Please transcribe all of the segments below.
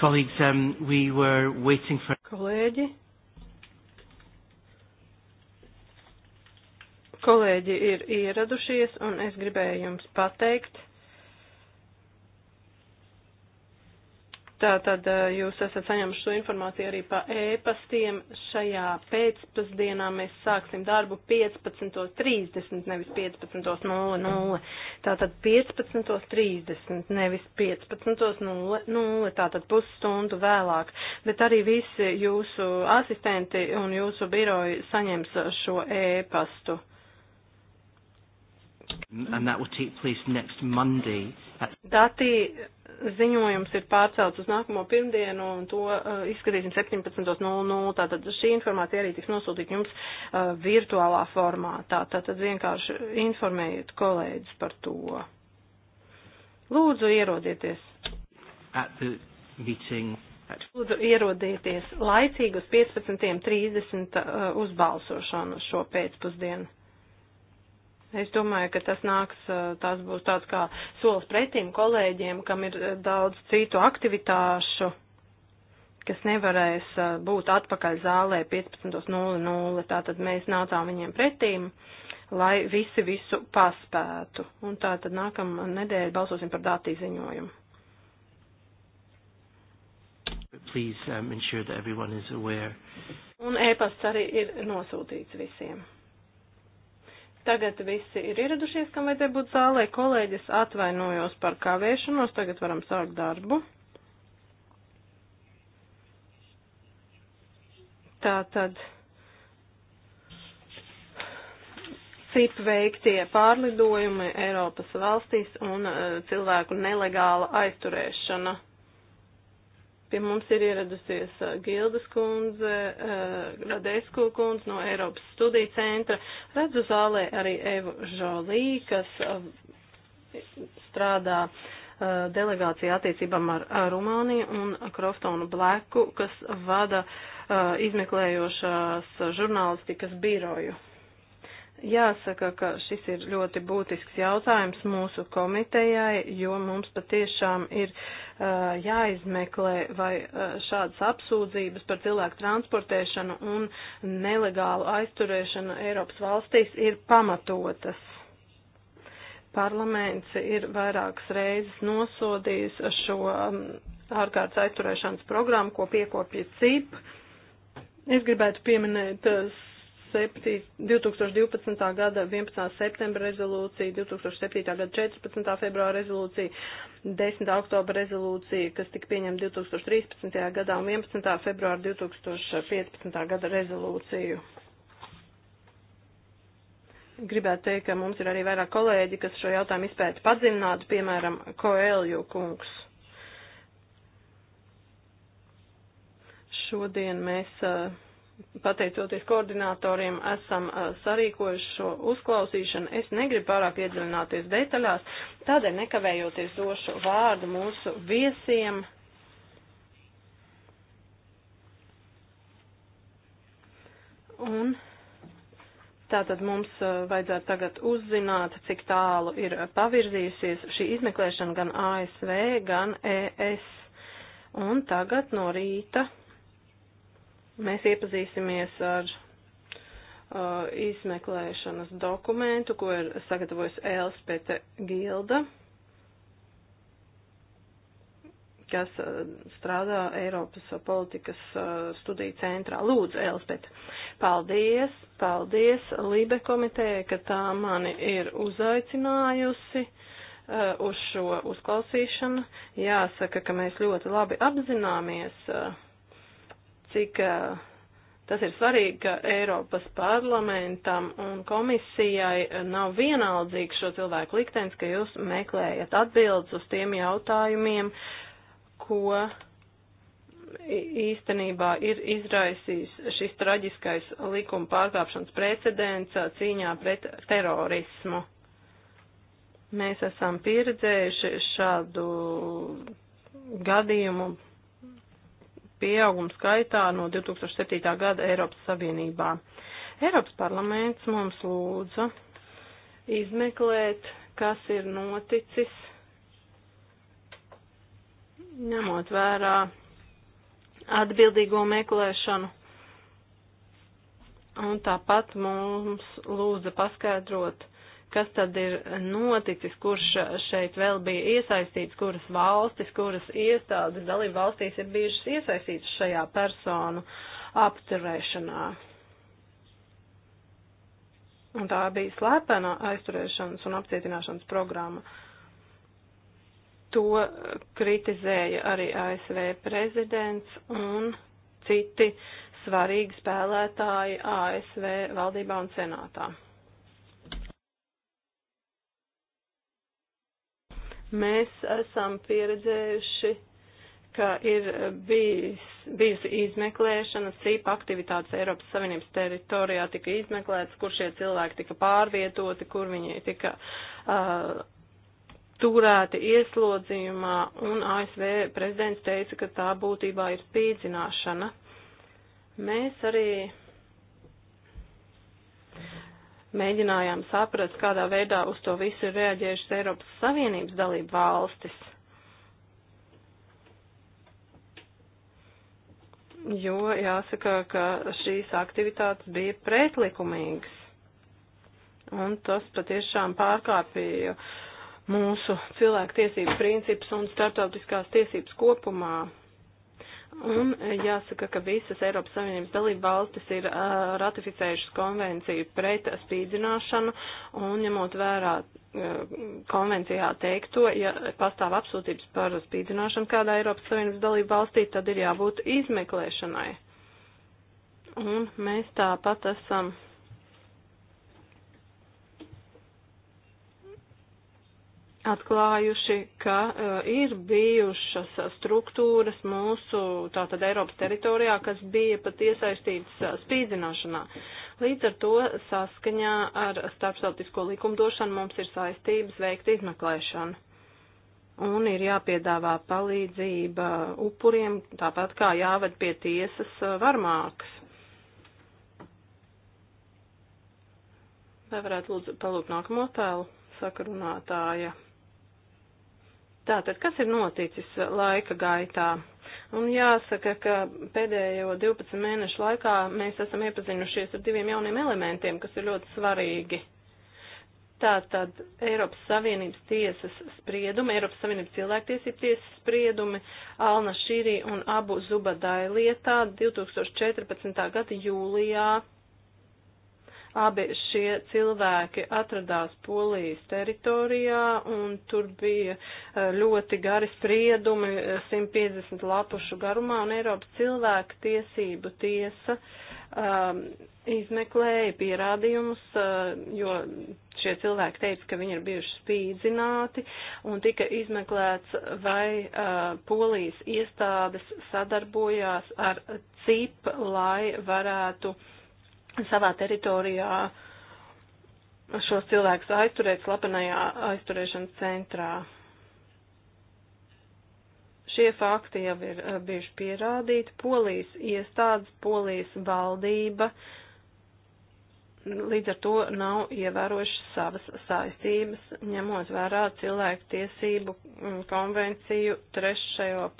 Colleagues, um, we were waiting for... Kolēģi. Kolēģi ir ieradušies, un es gribēju jums pateikt, Tātad jūs esat saņēmuši šo informāciju arī pa ēpastiem. Šajā pēcpusdienā mēs sāksim darbu 15.30, nevis 15.00. Tātad 15.30, nevis 15.00, tātad pusstundu vēlāk. Bet arī visi jūsu asistenti un jūsu biroji saņems šo ēpastu. And that will take place next Monday. Dati ziņojums ir pārcelts uz nākamo pirmdienu, un to uh, izskatīsim 17.00. Tātad šī informācija arī tiks nosūtīta jums uh, virtuālā formātā. Tātad vienkārši informējiet kolēģis par to. Lūdzu, ierodieties. Lūdzu, ierodieties laicīgi uz 15.30 uh, uz balsošanu šo pēcpusdienu. Es domāju, ka tas nāks, tas būs tāds kā solis pretīm kolēģiem, kam ir daudz citu aktivitāšu, kas nevarēs būt atpakaļ zālē 15.00. Tātad mēs nācām viņiem pretīm, lai visi visu paspētu. Un tātad nākam nedēļa balsosim par datī ziņojumu. Please, um, ensure that everyone is aware. Un e-pasts arī ir nosūtīts visiem. Tagad visi ir ieradušies, kam vajadzēja būt zālē. Kolēģis atvainojos par kavēšanos, tagad varam sākt darbu. Tā tad cip veiktie pārlidojumi Eiropas valstīs un eh, cilvēku nelegāla aizturēšana. Pie mums ir ieradusies uh, Gildas kundze, uh, Radesko kundze no Eiropas studiju centra. Redzu zālē arī Evu Žolī, kas uh, strādā delegācija attiecībām ar Rumāniju un Kroftonu Bleku, kas vada izmeklējošās žurnālistikas biroju. Jāsaka, ka šis ir ļoti būtisks jautājums mūsu komitejai, jo mums patiešām ir uh, jāizmeklē, vai uh, šādas apsūdzības par cilvēku transportēšanu un nelegālu aizturēšanu Eiropas valstīs ir pamatotas parlaments ir vairākas reizes nosodījis šo ārkārtas aizturēšanas programmu, ko piekopja CIP. Es gribētu pieminēt 7, 2012. gada 11. septembra rezolūcija, 2007. gada 14. februāra rezolūcija, 10. oktobra rezolūcija, kas tika pieņemta 2013. gadā un 11. februāra 2015. gada rezolūciju. Gribētu teikt, ka mums ir arī vairāk kolēģi, kas šo jautājumu izpēta padziļinātu, piemēram, Koelju kungs. Šodien mēs uh, pateicoties koordinatoriem, esam sarīkojuši šo uzklausīšanu. Es negribu pārāk iedziļināties detaļās, tādēļ nekavējoties došu vārdu mūsu viesiem. Un tātad mums vajadzētu tagad uzzināt, cik tālu ir pavirzījusies šī izmeklēšana gan ASV, gan ES. Un tagad no rīta Mēs iepazīsimies ar uh, izmeklēšanas dokumentu, ko ir sagatavojusi Elspēta Gilda, kas uh, strādā Eiropas politikas uh, studiju centrā. Lūdzu, Elspēta, paldies, paldies Lībe komiteja, ka tā mani ir uzaicinājusi uh, uz šo uzklausīšanu. Jāsaka, ka mēs ļoti labi apzināmies, uh, cik eh, tas ir svarīgi, ka Eiropas parlamentam un komisijai nav vienaldzīgs šo cilvēku liktenis, ka jūs meklējat atbildes uz tiem jautājumiem, ko īstenībā ir izraisījis šis traģiskais likuma pārkāpšanas precedents eh, cīņā pret terorismu. Mēs esam pieredzējuši šādu gadījumu pieaugums skaitā no 2007. gada Eiropas Savienībā. Eiropas parlaments mums lūdza izmeklēt, kas ir noticis, ņemot vērā atbildīgo meklēšanu. Un tāpat mums lūdza paskaidrot, kas tad ir noticis, kurš šeit vēl bija iesaistīts, kuras valstis, kuras iestādes dalību valstīs ir bijušas iesaistītas šajā personu apturēšanā. Un tā bija slēpenā aizturēšanas un apcietināšanas programma. To kritizēja arī ASV prezidents un citi svarīgi spēlētāji ASV valdībā un senātā. Mēs esam pieredzējuši, ka ir bijis, bijusi izmeklēšana, CIP aktivitātes Eiropas Savienības teritorijā tika izmeklētas, kur šie cilvēki tika pārvietoti, kur viņi tika uh, turēti ieslodzījumā, un ASV prezidents teica, ka tā būtībā ir spīdzināšana. Mēs arī mēģinājām saprast, kādā veidā uz to visu ir reaģējušas Eiropas Savienības dalību valstis. Jo jāsaka, ka šīs aktivitātes bija pretlikumīgas. Un tas patiešām pārkāpīja mūsu cilvēku tiesību principus un starptautiskās tiesības kopumā. Un e, jāsaka, ka visas Eiropas Savienības dalība valstis ir uh, ratificējušas konvenciju pret spīdzināšanu un ņemot vērā uh, konvencijā teikto, ja pastāv apsūtības par spīdzināšanu kādā Eiropas Savienības dalība valstī, tad ir jābūt izmeklēšanai. Un mēs tāpat esam uh, atklājuši, ka uh, ir bijušas struktūras mūsu tātad Eiropas teritorijā, kas bija pat iesaistītas uh, spīdzināšanā. Līdz ar to saskaņā ar starptautisko likumdošanu mums ir saistības veikt izmeklēšanu. Un ir jāpiedāvā palīdzība upuriem, tāpat kā jāved pie tiesas uh, eh, varmāks. Vai varētu lūdzu palūgt nākamo tēlu sakarunātāja? Tātad, kas ir noticis laika gaitā? Un jāsaka, ka pēdējo 12 mēnešu laikā mēs esam iepazinušies ar diviem jauniem elementiem, kas ir ļoti svarīgi. Tātad Eiropas Savienības tiesas spriedumi, Eiropas Savienības cilvēktiesība tiesas spriedumi Alna Šīrī un Abu Zubadai lietā 2014. gada jūlijā Abi šie cilvēki atradās Polijas teritorijā un tur bija e, ļoti gari spriedumi, 150 e, lapušu garumā un Eiropas cilvēku tiesību tiesa um, izmeklēja pierādījumus, uh, jo šie cilvēki teica, ka viņi ir bijuši spīdzināti un tika izmeklēts, vai uh, polijas iestādes sadarbojās ar CIP, lai varētu uh, savā teritorijā šos cilvēkus aizturēt slapenajā aizturēšanas centrā. Šie fakti jau ir eh, bijuši pierādīti. Polijas iestādes, polijas valdība līdz ar to nav ievērojuši savas saistības, ņemot vērā cilvēku tiesību mm, konvenciju 3.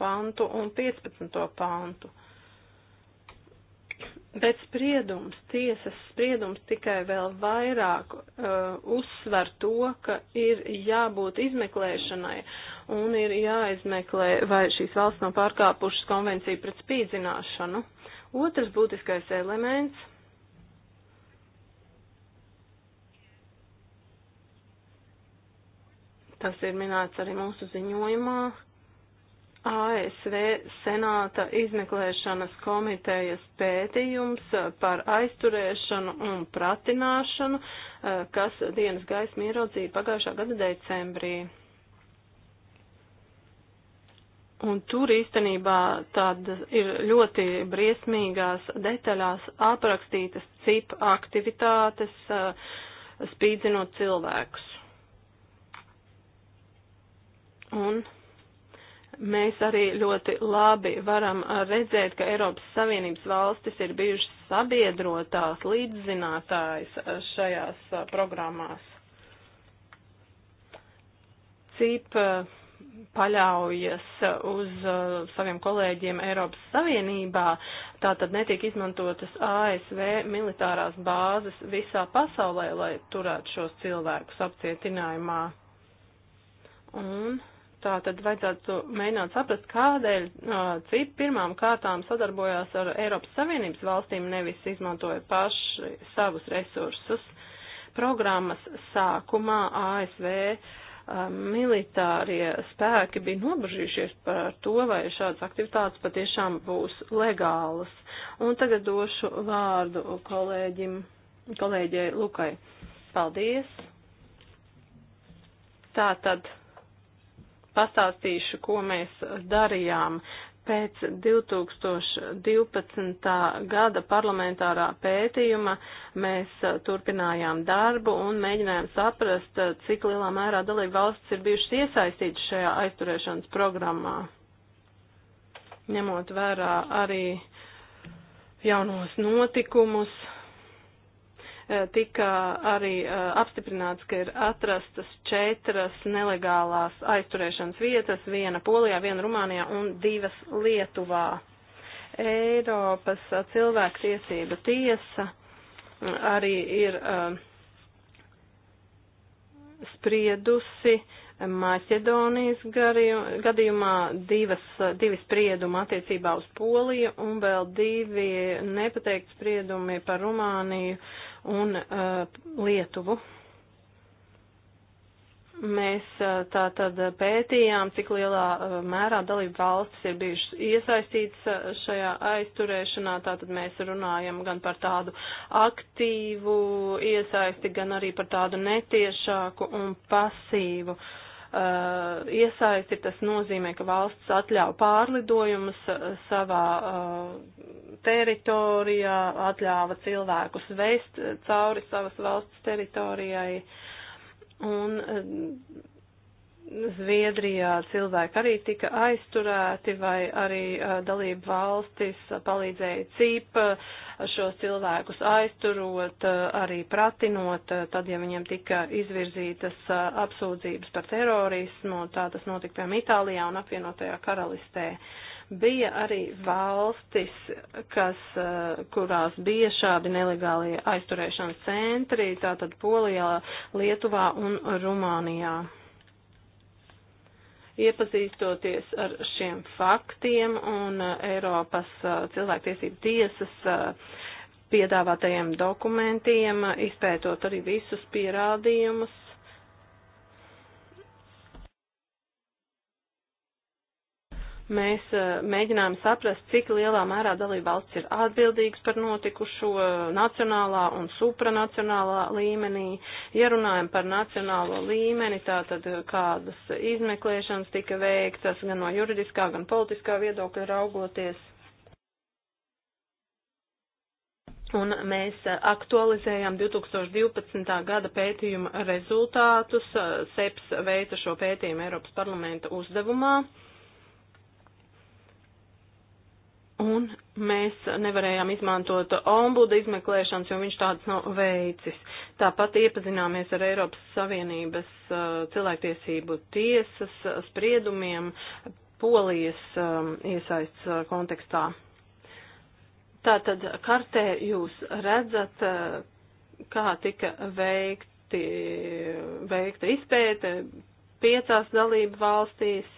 pantu un 15. pantu. Bet spriedums, tiesas spriedums tikai vēl vairāk uh, uzsver to, ka ir jābūt izmeklēšanai un ir jāizmeklē, vai šīs valsts nav pārkāpušas konvenciju pret spīdzināšanu. Otrs būtiskais elements. Tas ir minēts arī mūsu ziņojumā ASV Senāta izmeklēšanas komitejas pētījums par aizturēšanu un pratināšanu, kas dienas gaismu ieraudzīja pagājušā gada decembrī. Un tur īstenībā tad ir ļoti briesmīgās detaļās aprakstītas cip aktivitātes, spīdzinot cilvēkus. Un Mēs arī ļoti labi varam uh, redzēt, ka Eiropas Savienības valstis ir bijušas sabiedrotās līdzzinātājs uh, šajās uh, programmās. CIP paļaujas uz saviem kolēģiem Eiropas Savienībā, tātad netiek izmantotas ASV militārās bāzes visā pasaulē, lai turētu šos cilvēkus apcietinājumā. Un Tā tad vajadzētu mēģināt saprast, kādēļ CIP pirmām kārtām sadarbojās ar Eiropas Savienības valstīm, nevis izmantoja paši savus resursus. Programmas sākumā ASV militārie spēki bija nobežījušies par to, vai šādas aktivitātes patiešām būs legālas. Un tagad došu vārdu kolēģim, kolēģei Lukai. Paldies! Tātad pastāstīšu, ko mēs darījām pēc 2012. gada parlamentārā pētījuma mēs uh, turpinājām darbu un mēģinājām saprast, uh, cik lielā mērā dalība valsts ir bijušas iesaistītas šajā aizturēšanas programmā, ņemot vērā arī jaunos notikumus, Eh, tika arī eh, apstiprināts, ka ir atrastas četras nelegālās aizturēšanas vietas, viena Polijā, viena Rumānijā un divas Lietuvā. Eiropas eh, cilvēktiesība tiesa mm, arī ir spriedusi Maķedonijas gadījumā divas, divi spriedumi attiecībā uz Poliju un vēl divi nepateikti spriedumi par Rumāniju un uh, Lietuvu. Mēs eh, tā tad pētījām, cik lielā eh, mērā dalību valstis ir bijušas iesaistītas šajā aizturēšanā. Tātad mēs runājam gan par tādu aktīvu iesaisti, gan arī par tādu netiešāku un pasīvu uh, uh, iesaisti, tas nozīmē, ka valsts atļauj pārlidojumus uh, savā uh, teritorijā, atļāva cilvēkus veist uh, cauri savas valsts teritorijai. Un, uh, Zviedrijā cilvēki arī tika aizturēti, vai arī dalību valstis palīdzēja CIP šos cilvēkus aizturot, arī pratinot, tad, ja viņiem tika izvirzītas apsūdzības par terorismu, tā tas notika, piemēram, Itālijā un apvienotajā karalistē bija arī valstis, kas, kurās bija šādi nelegālie aizturēšanas centri, tātad Polijā, Lietuvā un Rumānijā. Iepazīstoties ar šiem faktiem un uh, Eiropas uh, cilvēktiesību tiesas uh, piedāvātajiem dokumentiem, izpētot arī visus pierādījumus, Mēs eh, mēģinājām saprast, cik lielā mērā dalībvalsts ir atbildīgs par notikušo eh, nacionālā un supranacionālā līmenī. Ja runājam par nacionālo līmeni, tātad eh, kādas izmeklēšanas tika veiktas gan no juridiskā, gan politiskā viedokļa raugoties. un mēs aktualizējām 2012. gada pētījuma rezultātus. SEPS veica šo pētījumu Eiropas parlamenta uzdevumā. Un mēs nevarējām izmantot ombuda izmeklēšanas, jo viņš tādas nav veicis. Tāpat iepazināmies ar Eiropas Savienības uh, cilvēktiesību tiesas spriedumiem polijas um, iesaists uh, kontekstā. Tātad kartē jūs redzat, uh, kā tika veikti, veikta izpēte piecās dalību valstīs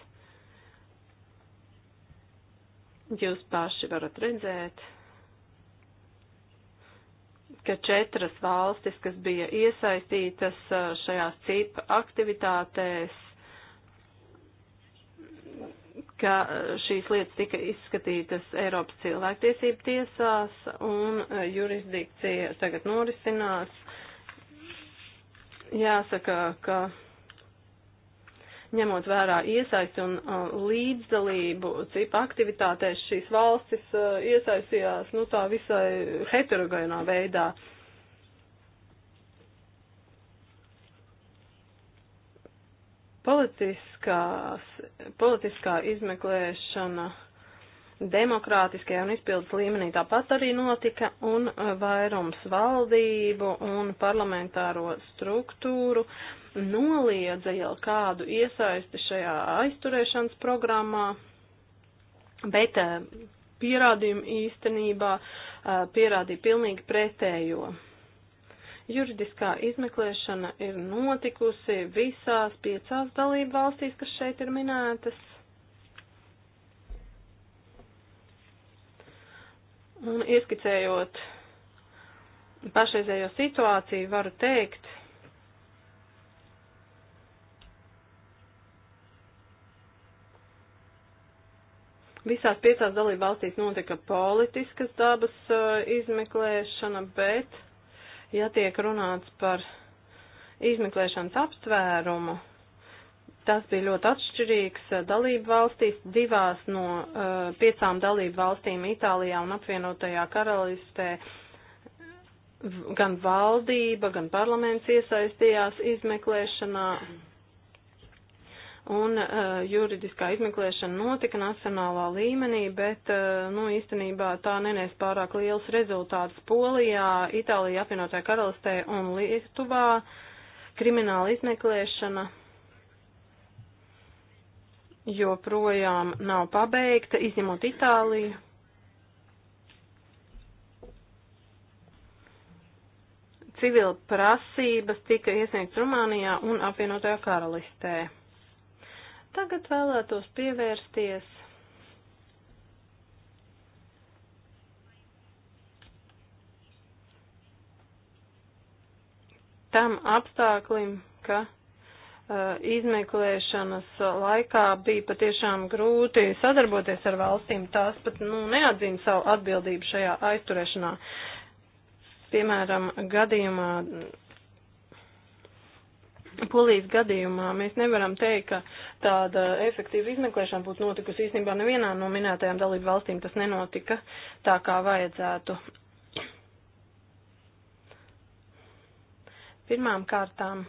Jūs paši varat redzēt, ka četras valstis, kas bija iesaistītas šajās cipa aktivitātēs, ka šīs lietas tika izskatītas Eiropas cilvēktiesību tiesās un jurisdikcija tagad norisinās. Jāsaka, ka ņemot vērā iesaisti un uh, līdzdalību cipa aktivitātēs, šīs valstis uh, iesaistījās, nu, tā visai heterogēnā veidā. Politiskās, politiskā izmeklēšana demokrātiskajā un izpildes līmenī tāpat arī notika, un uh, vairums valdību un parlamentāro struktūru uh, noliedza jau kādu iesaisti šajā aizturēšanas programmā, bet eh, pierādījumi īstenībā eh, pierādīja pilnīgi pretējo. Juridiskā izmeklēšana ir notikusi visās piecās dalību valstīs, kas šeit ir minētas. Un ieskicējot pašreizējo situāciju, varu teikt, Visās piecās dalību valstīs notika politiskas dabas uh, izmeklēšana, bet, ja tiek runāts par izmeklēšanas aptvērumu, tas bija ļoti atšķirīgs eh, dalību valstīs. Divās no uh, piecām dalību valstīm Itālijā un apvienotajā karalistē gan valdība, gan parlaments iesaistījās izmeklēšanā, un uh, juridiskā izmeklēšana notika nacionālā līmenī, bet uh, nu, īstenībā tā nenies pārāk liels rezultāts Polijā, Itālijā, apvienotajā karalistē un Lietuvā. Krimināla izmeklēšana joprojām nav pabeigta, izņemot Itāliju. Civila prasības tika iesniegts Rumānijā un apvienotajā karalistē. Tagad vēlētos pievērsties tam apstāklim, ka uh, izmeklēšanas laikā bija patiešām grūti sadarboties ar valstīm, tās pat nu, neatzīm savu atbildību šajā aizturēšanā. Piemēram, gadījumā polijas gadījumā mēs nevaram teikt, ka tāda efektīva izmeklēšana būtu notikusi īstenībā nevienā no minētajām dalību valstīm. Tas nenotika tā, kā vajadzētu. Pirmām kārtām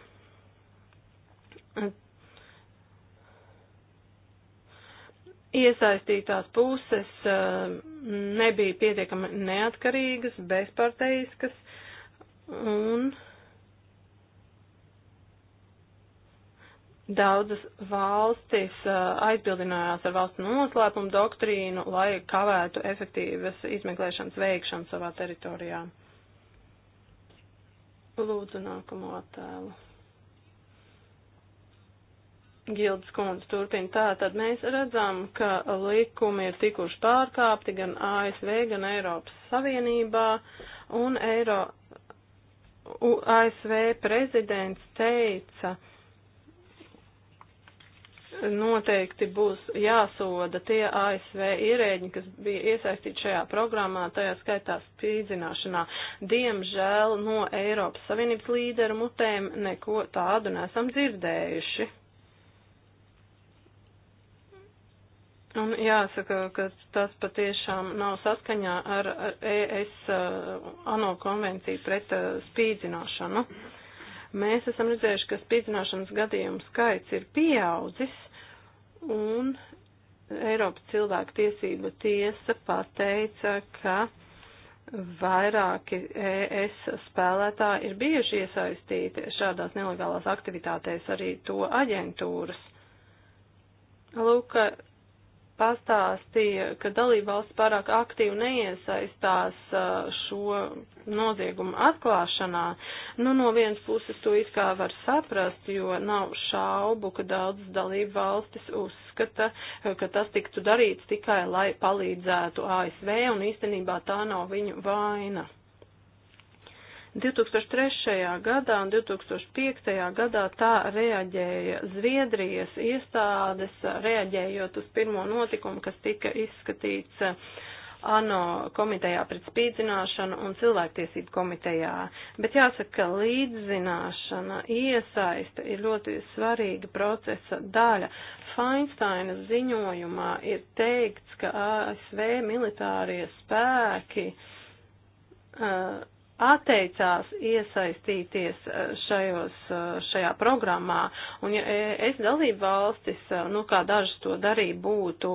iesaistītās puses eh, nebija pietiekami neatkarīgas, bezparteiskas un. Uh, Daudzas valstis uh, aizbildinājās ar valstu noslēpumu doktrīnu, lai kavētu efektīvas izmeklēšanas veikšanu savā teritorijā. Lūdzu nākamo attēlu. Gildas kundze turpina tā, tad mēs redzam, ka likumi ir tikuši pārkāpti gan ASV, gan Eiropas Savienībā, un Eiro, U, ASV prezidents teica, noteikti būs jāsoda tie ASV ierēģi, kas bija iesaistīti šajā programmā, tajā skaitā spīdzināšanā. Diemžēl no Eiropas Savienības līderu mutēm neko tādu nesam dzirdējuši. Un jāsaka, ka tas patiešām nav saskaņā ar, ar e ES uh, ANO konvenciju pret uh, spīdzināšanu. Mēs esam redzējuši, ka spīdzināšanas gadījumu skaits ir pieaudzis, Un Eiropas cilvēku tiesība tiesa pateica, ka vairāki ES spēlētāji ir bieži iesaistīti šādās nelegālās aktivitātēs, arī to aģentūras. Lūk, pastāstīja, ka dalībvalsts pārāk aktīvi neiesaistās uh, šo noziegumu atklāšanā. Nu, no vienas puses to it kā var saprast, jo nav šaubu, ka daudz dalībvalstis uzskata, uh, ka tas tiktu darīts tikai, lai palīdzētu ASV, un īstenībā tā nav viņu vaina. 2003. gadā un 2005. gadā tā reaģēja Zviedrijas iestādes, reaģējot uz pirmo notikumu, kas tika izskatīts eh, ANO komitejā pret spīdzināšanu un cilvēktiesību komitejā. Bet jāsaka, ka līdzzināšana, iesaista ir ļoti svarīga procesa daļa. Feinsteina ziņojumā ir teikts, ka ASV militārie spēki uh, atteicās iesaistīties eh, šajos, eh, šajā programmā. Un ja eh, es dalību valstis, nu kā dažas to darīja, būtu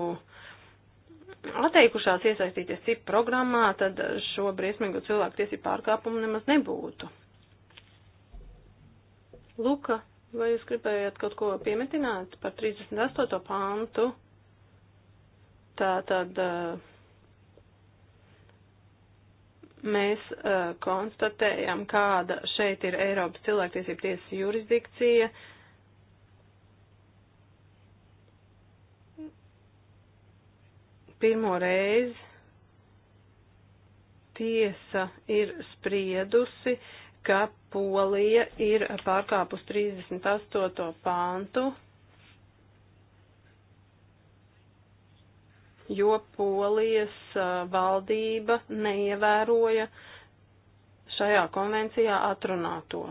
atteikušās iesaistīties CIP programmā, tad šo briesmīgo cilvēku tiesību pārkāpumu nemaz nebūtu. Luka, vai jūs gribējāt kaut ko piemetināt par 38. pantu? Tā tad. Uh, mēs uh, konstatējam, kāda šeit ir Eiropas cilvēktiesība tiesas jurisdikcija. Pirmo reizi tiesa ir spriedusi, ka Polija ir pārkāpus 38. pāntu jo Polijas valdība neievēroja šajā konvencijā atrunāto.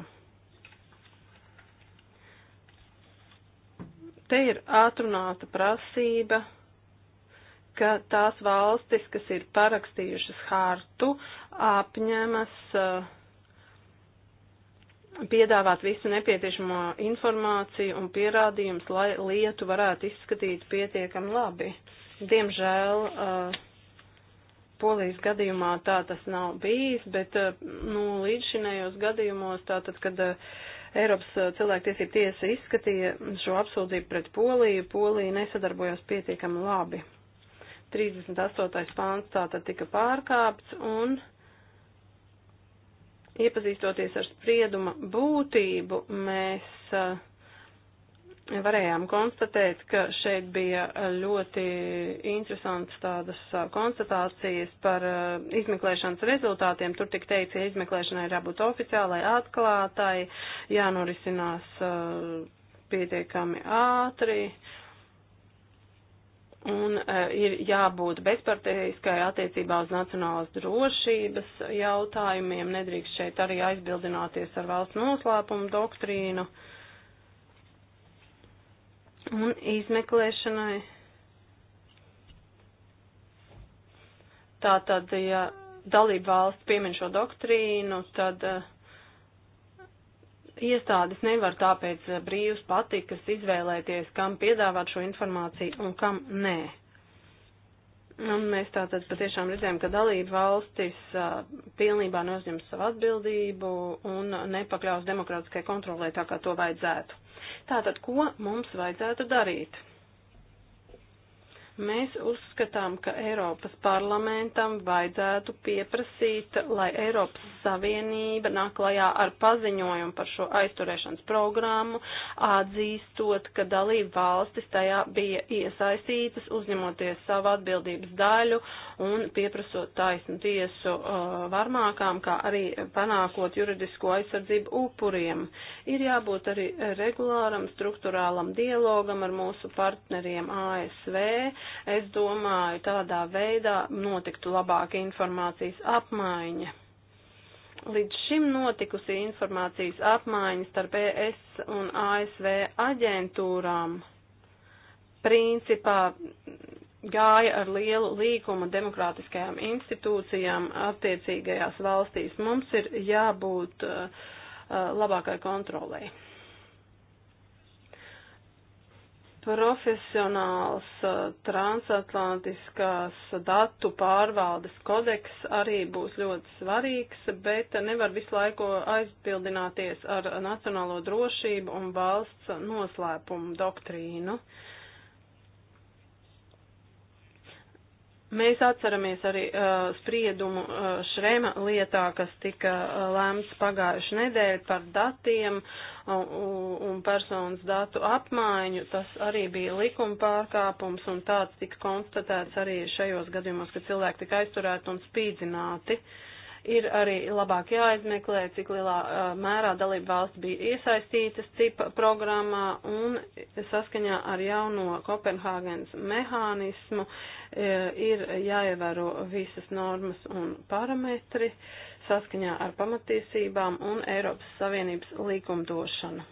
Te ir atrunāta prasība, ka tās valstis, kas ir parakstījušas hartu, apņemas uh, piedāvāt visu nepieciešamo informāciju un pierādījumus, lai lietu varētu izskatīt pietiekami labi. Uh, Diemžēl polijas gadījumā tā tas nav bijis, bet nu, līdzšinējos gadījumos, tātad, kad Eiropas cilvēktiesība tiesa izskatīja šo apsūdzību pret Poliju, Polija nesadarbojās pietiekami labi. 38. pāns tātad tika pārkāpts un iepazīstoties ar sprieduma būtību, mēs uh, varējām konstatēt, ka šeit bija ļoti interesants tādas konstatācijas par izmeklēšanas rezultātiem. Tur tik teica, ja izmeklēšanai ir jābūt oficiālai, atklātai, jānorisinās pietiekami ātri. Un uh, ir jābūt bezpartijiskai attiecībā uz nacionālas drošības jautājumiem, nedrīkst šeit arī aizbildināties ar valsts noslēpumu doktrīnu. Uh, un izmeklēšanai. Tātad, ja dalība valsts piemin šo doktrīnu, tad uh, iestādes nevar tāpēc eh, brīvs patikas izvēlēties, kam piedāvāt šo informāciju un kam nē. Un nu, mēs tātad patiešām redzējām, ka dalība valstis a, pilnībā nozņem savu atbildību un nepakļaus demokrātiskai kontrolē tā, kā to vajadzētu. Tātad, ko mums vajadzētu darīt? Mēs uzskatām, ka Eiropas parlamentam vajadzētu pieprasīt, lai Eiropas Savienība nāk klajā ar paziņojumu par šo aizturēšanas programmu, atzīstot, ka dalība valstis tajā bija iesaistītas, uzņemoties savu atbildības daļu un pieprasot taisnu tiesu uh, varmākām, kā arī panākot juridisko aizsardzību upuriem. Ir jābūt arī regulāram struktūrālam dialogam ar mūsu partneriem ASV Es domāju, tādā veidā notiktu labāka informācijas apmaiņa. Līdz šim notikusi informācijas apmaiņa starp ES un ASV aģentūrām principā gāja ar lielu līkumu demokrātiskajām institūcijām attiecīgajās valstīs. Mums ir jābūt uh, uh labākai kontrolē. Profesionāls transatlantiskās datu pārvaldes kodeks arī būs ļoti svarīgs, bet nevar visu laiku aizpildināties ar nacionālo drošību un valsts noslēpumu doktrīnu. Uh, Mēs atceramies arī uh, spriedumu uh, Šrēma lietā, kas tika uh, lēmts pagājuši nedēļu par datiem un, un personas datu apmaiņu. Tas arī bija likuma pārkāpums un tāds tika konstatēts arī šajos gadījumos, kad cilvēki tika aizturēti un spīdzināti. Uh, Ir arī labāk jāizmeklē, cik lielā uh, mērā dalība valsts bija iesaistītas CIP programmā un saskaņā ar jauno Kopenhāgenes mehānismu uh, ir jāievēro visas normas un parametri saskaņā ar pamatiesībām un Eiropas Savienības likumdošanu.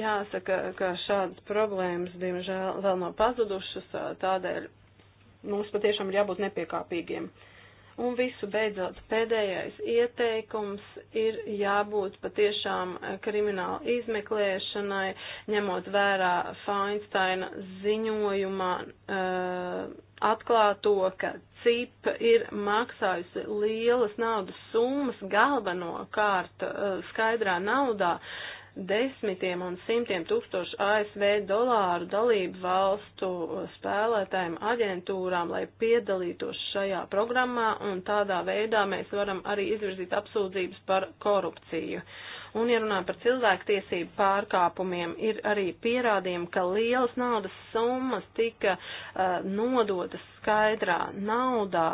Jāsaka, ka šādas problēmas, diemžēl, vēl nav pazudušas, tādēļ mums patiešām ir jābūt nepiekāpīgiem. Un visu beidzot, pēdējais ieteikums ir jābūt patiešām krimināla izmeklēšanai, ņemot vērā Feinsteina ziņojumā uh, eh, atklāto, ka CIP ir maksājusi lielas naudas summas galvenokārt uh, skaidrā naudā, desmitiem un simtiem tūkstošu ASV dolāru dalību valstu spēlētājiem aģentūrām, lai piedalītos šajā programmā, un tādā veidā mēs varam arī izvirzīt apsūdzības par korupciju. Un, ja runājam par cilvēktiesību pārkāpumiem, ir arī pierādījumi, ka lielas naudas summas tika uh, nodotas skaidrā naudā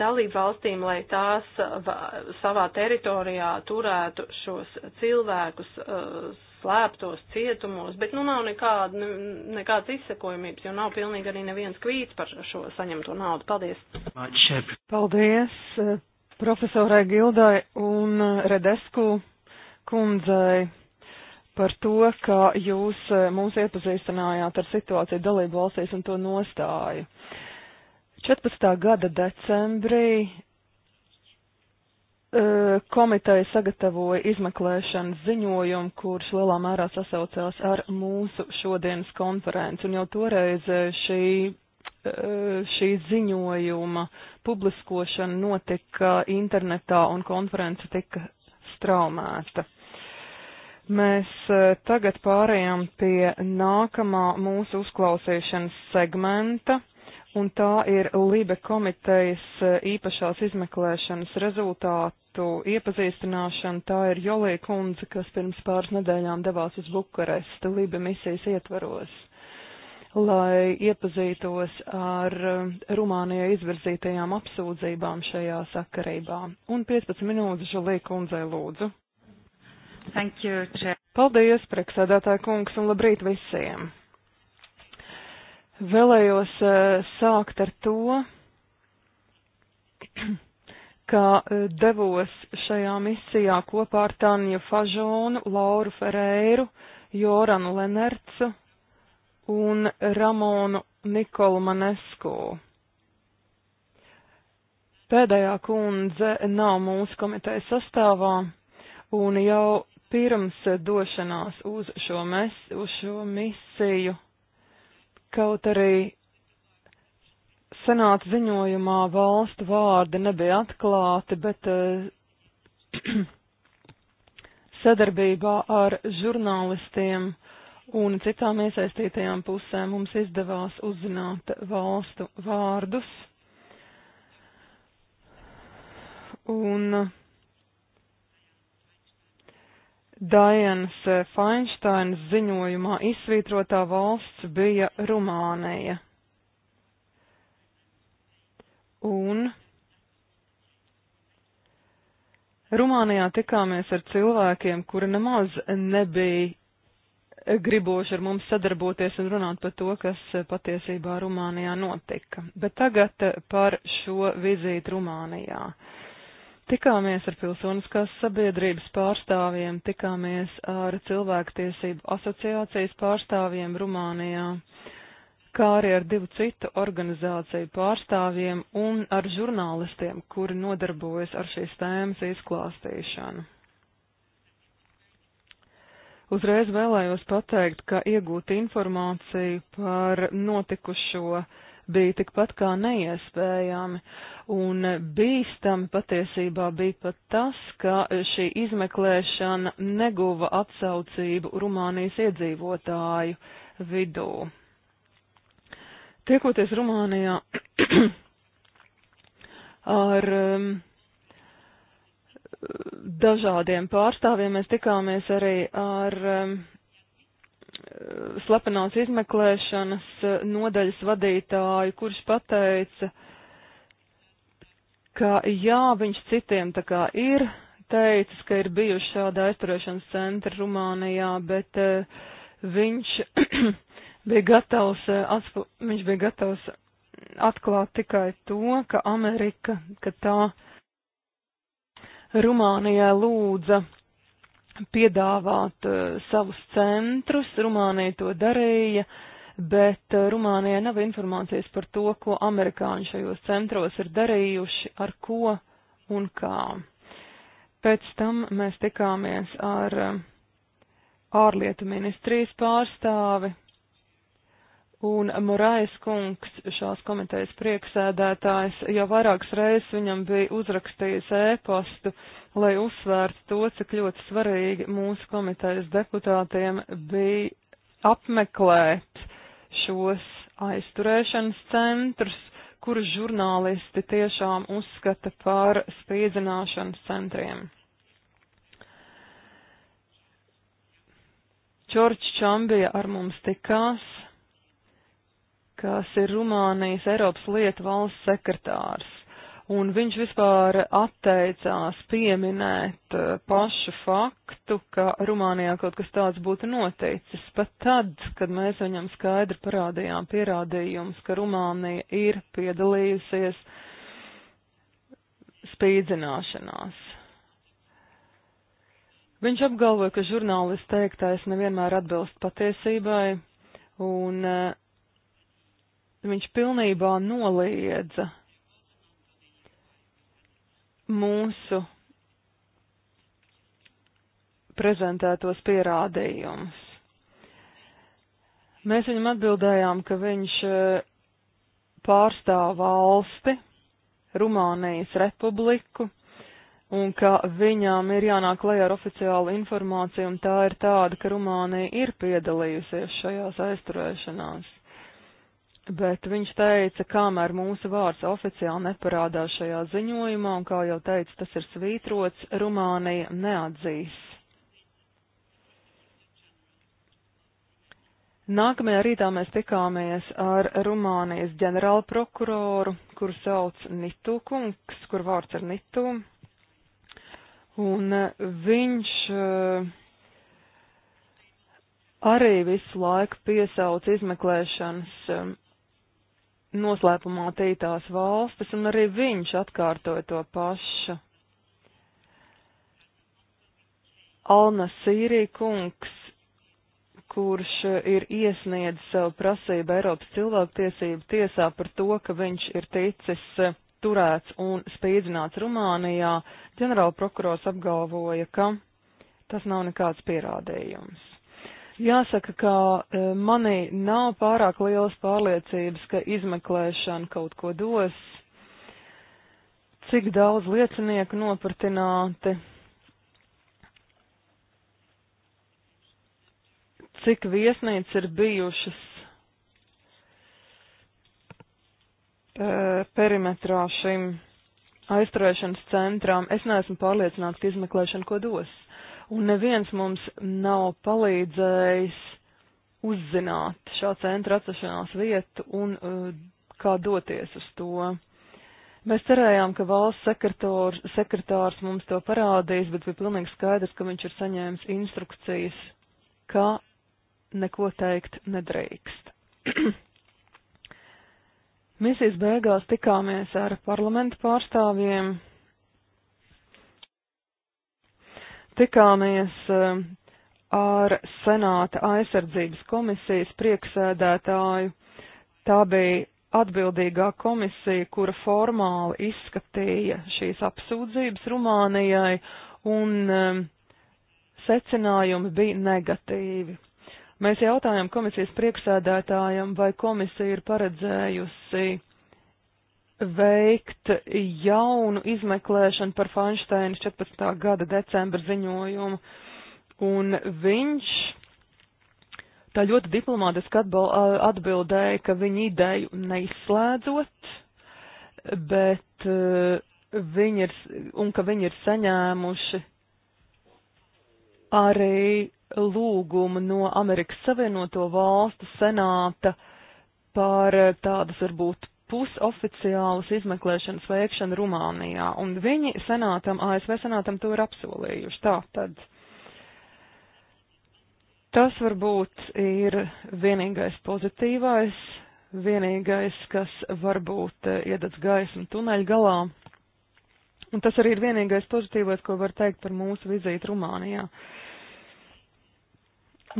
dalību valstīm, lai tās uh, savā teritorijā turētu šos cilvēkus uh, slēptos cietumos, bet nu nav nekāda, ne, nekāds izsekojumības, jo nav pilnīgi arī neviens kvīts par šo saņemto naudu. Paldies! Paldies uh, profesorai Gildai un Redesku kundzei par to, ka jūs mūs iepazīstinājāt ar situāciju dalību valstīs un to nostāju. Uh, 14. gada decembrī e, komiteja sagatavoja izmeklēšanas ziņojumu, kurš lielā mērā sasaucās ar mūsu šodienas konferenci. Un jau toreiz e, šī, e, šī ziņojuma publiskošana notika internetā un konference tika straumēta. Mēs tagad pārējām pie nākamā mūsu uzklausīšanas segmenta un tā ir Libe komitejas eh, īpašās izmeklēšanas rezultātu iepazīstināšana. Tā ir Jolī kundze, kas pirms pāris nedēļām devās uz Bukaresti Libe misijas ietvaros, lai iepazītos ar eh, Rumānijai izvirzītajām apsūdzībām šajā sakarībā. Un 15 minūtes Jolī kundzei lūdzu. Thank you, Chair. Paldies, prieksēdētāja kungs, un labrīt visiem! Vēlējos eh, sākt ar to, ka eh, devos šajā misijā kopā ar Tanju Fažonu, Lauru Ferēru, Joranu Lenercu un Ramonu Nikolu Manesku. Pēdējā kundze nav mūsu komitejas sastāvā un jau pirms došanās uz šo, mes, uz šo misiju Kaut arī senāta ziņojumā valstu vārdi nebija atklāti, bet uh, sadarbībā ar žurnālistiem un citām iesaistītajām pusēm mums izdevās uzzināt valstu vārdus. Un uh, Dainas eh, Feinsteinas ziņojumā izsvītrotā valsts bija Rumānija. Un Rumānijā tikāmies ar cilvēkiem, kuri nemaz nebija griboši ar mums sadarboties un runāt par to, kas eh, patiesībā Rumānijā notika. Bet tagad eh, par šo vizīti Rumānijā. Uh, Tikāmies ar pilsoniskās sabiedrības pārstāvjiem, tikāmies ar cilvēktiesību asociācijas pārstāvjiem Rumānijā, kā arī ar divu citu organizāciju pārstāvjiem un ar žurnālistiem, kuri nodarbojas ar šīs tēmas izklāstīšanu. Uzreiz vēlējos pateikt, ka iegūt informāciju par notikušo uh, bija tikpat kā neiespējami. Un bīstami patiesībā bija pat tas, ka šī izmeklēšana neguva atsaucību Rumānijas iedzīvotāju vidū. Tiekoties Rumānijā ar um, dažādiem pārstāvjiem, mēs tikāmies arī ar um, slepenās izmeklēšanas eh, nodaļas vadītāju, kurš pateica, ka jā, viņš citiem tā kā ir teicis, ka ir bijuši šāda aizturēšanas centra Rumānijā, bet uh, viņš bija gatavs, eh, atspu, viņš bija gatavs atklāt tikai to, ka Amerika, ka tā Rumānijā lūdza piedāvāt eh, savus centrus. Rumānija to darīja, bet eh, Rumānijai nav informācijas par to, ko amerikāņi šajos centros ir darījuši, ar ko un kā. Pēc tam mēs tikāmies ar eh, ārlietu ministrijas pārstāvi, Un Morais kungs, šās komitejas prieksēdētājs, jau vairākas reizes viņam bija uzrakstījis ēpastu, lai uzsvērtu to, cik ļoti svarīgi mūsu komitejas deputātiem bija apmeklēt šos aizturēšanas centrus, kurus žurnālisti tiešām uzskata par spīdzināšanas centriem. Čorčs Čambija ar mums tikās kas ir Rumānijas Eiropas lietu valsts sekretārs. Un viņš vispār atteicās pieminēt eh, pašu faktu, ka Rumānijā kaut kas tāds būtu noticis. Pat tad, kad mēs viņam skaidri parādījām pierādījumus, ka Rumānija ir piedalījusies spīdzināšanās. Viņš apgalvoja, ka žurnālists teiktais nevienmēr atbilst patiesībai, un eh, viņš pilnībā noliedza mūsu prezentētos pierādījumus. Mēs viņam atbildējām, ka viņš e, pārstāv valsti, Rumānijas republiku, un ka viņām ir jānāk klajā ar oficiālu informāciju, un tā ir tāda, ka Rumānija ir piedalījusies šajās aizturēšanās. Bet viņš teica, kamēr mūsu vārds oficiāli neparādās šajā ziņojumā, un kā jau teicu, tas ir svītrots, Rumānija neatzīs. Nākamajā rītā mēs tikāmies ar Rumānijas ģenerālprokuroru, kuru sauc Nitu kungs, kur vārds ir Nitu. Un e, viņš uh, arī visu laiku piesauc izmeklēšanas e, noslēpumā tītās valstis, un arī viņš atkārtoja to pašu. Alna Sīrī kungs, kurš ir iesniedzis savu prasību Eiropas cilvēktiesību tiesā par to, ka viņš ir ticis turēts un spīdzināts Rumānijā, ģenerāla prokurors apgalvoja, ka tas nav nekāds pierādījums. Jāsaka, ka e, manī nav pārāk lielas pārliecības, ka izmeklēšana kaut ko dos, cik daudz liecinieku nopratināti, cik viesnīca ir bijušas e, perimetrā šim aizturēšanas centram. Es neesmu pārliecināts, ka izmeklēšana ko dos un neviens mums nav palīdzējis uzzināt šā centra atrašanās vietu un uh, kā doties uz to. Mēs cerējām, ka valsts sekretārs, sekretārs mums to parādīs, bet bija pilnīgi skaidrs, ka viņš ir saņēmis instrukcijas, ka neko teikt nedrīkst. Misijas beigās tikāmies ar parlamentu pārstāvjiem, tikāmies eh, ar Senāta aizsardzības komisijas prieksēdētāju. Tā bija atbildīgā komisija, kura formāli izskatīja šīs apsūdzības Rumānijai, un eh, secinājumi bija negatīvi. Mēs jautājām komisijas priekšsēdētājam, vai komisija ir paredzējusi veikt jaunu izmeklēšanu par Feinsteina 14. gada decembra ziņojumu, un viņš tā ļoti diplomātiski atbildēja, ka viņa ideju neizslēdzot, bet eh, viņi ir, un ka viņi ir saņēmuši arī lūgumu no Amerikas Savienoto Valstu senāta par eh, tādas varbūt pusoficiālas izmeklēšanas veikšana Rumānijā, un viņi senātam, ASV senātam to ir apsolījuši. Tā tad. Tas varbūt ir vienīgais pozitīvais, vienīgais, kas varbūt eh, iededz gaismu tuneļu galā. Un tas arī ir vienīgais pozitīvais, ko var teikt par mūsu vizīti Rumānijā.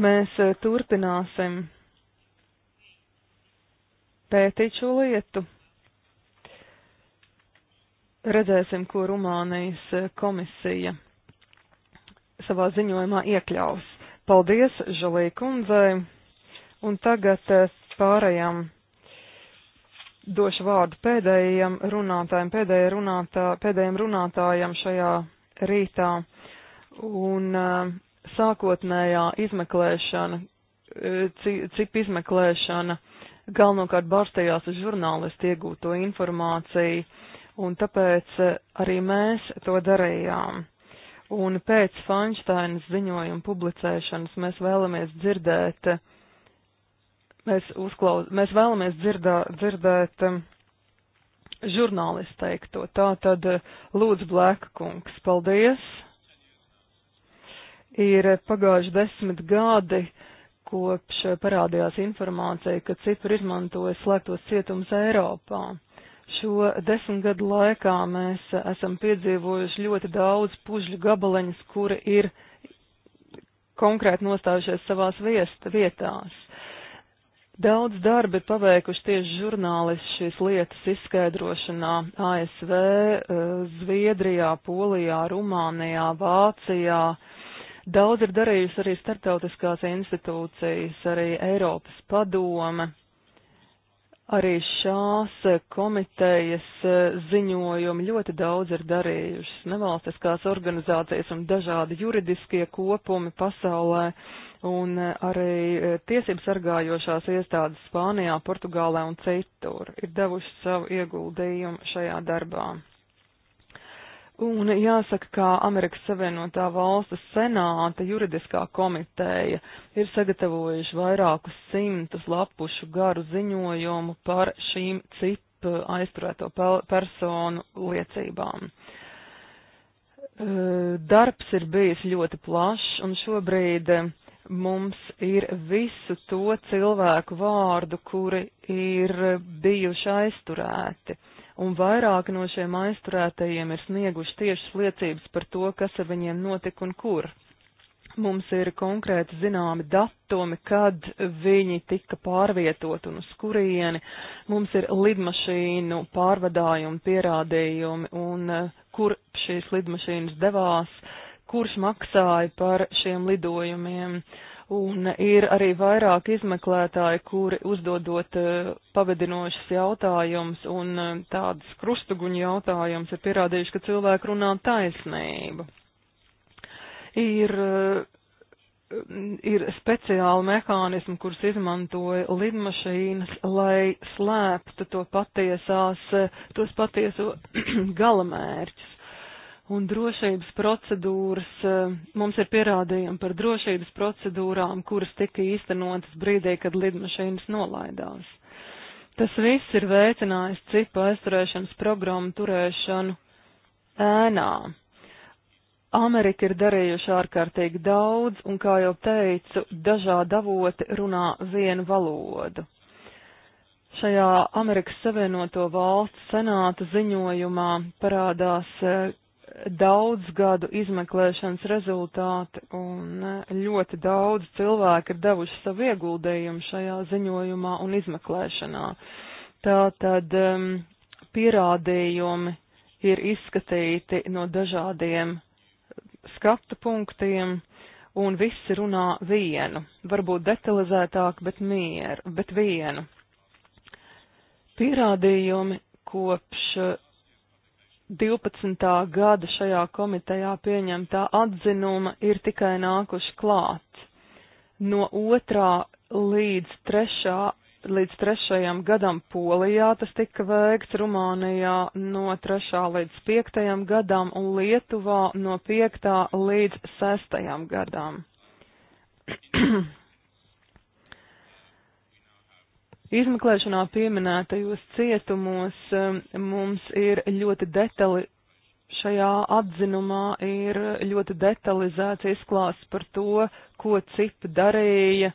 Mēs eh, turpināsim pētīt šo lietu. Redzēsim, ko Rumānijas komisija savā ziņojumā iekļaus. Paldies Žalī kundzei, un tagad eh, pārējām došu vārdu pēdējiem runātājiem, pēdējiem, runātā, pēdējiem runātājiem šajā rītā. Un eh, sākotnējā izmeklēšana, eh, cipa izmeklēšana galvenokārt bārstējās uz žurnālistu iegūto informāciju, un tāpēc eh, arī mēs to darījām. Un pēc Feinsteinas ziņojuma publicēšanas mēs vēlamies dzirdēt, eh, mēs, uzklaus, mēs vēlamies dzirdā, dzirdēt eh, žurnālistu teikto. Tā tad lūdzu Blēka kungs, paldies! Ir pagājuši desmit gadi, uh, kopš parādījās informācija, ka Cipri izmantoja slēgtos cietums Eiropā. Šo desmit gadu laikā mēs esam piedzīvojuši ļoti daudz pužļu gabaleņus, kuri ir konkrēti nostājušies savās viest, vietās. Daudz darba ir paveikuši tieši žurnālisti šīs lietas izskaidrošanā ASV, eh, Zviedrijā, Polijā, Rumānijā, Vācijā. Uh, Daudz ir darījusi arī starptautiskās institūcijas, arī Eiropas padome, arī šās komitejas eh, ziņojumi ļoti daudz ir darījušas. Nevalstiskās organizācijas un dažādi juridiskie kopumi pasaulē un eh, arī eh, tiesības sargājošās iestādes Spānijā, Portugālē un citur ir devuši savu ieguldījumu šajā darbā. Un jāsaka, ka Amerikas Savienotā valsts senāta juridiskā komiteja ir sagatavojuši vairākus simtus lapušu garu ziņojumu par šīm cip aizturēto personu liecībām. Darbs ir bijis ļoti plašs, un šobrīd mums ir visu to cilvēku vārdu, kuri ir bijuši aizturēti. Uh, un vairāki no šiem aizturētajiem ir snieguši tiešas liecības par to, kas ar viņiem notika un kur. Mums ir konkrēti zināmi datumi, kad viņi tika pārvietot un uz kurieni. Mums ir lidmašīnu pārvadājumi, pierādījumi un eh, kur šīs lidmašīnas devās, kurš maksāja par šiem lidojumiem. Uh, Un ir arī vairāk izmeklētāji, kuri uzdodot e, pavadinošas jautājumus un e, tādas krustuguņu jautājumus ir pierādījuši, ka cilvēki runā taisnību. Ir, e, ir speciāli mehānismi, kurus izmantoja lidmašīnas, lai slēptu to patiesās, tos patieso galamērķus un drošības procedūras, eh, mums ir pierādījumi par drošības procedūrām, kuras tika īstenotas brīdī, kad lidmašīnas nolaidās. Tas viss ir veicinājis cipa aizturēšanas programmu turēšanu ēnā. Amerika ir darījuši ārkārtīgi daudz, un, kā jau teicu, dažādi avoti runā vienu valodu. Šajā Amerikas Savienoto Valstu senāta ziņojumā parādās eh, daudz gadu izmeklēšanas rezultāti un ļoti daudz cilvēku ir devuši savu ieguldījumu šajā ziņojumā un izmeklēšanā. Tātad um, pierādījumi ir izskatīti no dažādiem skatu punktiem un visi runā vienu, varbūt detalizētāk, bet mieru, bet vienu. Pierādījumi kopš 12. gada šajā komitejā pieņemtā atzinuma ir tikai nākuši klāt. No 2. līdz 3. līdz 3. gadam Polijā tas tika veikts, Rumānijā no 3. līdz 5. gadam un Lietuvā no 5. līdz 6. gadam. Izmeklēšanā pieminētajos cietumos um, mums ir ļoti detali, šajā atzinumā ir ļoti detalizēts izklāsts par to, ko cipa darīja.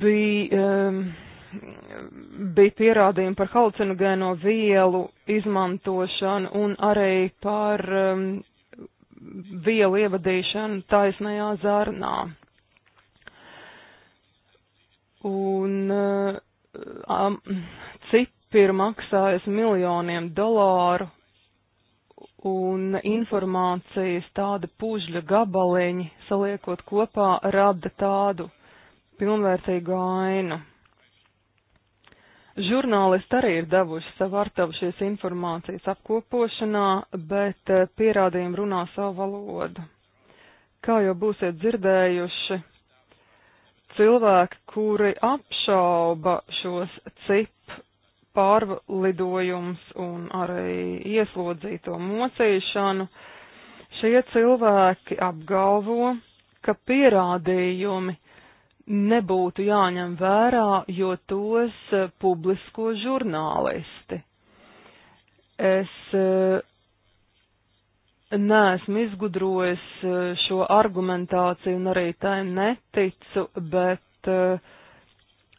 Bija, um, bija pierādījumi par halucinogēno vielu izmantošanu un arī par um, vielu ievadīšanu taisnajā zārnā. Un um, eh, cipir maksājas miljoniem dolāru, un informācijas tāda pužļa gabaliņi saliekot kopā rada tādu pilnvērtīgu ainu. Žurnālisti arī ir devuši savu artavu šīs informācijas apkopošanā, bet eh, pierādījumi runā savu valodu. Kā jau būsiet dzirdējuši, cilvēki, kuri apšauba šos cip pārlidojums un arī ieslodzīto mocīšanu, šie cilvēki apgalvo, ka pierādījumi nebūtu jāņem vērā, jo tos publisko žurnālisti. Es eh, neesmu izgudrojis eh, šo argumentāciju un arī tai neticu, bet eh,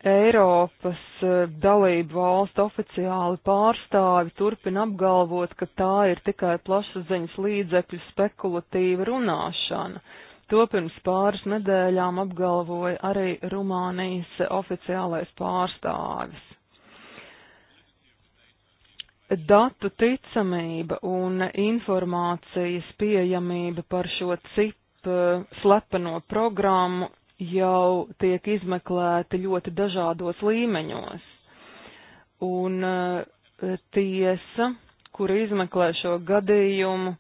Eiropas eh, dalību valstu oficiāli pārstāvi turpina apgalvot, ka tā ir tikai plašsaziņas līdzekļu spekulatīva runāšana. To pirms pāris nedēļām apgalvoja arī Rumānijas oficiālais pārstāvis datu ticamība un informācijas pieejamība par šo cip eh, slepeno programmu jau tiek izmeklēti ļoti dažādos līmeņos. Un eh, tiesa, kura izmeklē šo gadījumu,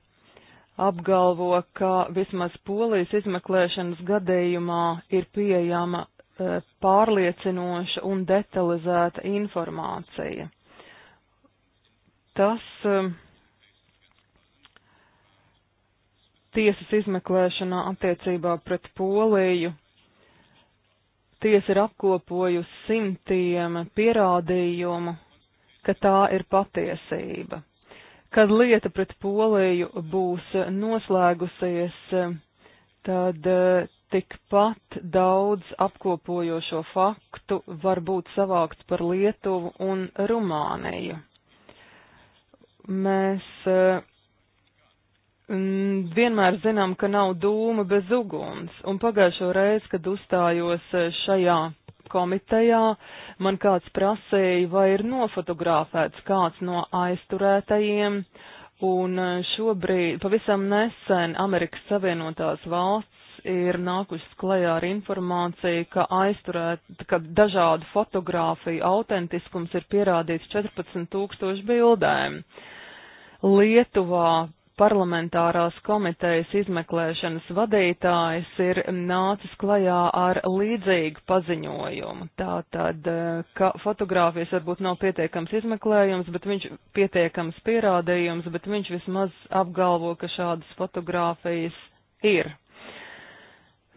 apgalvo, ka vismaz polijas izmeklēšanas gadījumā ir pieejama eh, pārliecinoša un detalizēta informācija tas um, tiesas izmeklēšanā attiecībā pret Poliju. Tiesa ir apkopojusi simtiem pierādījumu, ka tā ir patiesība. Kad lieta pret Poliju būs noslēgusies, tad uh, tikpat daudz apkopojošo faktu var būt savākts par Lietuvu un Rumāniju mēs eh, vienmēr zinām, ka nav dūma bez uguns, un pagājušo reizi, kad uzstājos eh, šajā komitejā, man kāds prasīja, vai ir nofotografēts kāds no aizturētajiem, un eh, šobrīd, pavisam nesen, Amerikas Savienotās valsts ir nākušas klajā ar informāciju, ka aizturēt, ka dažādu fotografiju autentiskums ir pierādīts 14 tūkstošu bildēm. Uh, Lietuvā parlamentārās komitejas izmeklēšanas vadītājs ir nācis klajā ar līdzīgu paziņojumu. Tātad, eh, ka fotogrāfijas varbūt nav pietiekams izmeklējums, bet viņš pietiekams pierādījums, bet viņš vismaz apgalvo, ka šādas fotogrāfijas ir.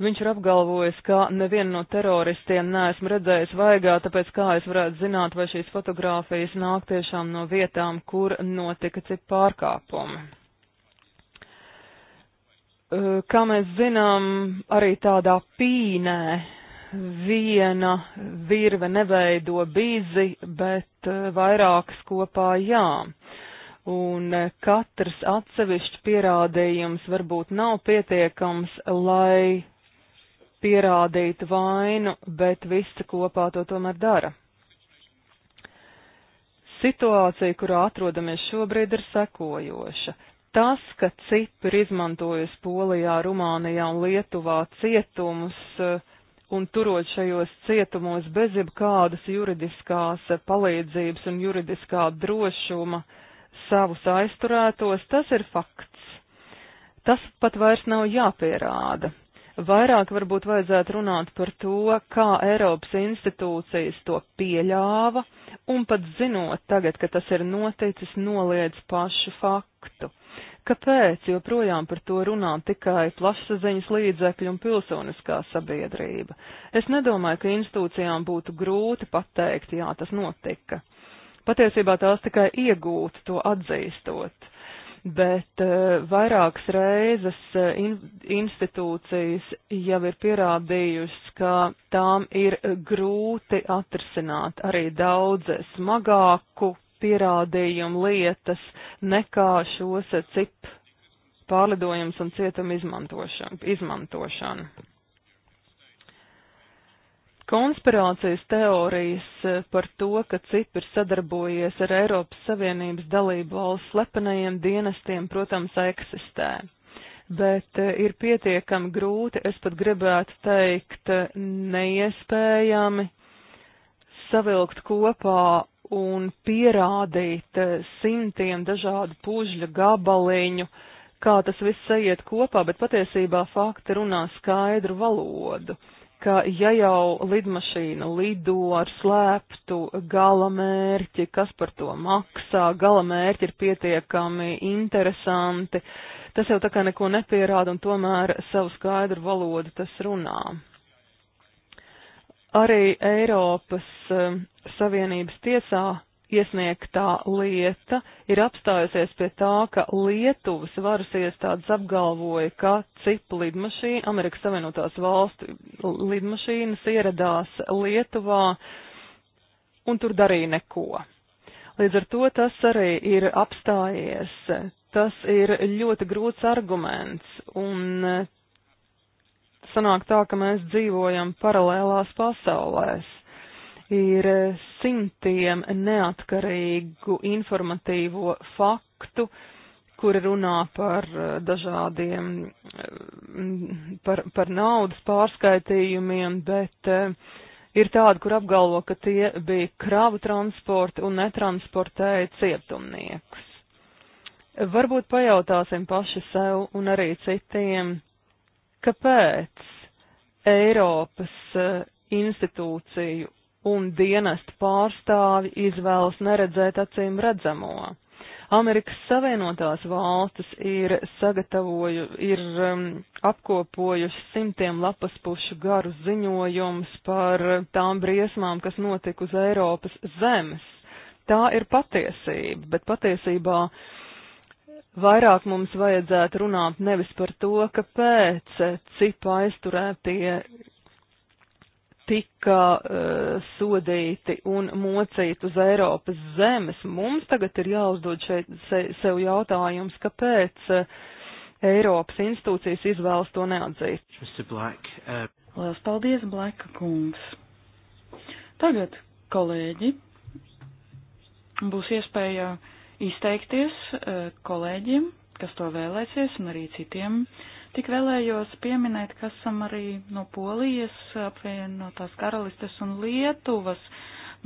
Viņš ir apgalvojis, ka nevienu no teroristiem neesmu redzējis vaigā, tāpēc kā es varētu zināt, vai šīs fotogrāfijas nāk tiešām no vietām, kur notika cik pārkāpumi. Kā mēs zinām, arī tādā pīnē viena virve neveido bīzi, bet vairākas kopā jā un katrs atsevišķs pierādījums varbūt nav pietiekams, lai pierādītu vainu, bet visi kopā to tomēr dara. Situācija, kurā atrodamies šobrīd, ir sekojoša. Tas, ka cipi ir izmantojusi Polijā, Rumānijā un Lietuvā cietumus eh, un turot šajos cietumos bez jebkādas juridiskās palīdzības un juridiskā drošuma savus aizturētos, tas ir fakts. Tas pat vairs nav jāpierāda. Vairāk varbūt vajadzētu runāt par to, kā Eiropas institūcijas to pieļāva, un pat zinot tagad, ka tas ir noticis, noliedz pašu faktu. Kāpēc joprojām par to runā tikai plašsaziņas līdzekļi un pilsoniskā sabiedrība? Es nedomāju, ka institūcijām būtu grūti pateikt, jā, tas notika. Patiesībā tās tikai iegūtu to atzīstot bet eh, vairākas reizes eh, institūcijas jau ir pierādījusi, ka tām ir grūti atrisināt arī daudz smagāku pierādījumu lietas nekā šos cip pārlidojums un cietuma izmantošana. Konspirācijas teorijas eh, par to, ka Cipri sadarbojies ar Eiropas Savienības dalību valsts slepenajiem dienestiem, protams, eksistē bet eh, ir pietiekami grūti, es pat gribētu teikt, eh, neiespējami savilkt kopā un pierādīt simtiem dažādu pužļu gabaliņu, kā tas viss aiziet kopā, bet patiesībā fakti runā skaidru valodu ka ja jau lidmašīna lido ar slēptu galamērķi, kas par to maksā, galamērķi ir pietiekami interesanti, tas jau tā kā neko nepierāda un tomēr savu skaidru valodu tas runā. Arī Eiropas eh, Savienības tiesā iesniegtā lieta ir apstājusies pie tā, ka Lietuvas varas iestādes apgalvoja, ka CIP lidmašīna, Amerikas Savienotās valstu lidmašīnas ieradās Lietuvā un tur darīja neko. Līdz ar to tas arī ir apstājies. Tas ir ļoti grūts arguments un sanāk tā, ka mēs dzīvojam paralēlās pasaulēs ir simtiem neatkarīgu informatīvo faktu, kuri runā par eh, dažādiem, eh, par, par naudas pārskaitījumiem, bet eh, ir tādi, kur apgalvo, ka tie bija kravu transporti un netransportēja cietumnieks. Varbūt pajautāsim paši sev un arī citiem, kāpēc Eiropas institūciju un dienestu pārstāvi izvēlas neredzēt acīm redzamo. Amerikas Savienotās valstis ir sagatavoju, ir um, apkopojuši simtiem lapas pušu garu ziņojums par tām briesmām, kas notika uz Eiropas zemes. Tā ir patiesība, bet patiesībā vairāk mums vajadzētu runāt nevis par to, kāpēc cipa aizturētie tika uh, sodīti un mocīti uz Eiropas zemes. Mums tagad ir jāuzdod šeit se, sev jautājums, kāpēc uh, Eiropas institūcijas izvēlas to neatzīst. Black, uh... Eh. Lielas paldies, Blaka kungs. Tagad, kolēģi, būs iespēja izteikties uh, kolēģiem, kas to vēlēsies, un arī citiem uh, Tik vēlējos pieminēt, ka esam arī no Polijas, apvienotās karalistes un Lietuvas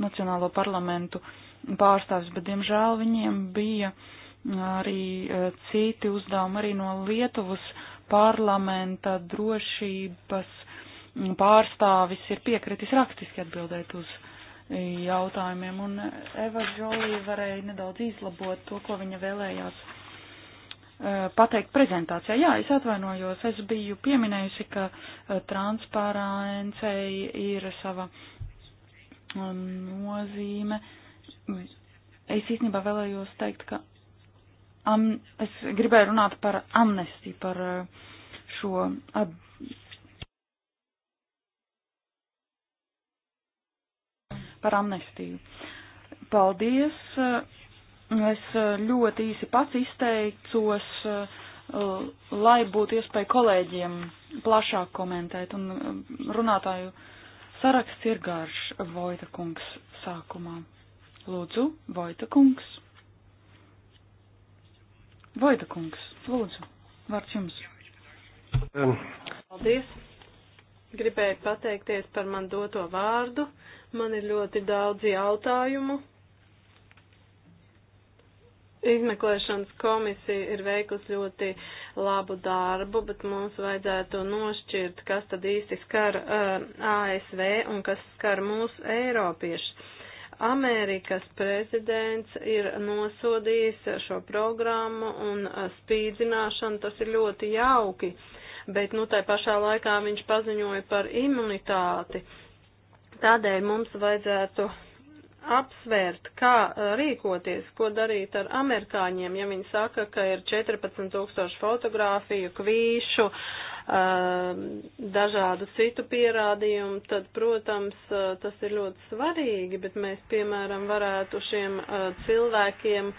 nacionālo parlamentu pārstāvis, bet diemžēl viņiem bija mm, arī e, citi uzdevumi arī no Lietuvas parlamenta drošības mm, pārstāvis ir piekritis rakstiski atbildēt uz e, jautājumiem, un Eva Žolī varēja nedaudz izlabot to, ko viņa vēlējās Eh, pateikt prezentācijā. Jā, es atvainojos, es biju pieminējusi, ka eh, transparencei ir sava um, nozīme. Es īstenībā vēlējos teikt, ka am, es gribēju runāt par amnestiju, par eh, šo ab, par amnestiju. Paldies! Es eh, ļoti īsi pats izteicos, eh, lai būtu iespēja kolēģiem plašāk komentēt, un eh, runātāju saraksts ir garš Vojta kungs sākumā. Lūdzu, Vojta kungs. Vojta kungs, lūdzu, vārds jums. Um. Paldies. Gribēju pateikties par man doto vārdu. Man ir ļoti daudz jautājumu Izmeklēšanas komisija ir veikusi ļoti labu darbu, bet mums vajadzētu nošķirt, kas tad īsti skar uh, ASV un kas skar mūsu Eiropiešus. Amerikas prezidents ir nosodījis šo programmu un uh, spīdzināšanu, tas ir ļoti jauki, bet nu tai pašā laikā viņš paziņoja par imunitāti. Tādēļ mums vajadzētu apsvērt, kā rīkoties, ko darīt ar amerikāņiem, ja viņi saka, ka ir 14 tūkstoši fotografiju, kvīšu, dažādu citu pierādījumu, tad, protams, tas ir ļoti svarīgi, bet mēs, piemēram, varētu šiem cilvēkiem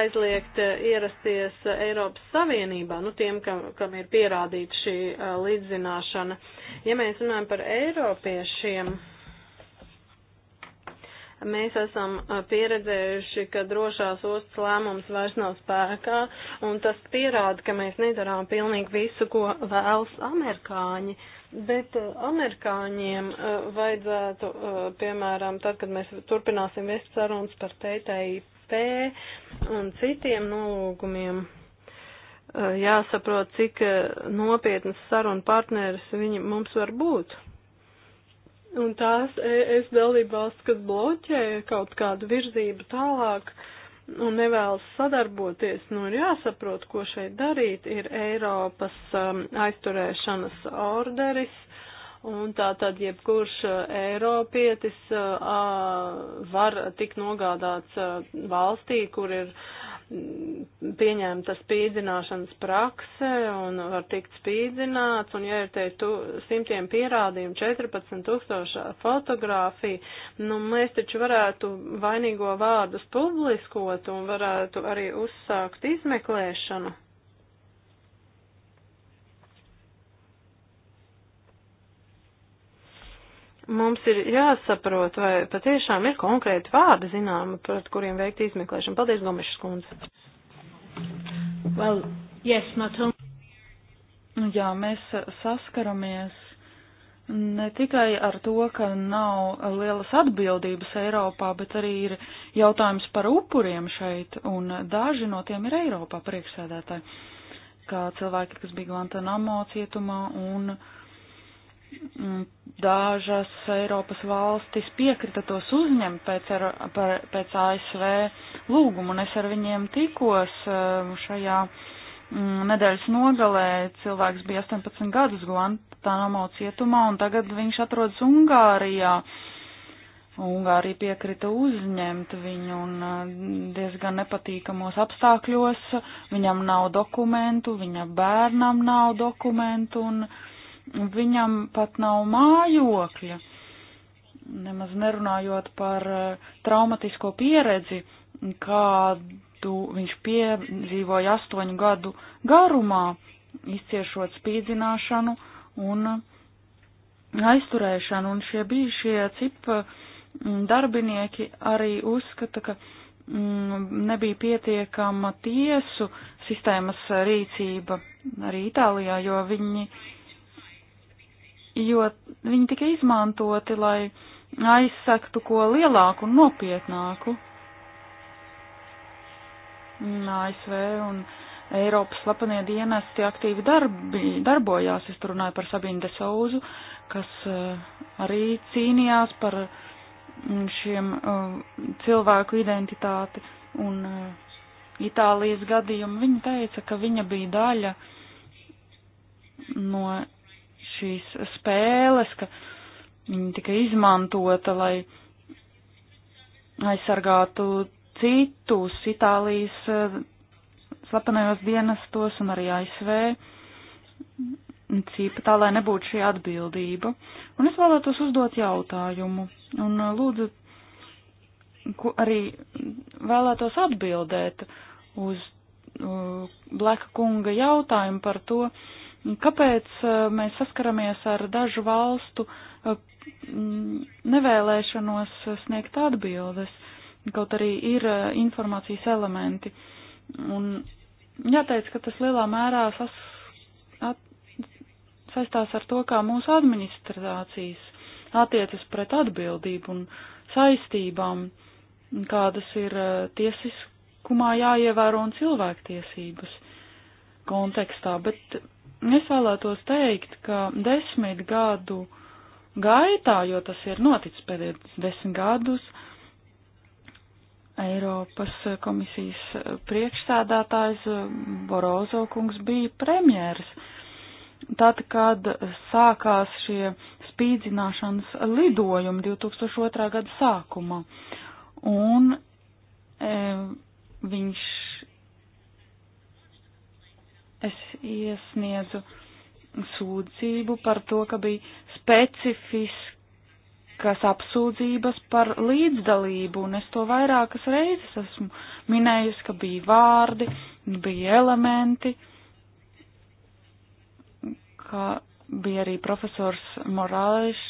aizliegt ierasties Eiropas Savienībā, nu tiem, kam, kam ir pierādīta šī līdzzināšana. Ja mēs runājam par eiropiešiem, Mēs esam pieredzējuši, ka drošās ostas lēmums vairs nav spēkā, un tas pierāda, ka mēs nedarām pilnīgi visu, ko vēlas amerikāņi. Bet amerikāņiem vajadzētu, piemēram, tad, kad mēs turpināsim vest sarunas par TTIP un citiem nolūgumiem, jāsaprot, cik nopietnas sarunu partneris viņi mums var būt un tās es dalību valsts, kas bloķē kaut kādu virzību tālāk un nevēlas sadarboties, nu ir jāsaprot, ko šeit darīt, ir Eiropas um, aizturēšanas orderis. Un tā tad jebkurš uh, Eiropietis uh, var tikt nogādāts uh, valstī, kur ir uh, Mm, pieņemta spīdzināšanas prakse un var tikt spīdzināts, un ja ir te tu, simtiem pierādījumu, 14 tūkstoši fotografiju, nu mēs taču varētu vainīgo vārdus publiskot un varētu arī uzsākt izmeklēšanu. mums ir jāsaprot, vai patiešām ir konkrēti vārdi zināma, pret kuriem veikt izmeklēšanu. Paldies, Gomešas kundze. Well, yes, not only. Nu jā, mēs saskaramies ne tikai ar to, ka nav lielas atbildības Eiropā, bet arī ir jautājums par upuriem šeit, un daži no tiem ir Eiropā priekšsēdētāji, kā cilvēki, kas bija Guantanamo cietumā un. Uh, Mm, Dažas Eiropas valstis piekrita tos uzņemt pēc, ar, par, pēc ASV lūgumu, un es ar viņiem tikos eh, šajā mm, nedēļas nogalē. Cilvēks bija 18 gadus Guantanamo cietumā, un tagad viņš atrodas Ungārijā. Ungārija piekrita uzņemt viņu un eh, diezgan nepatīkamos apstākļos. Viņam nav dokumentu, viņa bērnam nav dokumentu un viņam pat nav mājokļa, nemaz nerunājot par e, traumatisko pieredzi, kādu viņš piedzīvoja astoņu gadu garumā, izciešot spīdzināšanu un aizturēšanu, un šie bijušie cipa darbinieki arī uzskata, ka nebija pietiekama tiesu sistēmas rīcība arī Itālijā, jo viņi uh, jo viņi tika izmantoti, lai aizsaktu ko lielāku un nopietnāku. ASV un Eiropas slepenie dienesti aktīvi darbi, darbojās, es tur runāju par Sabīnu Desauzu, kas eh, arī cīnījās par mm, šiem eh, cilvēku identitāti un eh, Itālijas gadījumu. Viņa teica, ka viņa bija daļa no šīs spēles, ka viņi tika izmantota, lai aizsargātu citus Itālijas eh, slepenajos dienestos un arī ASV cīpa, tā lai nebūtu šī atbildība. Un es vēlētos uzdot jautājumu un eh, lūdzu arī vēlētos atbildēt uz eh, Bleka kunga jautājumu par to, uh, Kāpēc eh, mēs saskaramies ar dažu valstu eh, mm, nevēlēšanos sniegt atbildes, kaut arī ir eh, informācijas elementi? Un jāteic, ka tas lielā mērā sas, at, saistās ar to, kā mūsu administrācijas attiecas pret atbildību un saistībām, kādas ir tiesiskumā jāievēro un cilvēktiesības kontekstā, bet Es vēlētos teikt, ka desmit gadu gaitā, jo tas ir noticis pēdējos desmit gadus, Eiropas komisijas priekšsēdētājs Borozo kungs bija premjērs. Tad, kad sākās šie spīdzināšanas lidojumi 2002. gada sākumā, un e, viņš es iesniedzu sūdzību par to, ka bija specifiskas apsūdzības par līdzdalību, un es to vairākas reizes esmu minējusi, ka bija vārdi, bija elementi, ka bija arī profesors Morāliš,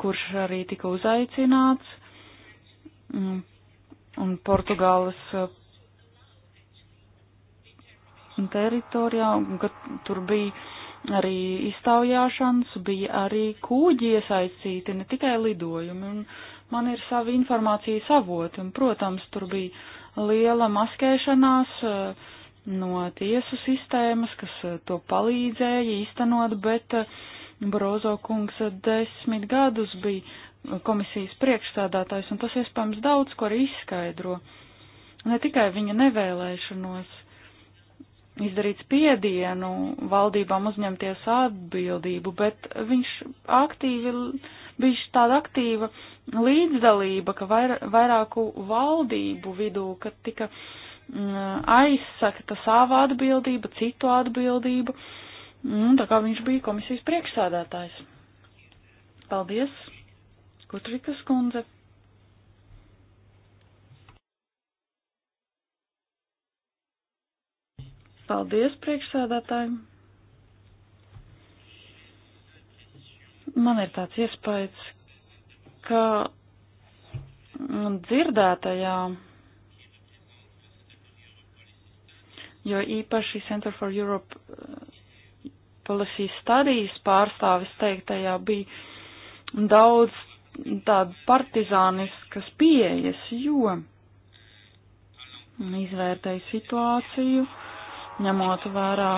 kurš arī tika uzaicināts, un Portugāles teritorijā, un ka tur bija arī iztaujāšanas, bija arī kūģi iesaistīti, ne tikai lidojumi, un man ir savi informācijas avoti, un, protams, tur bija liela maskēšanās eh, no tiesu sistēmas, kas eh, to palīdzēja īstenot, bet eh, Brozo kungs desmit gadus bija komisijas priekšstādātājs, un tas iespējams daudz, ko arī izskaidro. Ne tikai viņa nevēlēšanos izdarīt spiedienu valdībām uzņemties atbildību, bet viņš aktīvi, bija tāda aktīva līdzdalība, ka vair, vairāku valdību vidū, ka tika mm, aizsakta sava atbildība, citu atbildība, un tā kā viņš bija komisijas priekšsādātājs. Paldies, Kutrikas kundze. Paldies priekšsēdētājiem! Man ir tāds iespējas, ka dzirdētajā, jo īpaši Center for Europe eh, Policy Studies pārstāvis teiktajā bija daudz tādu partizāniskas pieejas, jo izvērtēja situāciju ņemot vērā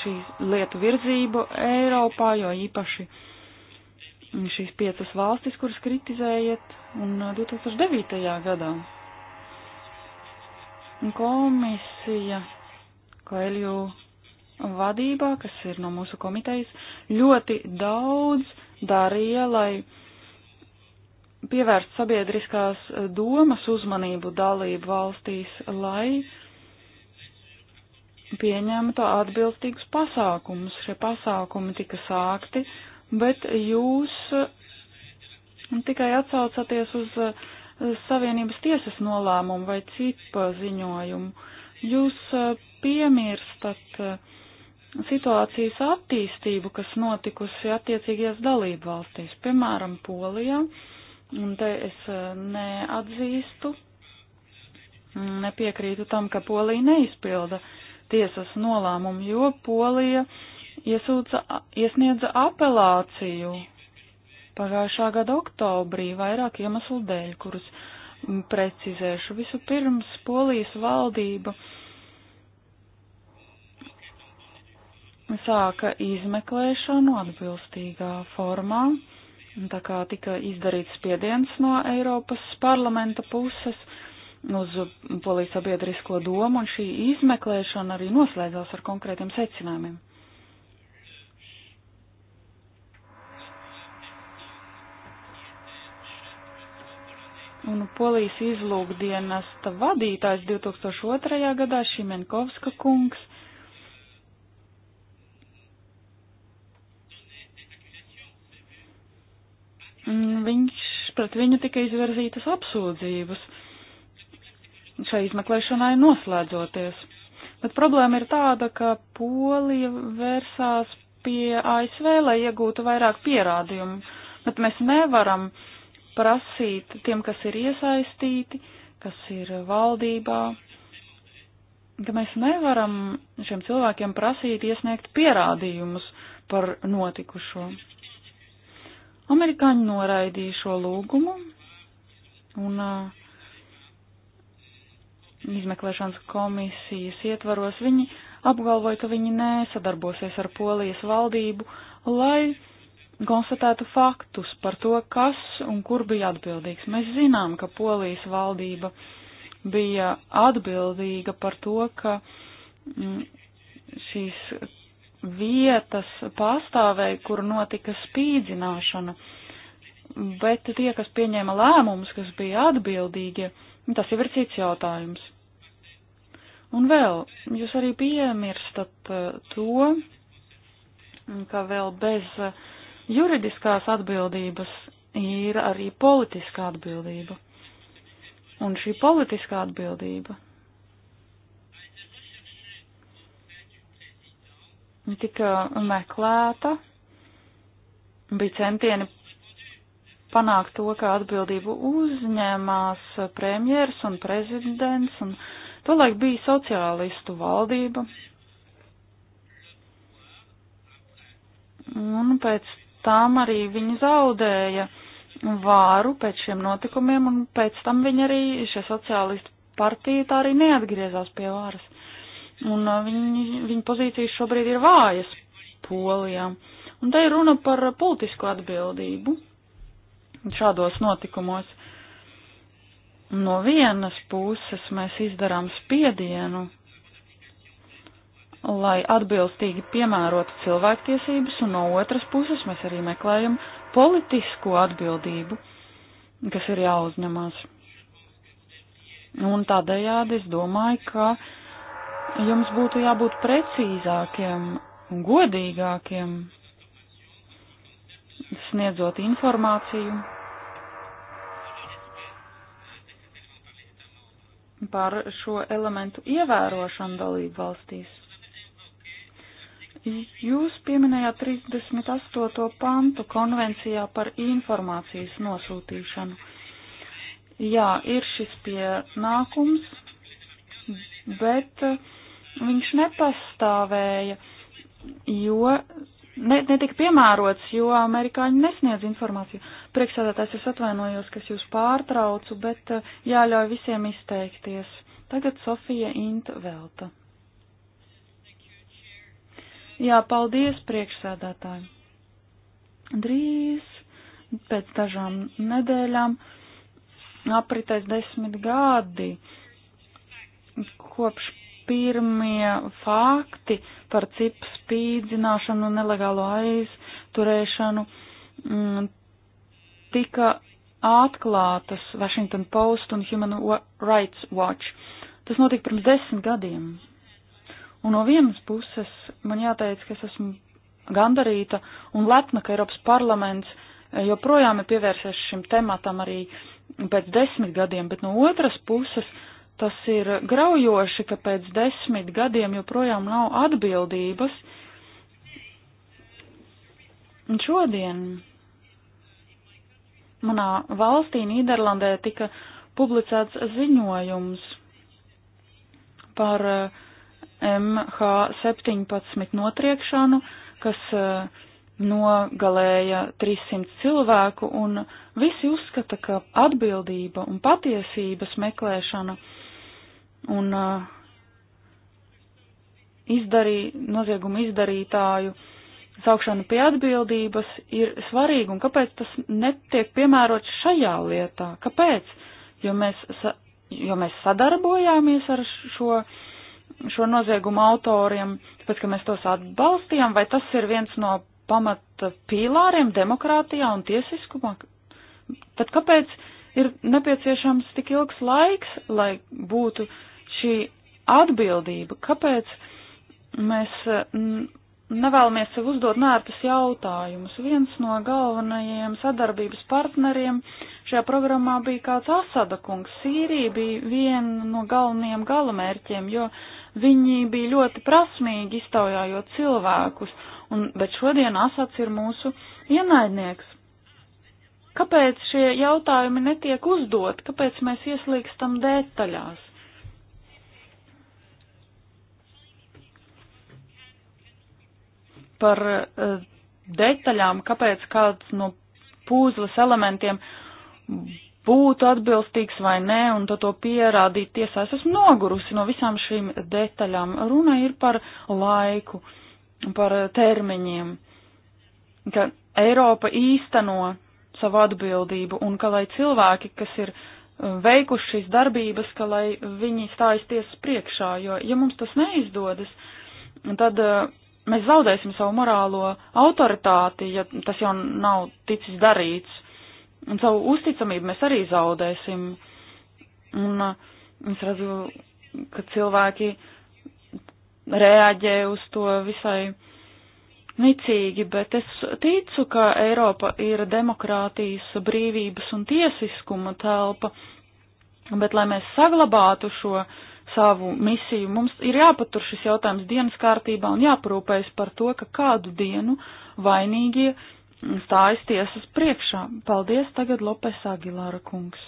šī lietu virzību Eiropā, jo īpaši šīs piecas valstis, kuras kritizējat, un 2009. gadā komisija Koeļu vadībā, kas ir no mūsu komitejas, ļoti daudz darīja, lai pievērst sabiedriskās domas uzmanību dalību valstīs, lai uh, pieņemtu atbilstīgus pasākumus. Šie pasākumi tika sākti, bet jūs mm, tikai atsaucaties uz eh, Savienības tiesas nolēmumu vai cipa ziņojumu. Jūs eh, piemirstat eh, situācijas attīstību, kas notikusi attiecīgajās dalību valstīs, piemēram, Polijā, un te es neatzīstu, nepiekrītu tam, ka Polija neizpilda uh, tiesas nolēmumu, jo Polija iesūca, iesniedza apelāciju pagājušā gada oktobrī vairāk iemeslu dēļ, kurus precizēšu. Vispirms Polijas valdība sāka izmeklēšanu atbilstīgā formā, tā kā tika izdarīts spiediens no Eiropas parlamenta puses uz polijas sabiedrisko domu, un šī izmeklēšana arī noslēdzās ar konkrētiem secinājumiem. Un polijas izlūkdienesta vadītājs 2002. gadā Šimenkovska kungs Viņš pret viņu tika izvirzītas apsūdzības šai izmeklēšanai noslēdzoties. Bet problēma ir tāda, ka Polija vērsās pie ASV, lai iegūtu vairāk pierādījumu, bet mēs nevaram prasīt tiem, kas ir iesaistīti, kas ir valdībā, ka mēs nevaram šiem cilvēkiem prasīt iesniegt pierādījumus par notikušo. Amerikāņi noraidīja šo lūgumu un uh, izmeklēšanas komisijas ietvaros, viņi apgalvoja, ka viņi nesadarbosies ar polijas valdību, lai konstatētu faktus par to, kas un kur bija atbildīgs. Mēs zinām, ka polijas valdība bija atbildīga par to, ka mm, šīs vietas pastāvēja, kur notika spīdzināšana, bet tie, kas pieņēma lēmumus, kas bija atbildīgi, tas jau ir cits jautājums. Un vēl, jūs arī piemirstat eh, to, ka vēl bez eh, juridiskās atbildības ir arī politiskā atbildība. Un šī politiskā atbildība tika meklēta, bija centieni panākt to, ka atbildību uzņēmās premjers un prezidents un prezidents Tolaik bija sociālistu valdība. Un pēc tam arī viņi zaudēja vāru pēc šiem notikumiem, un pēc tam viņi arī, šie sociālistu partija tā arī neatgriezās pie vāras. Un uh, viņi, viņa pozīcijas šobrīd ir vājas polijām. Un te ir runa par politisko atbildību šādos notikumos. No vienas puses mēs izdarām spiedienu, lai atbilstīgi piemērotu cilvēktiesības, un no otras puses mēs arī meklējam politisko atbildību, kas ir jāuzņemās. Un tādējādi es domāju, ka jums būtu jābūt precīzākiem un godīgākiem, sniedzot informāciju par šo elementu ievērošanu dalību valstīs. Jūs pieminējāt 38. pantu konvencijā par informācijas nosūtīšanu. Jā, ir šis pienākums, bet viņš nepastāvēja, jo ne, netika piemērots, jo amerikāņi nesniedz informāciju. Priekšsēdētājs es atvainojos, kas jūs pārtraucu, bet eh, jāļauj visiem izteikties. Tagad Sofija Intu Velta. Jā, paldies priekšsēdētājiem. Drīz pēc dažām nedēļām apritēs desmit gadi kopš pirmie fakti par cipu spīdzināšanu un nelegālo aizturēšanu m, mm, tika atklātas Washington Post un Human Rights Watch. Tas notika pirms desmit gadiem. Un no vienas puses man jāteic, ka es esmu gandarīta un lepna, ka Eiropas parlaments eh, joprojām ir pievērsies šim tematam arī pēc desmit gadiem, bet no otras puses uh, Tas ir graujoši, ka pēc desmit gadiem joprojām nav atbildības. Un šodien manā valstī Nīderlandē tika publicēts ziņojums par eh, MH17 notriekšanu, kas eh, nogalēja 300 cilvēku, un visi uzskata, ka atbildība un patiesības meklēšana uh, un uh, izdarī, noziegumu izdarītāju saukšanu pie atbildības ir svarīgi, un kāpēc tas netiek piemērots šajā lietā? Kāpēc? Jo mēs, jo mēs sadarbojāmies ar šo, šo noziegumu autoriem, tāpēc, ka mēs tos atbalstījām, vai tas ir viens no pamata pīlāriem demokrātijā un tiesiskumā? Tad kāpēc ir nepieciešams tik ilgs laiks, lai būtu uh, šī atbildība, kāpēc mēs mm, nevēlamies sev uzdot nērtus jautājumus. Viens no galvenajiem sadarbības partneriem šajā programmā bija kāds Asada kungs. Sīrija bija viena no galvenajiem galamērķiem, jo viņi bija ļoti prasmīgi iztaujājot cilvēkus, un, bet šodien Asads ir mūsu ienaidnieks. Kāpēc šie jautājumi netiek uzdot, kāpēc mēs ieslīgstam detaļās? par uh, detaļām, kāpēc kāds no pūzles elementiem būtu atbilstīgs vai nē, un to, to pierādīt tiesā. Es esmu nogurusi no visām šīm detaļām. Runa ir par laiku, par termiņiem, ka Eiropa īsteno savu atbildību un ka lai cilvēki, kas ir e, veikuši šīs darbības, ka lai viņi stājas tiesas priekšā, jo ja mums tas neizdodas, tad uh, mēs zaudēsim savu morālo autoritāti, ja tas jau nav ticis darīts. Un savu uzticamību mēs arī zaudēsim. Un uh, es redzu, ka cilvēki reaģē uz to visai nicīgi, bet es ticu, ka Eiropa ir demokrātijas, brīvības un tiesiskuma telpa. Bet, lai mēs saglabātu šo uh, savu misiju. Mums ir jāpatur šis jautājums dienas kārtībā un jāparūpējas par to, ka kādu dienu vainīgie stājas tiesas priekšā. Paldies tagad Lopes Agilāra kungs.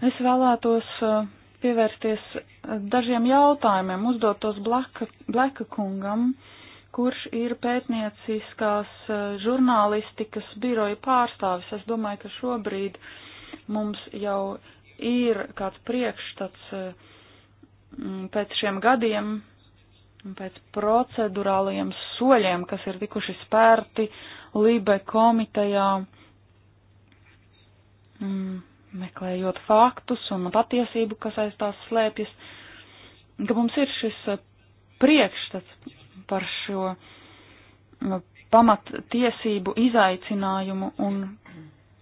Es vēlētos uh, pievērsties uh, dažiem jautājumiem, uzdotos Blaka, Blaka kungam, kurš ir pētnieciskās uh, žurnālistikas biroja pārstāvis. Es domāju, ka šobrīd uh, mums jau ir kāds priekšstats mm, pēc šiem gadiem, pēc procedurālajiem soļiem, kas ir tikuši spērti Lībe komitejā, mm, meklējot faktus un patiesību, kas aiz tās slēpjas, ka mums ir šis eh, priekšstats par šo mm, pamattiesību izaicinājumu un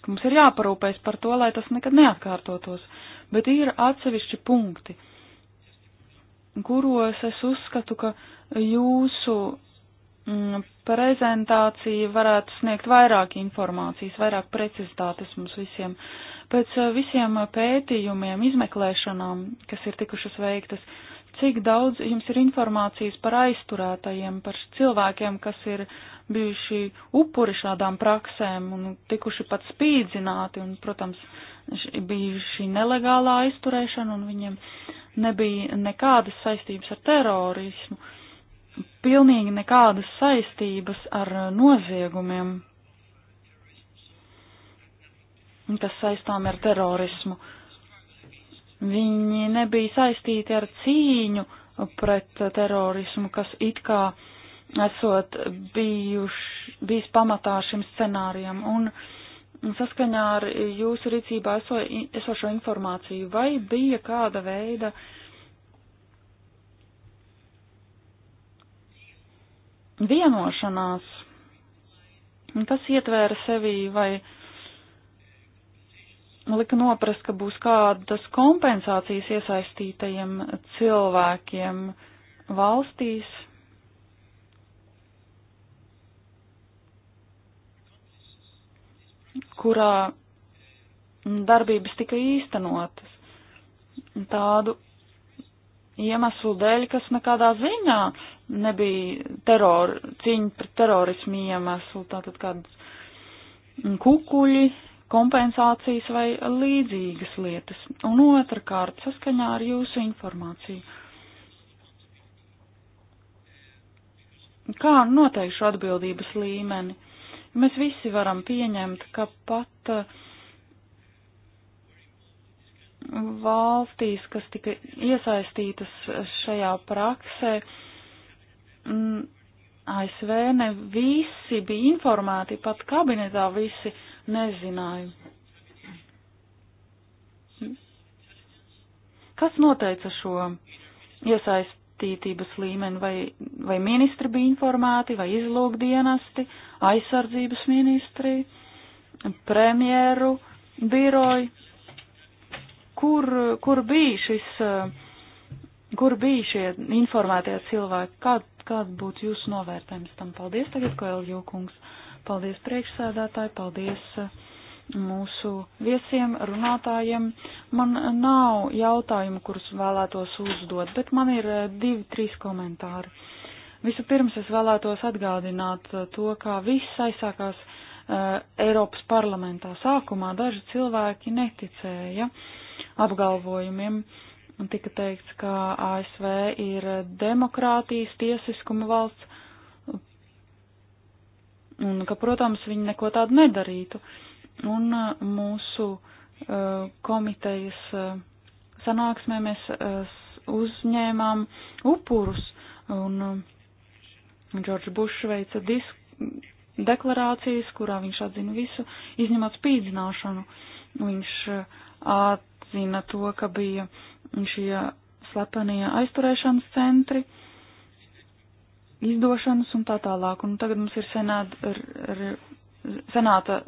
Mums ir jāparūpēs par to, lai tas nekad neatkārtotos, bet ir atsevišķi punkti, kuros es uzskatu, ka jūsu mm, prezentācija varētu sniegt vairāk informācijas, vairāk precizitātes mums visiem. Pēc eh, visiem pētījumiem, izmeklēšanām, kas ir tikušas veiktas, cik daudz jums ir informācijas par aizturētajiem, par cilvēkiem, kas ir uh, bijuši upuri šādām praksēm un tikuši pat spīdzināti un, protams, bija šī nelegālā aizturēšana un viņiem nebija nekādas saistības ar terorismu, pilnīgi nekādas saistības ar noziegumiem, kas saistām ar terorismu. Viņi nebija saistīti ar cīņu pret terorismu, kas it kā uh, esot bijuš, bijis pamatā šim scenārijam. Un, saskaņā ar jūsu rīcībā eso, esošo informāciju, vai bija kāda veida vienošanās, kas ietvēra sevi vai lika noprast, ka būs kādas kompensācijas iesaistītajiem cilvēkiem valstīs, kurā darbības tika īstenotas. Tādu iemeslu dēļ, kas nekādā ziņā nebija teror, cīņa pret terorismu iemeslu, tātad kādas kukuļi, kompensācijas vai līdzīgas lietas. Un otrkārt, saskaņā ar jūsu informāciju. Kā noteikšu atbildības līmeni? Mēs visi varam pieņemt, ka pat uh, valstīs, kas tika iesaistītas šajā praksē, mm, ASV ne visi bija informēti, pat kabinetā visi nezināja. Kas noteica šo iesaist, izglītības līmeni, vai, vai ministri bija informēti, vai izlūkdienesti, aizsardzības ministri, premjeru, biroji, kur, kur bija šis, kur bija šie informētie cilvēki, kād, kād būtu jūsu novērtējums tam. Paldies tagad, Koelju kungs, paldies priekšsēdētāji, paldies. Uh, mūsu viesiem, runātājiem. Man nav jautājumu, kurus vēlētos uzdot, bet man ir eh, divi, trīs komentāri. Vispirms es vēlētos atgādināt eh, to, kā viss aizsākās uh, Eiropas parlamentā. Sākumā daži cilvēki neticēja apgalvojumiem. Tika teikts, ka ASV ir demokrātijas tiesiskuma valsts un ka, protams, viņi neko tādu nedarītu. Uh, Un uh, mūsu uh, komitejas uh, sanāksmē mēs uzņēmām upurus, un Džordžs Bušs veica disk deklarācijas, kurā viņš atzina visu, izņemot spīdzināšanu. Viņš atzina to, ka bija šie slepenie aizturēšanas centri, izdošanas un tā tālāk. Un tagad mums ir senāda senāta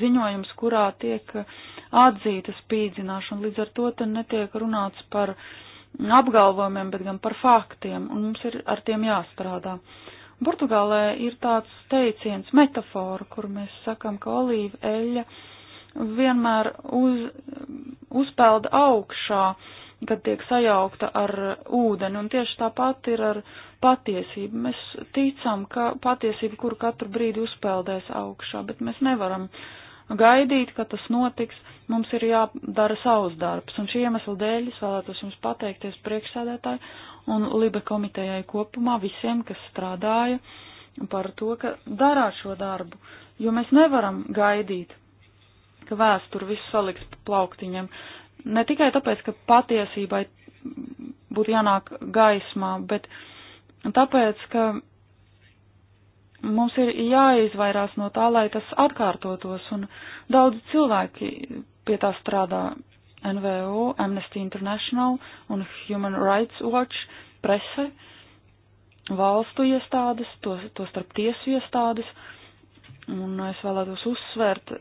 ziņojums, kurā tiek atzīta spīdzināšana. Līdz ar to te netiek runāts par apgalvojumiem, bet gan par faktiem, un mums ir ar tiem jāstrādā. Portugālē ir tāds teiciens, metafora, kur mēs sakam, ka olīva eļļa vienmēr uz, uzpelda augšā, kad tiek sajaukta ar ūdeni, un tieši tāpat ir ar patiesību. Mēs ticam, ka patiesība, kuru katru brīdi uzpeldēs augšā, bet mēs nevaram gaidīt, ka tas notiks. Mums ir jādara savs darbs, un šī iemesla dēļ es vēlētos jums pateikties priekšsēdētāji un Libe komitejai kopumā visiem, kas strādāja par to, ka darāt šo darbu, jo mēs nevaram gaidīt, ka vēstur viss saliks pa plauktiņam. Ne tikai tāpēc, ka patiesībai būtu jānāk gaismā, bet uh, Tāpēc, ka mums ir jāizvairās no tā, lai tas atkārtotos, un daudz cilvēki pie tā strādā. NVO, Amnesty International un Human Rights Watch, prese, valstu iestādes, to, to starp tiesu iestādes, un es vēlētos uzsvērt,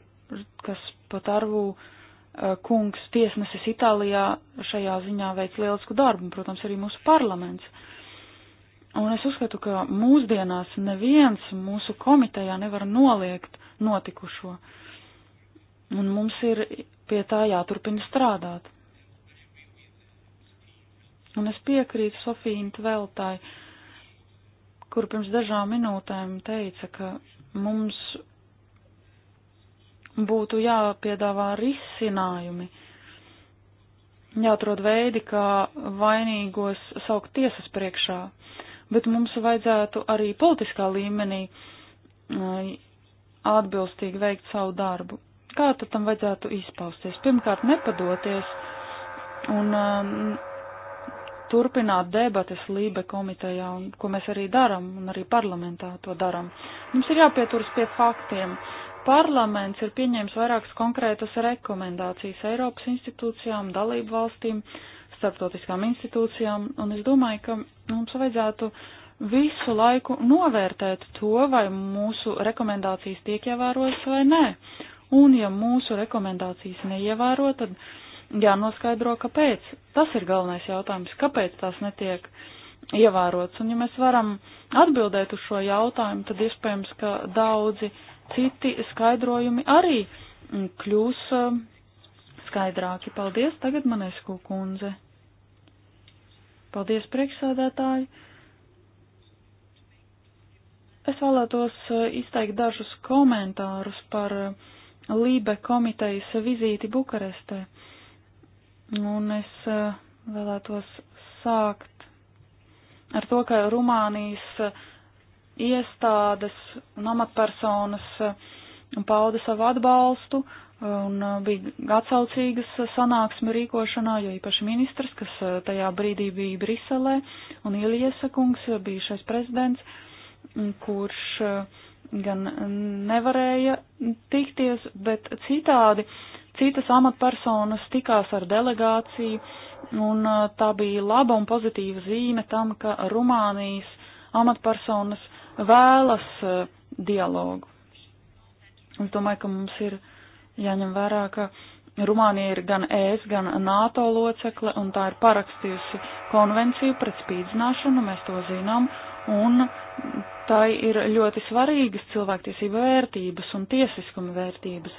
kas pat arvū eh, kungs tiesnesis Itālijā šajā ziņā veic lielisku darbu, un, protams, arī mūsu parlaments. Un es uzskatu, ka mūsdienās neviens mūsu komitejā nevar noliegt notikušo. Un mums ir pie tā jāturpina strādāt. Un es piekrītu Sofiju Tveltai, kur pirms dažām minūtēm teica, ka mums būtu jāpiedāvā risinājumi, jāatrod veidi, kā vainīgos saukt tiesas priekšā, bet mums vajadzētu arī politiskā līmenī atbilstīgi veikt savu darbu. Kā tad tam vajadzētu izpausties? Pirmkārt, nepadoties un um, turpināt debates Lībe komitejā, un, ko mēs arī daram, un arī parlamentā to daram. Mums ir jāpieturas pie faktiem. Parlaments ir pieņēmis vairākas konkrētas rekomendācijas Eiropas institūcijām, dalību valstīm, uh, starptautiskām institūcijām, un es domāju, ka mums vajadzētu visu laiku novērtēt to, vai mūsu rekomendācijas tiek ievērotas vai nē. Un ja mūsu rekomendācijas neievēro, tad jānoskaidro, kāpēc. Tas ir galvenais jautājums, kāpēc tās netiek ievērotas. Un ja mēs varam atbildēt uz šo jautājumu, tad iespējams, ka daudzi citi skaidrojumi arī kļūs eh, skaidrāki. Paldies, tagad manēs kūkundze. Paldies, priekšsēdētāji! Es vēlētos eh, izteikt dažus komentārus par eh, Lībe komitejas vizīti Bukarestē. Un es eh, vēlētos sākt ar to, ka Rumānijas iestādes un amatpersonas pauda savu atbalstu un uh, bija atsaucīgas sanāksmi rīkošanā, jo īpaši ministrs, kas uh, tajā brīdī bija Briselē, un Iliesa kungs, uh, bijušais prezidents, kurš gan nevarēja tikties, bet citādi citas amatpersonas tikās ar delegāciju, un tā bija laba un pozitīva zīme tam, ka Rumānijas amatpersonas vēlas dialogu. Es domāju, ka mums ir jāņem vērā, ka Rumānija ir gan ES, gan NATO locekle, un tā ir parakstījusi konvenciju pret spīdzināšanu, mēs to zinām, un tā ir ļoti svarīgas cilvēktiesība vērtības un tiesiskuma vērtības.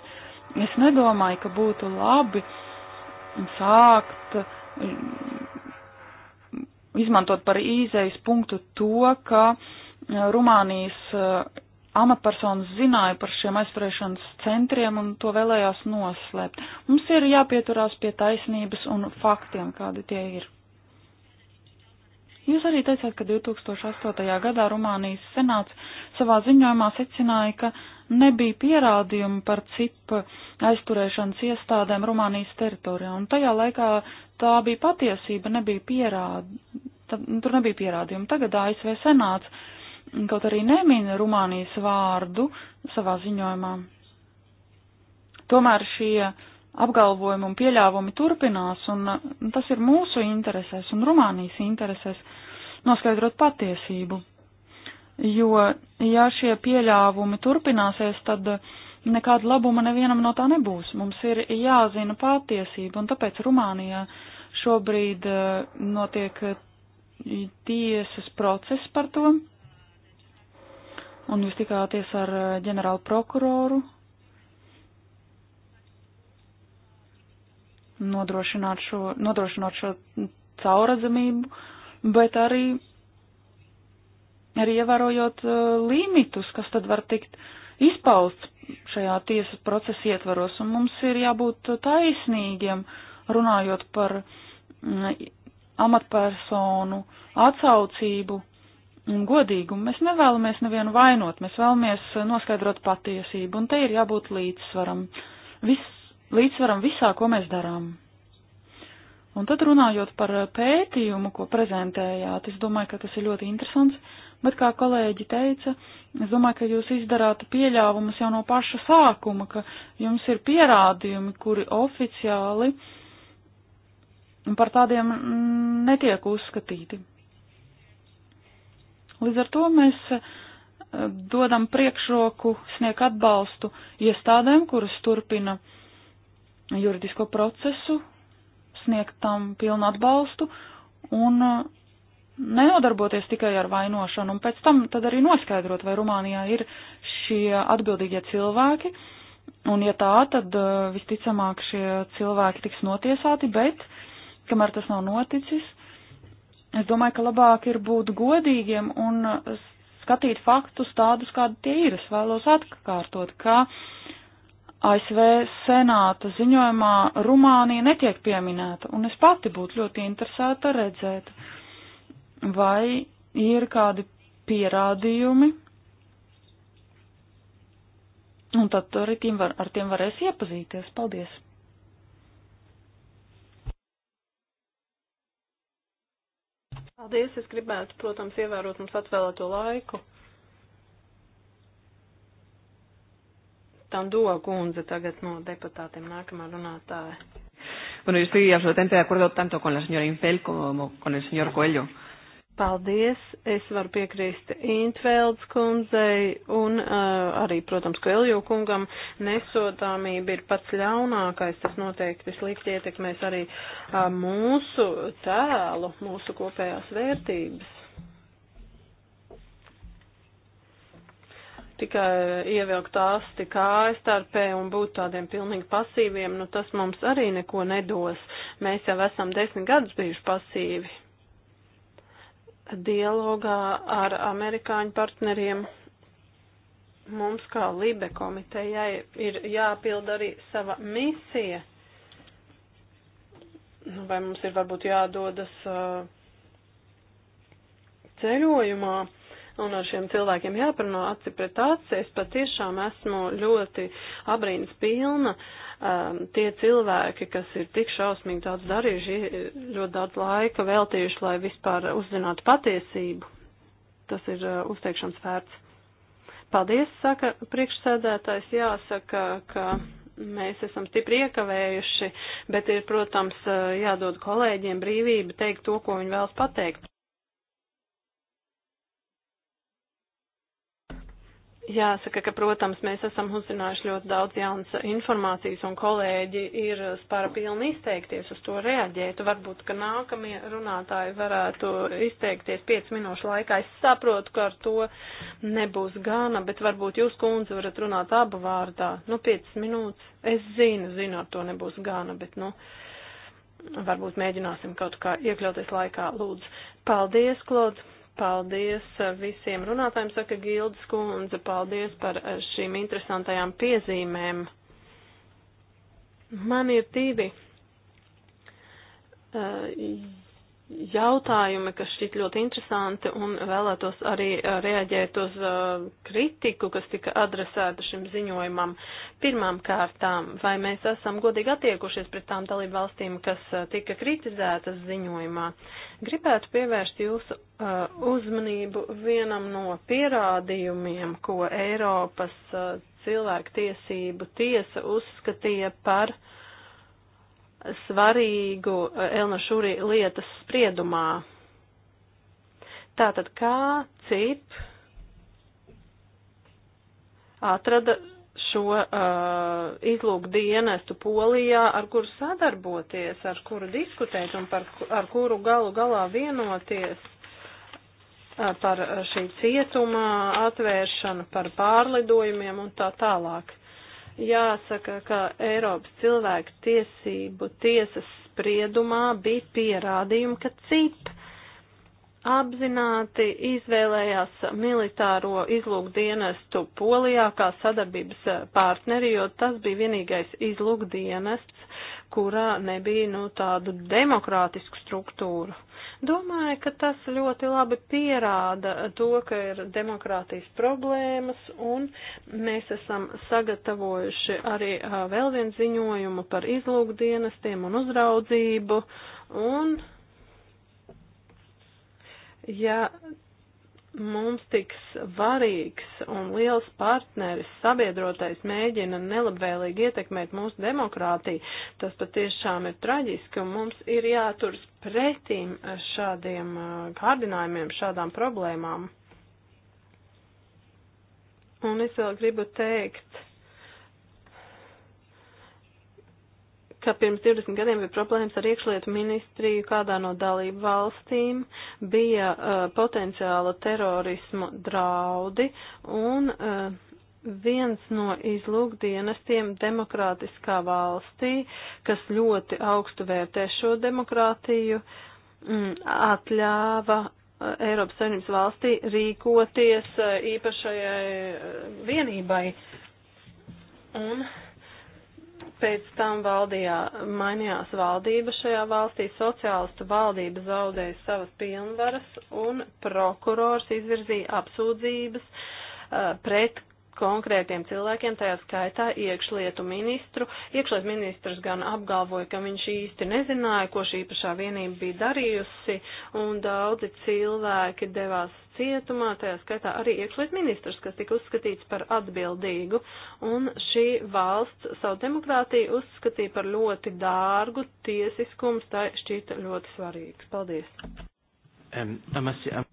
Es nedomāju, ka būtu labi sākt mm, izmantot par īzējas punktu to, ka Rumānijas amatpersonas zināja par šiem aizturēšanas centriem un to vēlējās noslēpt. Mums ir jāpieturās pie taisnības un faktiem, kādi tie ir. Jūs arī teicāt, ka 2008. gadā Rumānijas senāts savā ziņojumā secināja, ka nebija pierādījumi par cipu aizturēšanas iestādēm Rumānijas teritorijā, un tajā laikā tā bija patiesība, nebija pierād... tur nebija pierādījumi. Tagad ASV senāts kaut arī nemina Rumānijas vārdu savā ziņojumā. Tomēr šie apgalvojumi un pieļāvumi turpinās, un nu, tas ir mūsu interesēs un Rumānijas interesēs noskaidrot patiesību. Jo, ja šie pieļāvumi turpināsies, tad nekāda labuma nevienam no tā nebūs. Mums ir jāzina patiesība, un tāpēc Rumānijā šobrīd eh, notiek tiesas process par to, un jūs tikāties ar eh, ģenerālu prokuroru, nodrošināt šo, nodrošinot šo cauradzamību, bet arī, arī ievērojot eh, limitus, kas tad var tikt izpausts šajā tiesas procesa ietvaros, un mums ir jābūt taisnīgiem runājot par mm, amatpersonu atsaucību un godīgumu. Mēs nevēlamies nevienu vainot, mēs vēlamies noskaidrot patiesību, un te ir jābūt līdzsvaram. Vis, līdzsvaram visā, ko mēs darām. Un tad runājot par pētījumu, ko prezentējāt, es domāju, ka tas ir ļoti interesants, bet kā kolēģi teica, es domāju, ka jūs izdarāt pieļāvumus jau no paša sākuma, ka jums ir pierādījumi, kuri oficiāli par tādiem netiek uzskatīti. Līdz ar to mēs eh, dodam priekšroku, sniegt atbalstu iestādēm, kuras turpina juridisko procesu, sniegt tam pilnu atbalstu un eh, nenodarboties tikai ar vainošanu, un pēc tam tad arī noskaidrot, vai Rumānijā ir šie atbildīgie cilvēki, un ja tā, tad eh, visticamāk šie cilvēki tiks notiesāti, bet, kamēr tas nav noticis, Es domāju, ka labāk ir būt godīgiem un skatīt faktus tādus, kādi tie ir. Es vēlos atkārtot, ka ASV senāta ziņojumā Rumānija netiek pieminēta, un es pati būtu ļoti interesēta redzēt, vai ir kādi pierādījumi, un tad arī tiem var, ar tiem varēs iepazīties. Paldies! Paldies, es gribētu, protams, ievērot mums atvēlēto laiku. Tando kundze tagad no deputātiem nākamā runātāja. Bueno, yo estoy absolutamente de acuerdo tanto con la señora Infel como con el señor Coelho. Paldies! Es varu piekrīst Intvelds kundzei un uh, arī, protams, Kvelju kungam. Nesodāmība ir pats ļaunākais, tas noteikti slikti ietekmēs arī uh, mūsu tēlu, mūsu kopējās vērtības. Tikai ievilkt asti kājas starpē un būt tādiem pilnīgi pasīviem, nu tas mums arī neko nedos. Mēs jau esam desmit gadus bijuši pasīvi dialogā ar amerikāņu partneriem mums kā Libe komitejai ir jāpild arī sava misija. Nu, vai mums ir varbūt jādodas uh, ceļojumā un ar šiem cilvēkiem jāparunā aci pret aci. Es patiešām esmu ļoti abrīnas pilna. Uh, um, tie cilvēki, kas ir tik šausmīgi daudz darījuši, ļoti daudz laika veltījuši, lai vispār uzzinātu patiesību. Tas ir uh, uzteikšanas vērts. Paldies, saka priekšsēdētājs, jāsaka, ka mēs esam stipri iekavējuši, bet ir, protams, uh, jādod kolēģiem brīvība teikt to, ko viņi vēlas pateikt. Jāsaka, ka, protams, mēs esam uzzinājuši ļoti daudz jaunas informācijas un kolēģi ir spara pilni izteikties uz to reaģēt. Varbūt, ka nākamie runātāji varētu izteikties 5 minūšu laikā. Es saprotu, ka ar to nebūs gana, bet varbūt jūs, kundze, varat runāt abu vārdā. Nu, 5 minūtes. Es zinu, zinu, ar to nebūs gana, bet, nu. Varbūt mēģināsim kaut kā iekļauties laikā, lūdzu. Paldies, Klods! Paldies eh, visiem runātājiem, saka Gildas kundze, paldies par eh, šīm interesantajām piezīmēm. Man ir divi eh, jautājumi, kas šķiet ļoti interesanti un vēlētos arī eh, reaģēt uz eh, kritiku, kas tika adresēta šim ziņojumam. Pirmām kārtām, vai mēs esam godīgi attiekušies pret tām dalību valstīm, kas eh, tika kritizētas ziņojumā? Gribētu pievērst jūsu uzmanību vienam no pierādījumiem, ko Eiropas cilvēktiesību tiesa uzskatīja par uh, svarīgu eh, Elna Šūri lietas spriedumā. Tātad kā CIP atrada šo uh, eh, izlūku dienestu Polijā, ar kuru sadarboties, ar kuru diskutēt un par, ar kuru galu galā vienoties uh, par šī cietuma atvēršanu, par pārlidojumiem un tā tālāk. Jāsaka, ka Eiropas cilvēku tiesību tiesas spriedumā bija pierādījumi, ka CIP apzināti izvēlējās militāro izlūkdienestu Polijā kā sadarbības partneri, jo tas bija vienīgais izlūkdienests, kurā nebija nu, tādu demokrātisku struktūru. Domāju, ka tas ļoti labi pierāda to, ka ir demokrātijas problēmas, un mēs esam sagatavojuši arī vēl vienu ziņojumu par izlūkdienestiem un uzraudzību, un ja mums tik svarīgs un liels partneris, sabiedrotais mēģina nelabvēlīgi ietekmēt mūsu demokrātiju, tas patiešām ir traģiski un mums ir jāturas pretīm šādiem kārdinājumiem, šādām problēmām. Un es vēl gribu teikt, ka pirms 20 gadiem bija problēmas ar iekšlietu ministriju kādā no dalību valstīm, bija uh, potenciāla terorismu draudi un uh, viens no izlūkdienestiem demokrātiskā valstī, kas ļoti augstu vērtē šo demokrātiju, mm, atļāva uh, Eiropas Savienības valstī rīkoties uh, īpašajai uh, vienībai. Un uh, Pēc tam valdījā, mainījās valdība šajā valstī, sociālistu valdība zaudēja savas pilnvaras un prokurors izvirzīja apsūdzības uh, pret konkrētiem cilvēkiem, tajā skaitā iekšlietu ministru. Iekšlietu ministrs gan apgalvoja, ka viņš īsti nezināja, ko šī īpašā vienība bija darījusi, un daudzi cilvēki devās cietumā, tajā skaitā arī iekšlietu ministrs, kas tika uzskatīts par atbildīgu, un šī valsts savu demokrātiju uzskatīja par ļoti dārgu, tiesiskums tai šķita ļoti svarīgs. Paldies! Um, I must, um...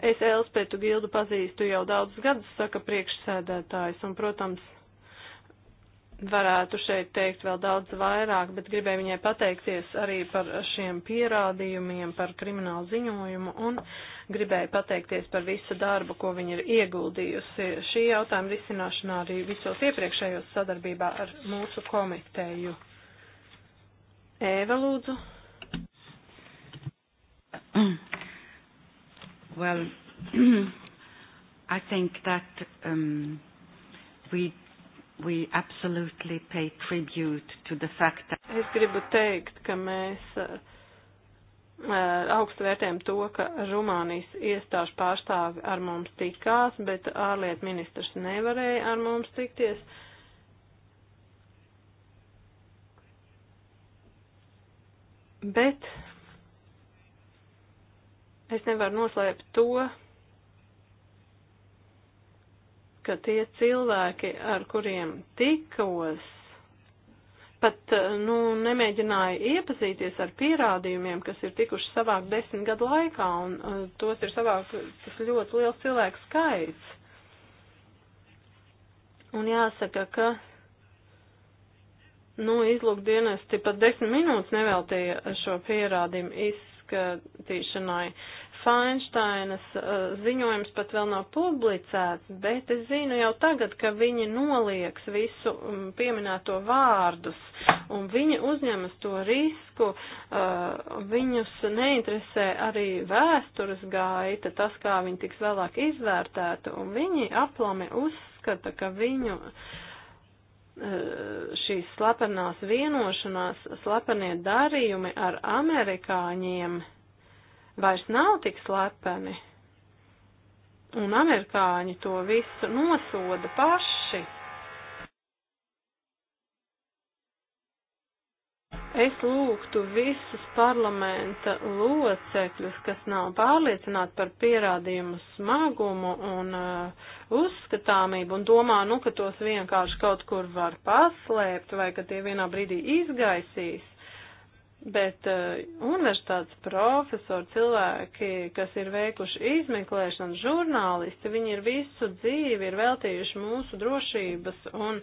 Es Elspētu Gildu pazīstu jau daudzus gadus, saka priekšsēdētājs, un, protams, varētu šeit teikt vēl daudz vairāk, bet gribēju viņai pateikties arī par šiem pierādījumiem, par kriminālu ziņojumu un gribēju pateikties par visu darbu, ko viņa ir ieguldījusi šī jautājuma risināšanā arī visos iepriekšējos sadarbībā ar mūsu komiteju. Ēva lūdzu. Well, I think that um, we we absolutely pay tribute to the fact that Es gribu teikt, ka mēs uh, uh augstu vērtējam to, ka Rumānijas iestāžu pārstāvi ar mums tikās, bet ārlietu ministrs nevarēja ar mums tikties. Bet Es nevaru noslēpt to, ka tie cilvēki, ar kuriem tikos, pat, nu, nemēģināja iepazīties ar pierādījumiem, kas ir tikuši savāk desmit gadu laikā, un uh, tos ir savāk tas ļoti liels cilvēku skaits. Un jāsaka, ka, nu, izlūkdienesti pat desmit minūtes neveltīja šo pierādījumu izskatīšanai. Uh, Fainštainas uh, ziņojums pat vēl nav publicēts, bet es zinu jau tagad, ka viņi nolieks visu um, pieminēto vārdus, un viņi uzņemas to risku, uh, viņus neinteresē arī vēstures gaita, tas, kā viņi tiks vēlāk izvērtēti, un viņi aplami uzskata, ka viņu uh, šīs slepenās vienošanās, slepenie darījumi ar amerikāņiem, vairs nav tik slepeni. Un amerikāņi to visu nosoda paši. Es lūgtu visus parlamenta locekļus, kas nav pārliecināti par pierādījumu smagumu un uh, uzskatāmību un domā, nu, ka tos vienkārši kaut kur var paslēpt vai ka tie vienā brīdī izgaisīs, Bet uh, universitātes profesori, cilvēki, kas ir veikuši izmeklēšanu, žurnālisti, viņi ir visu dzīvi ir veltījuši mūsu drošības un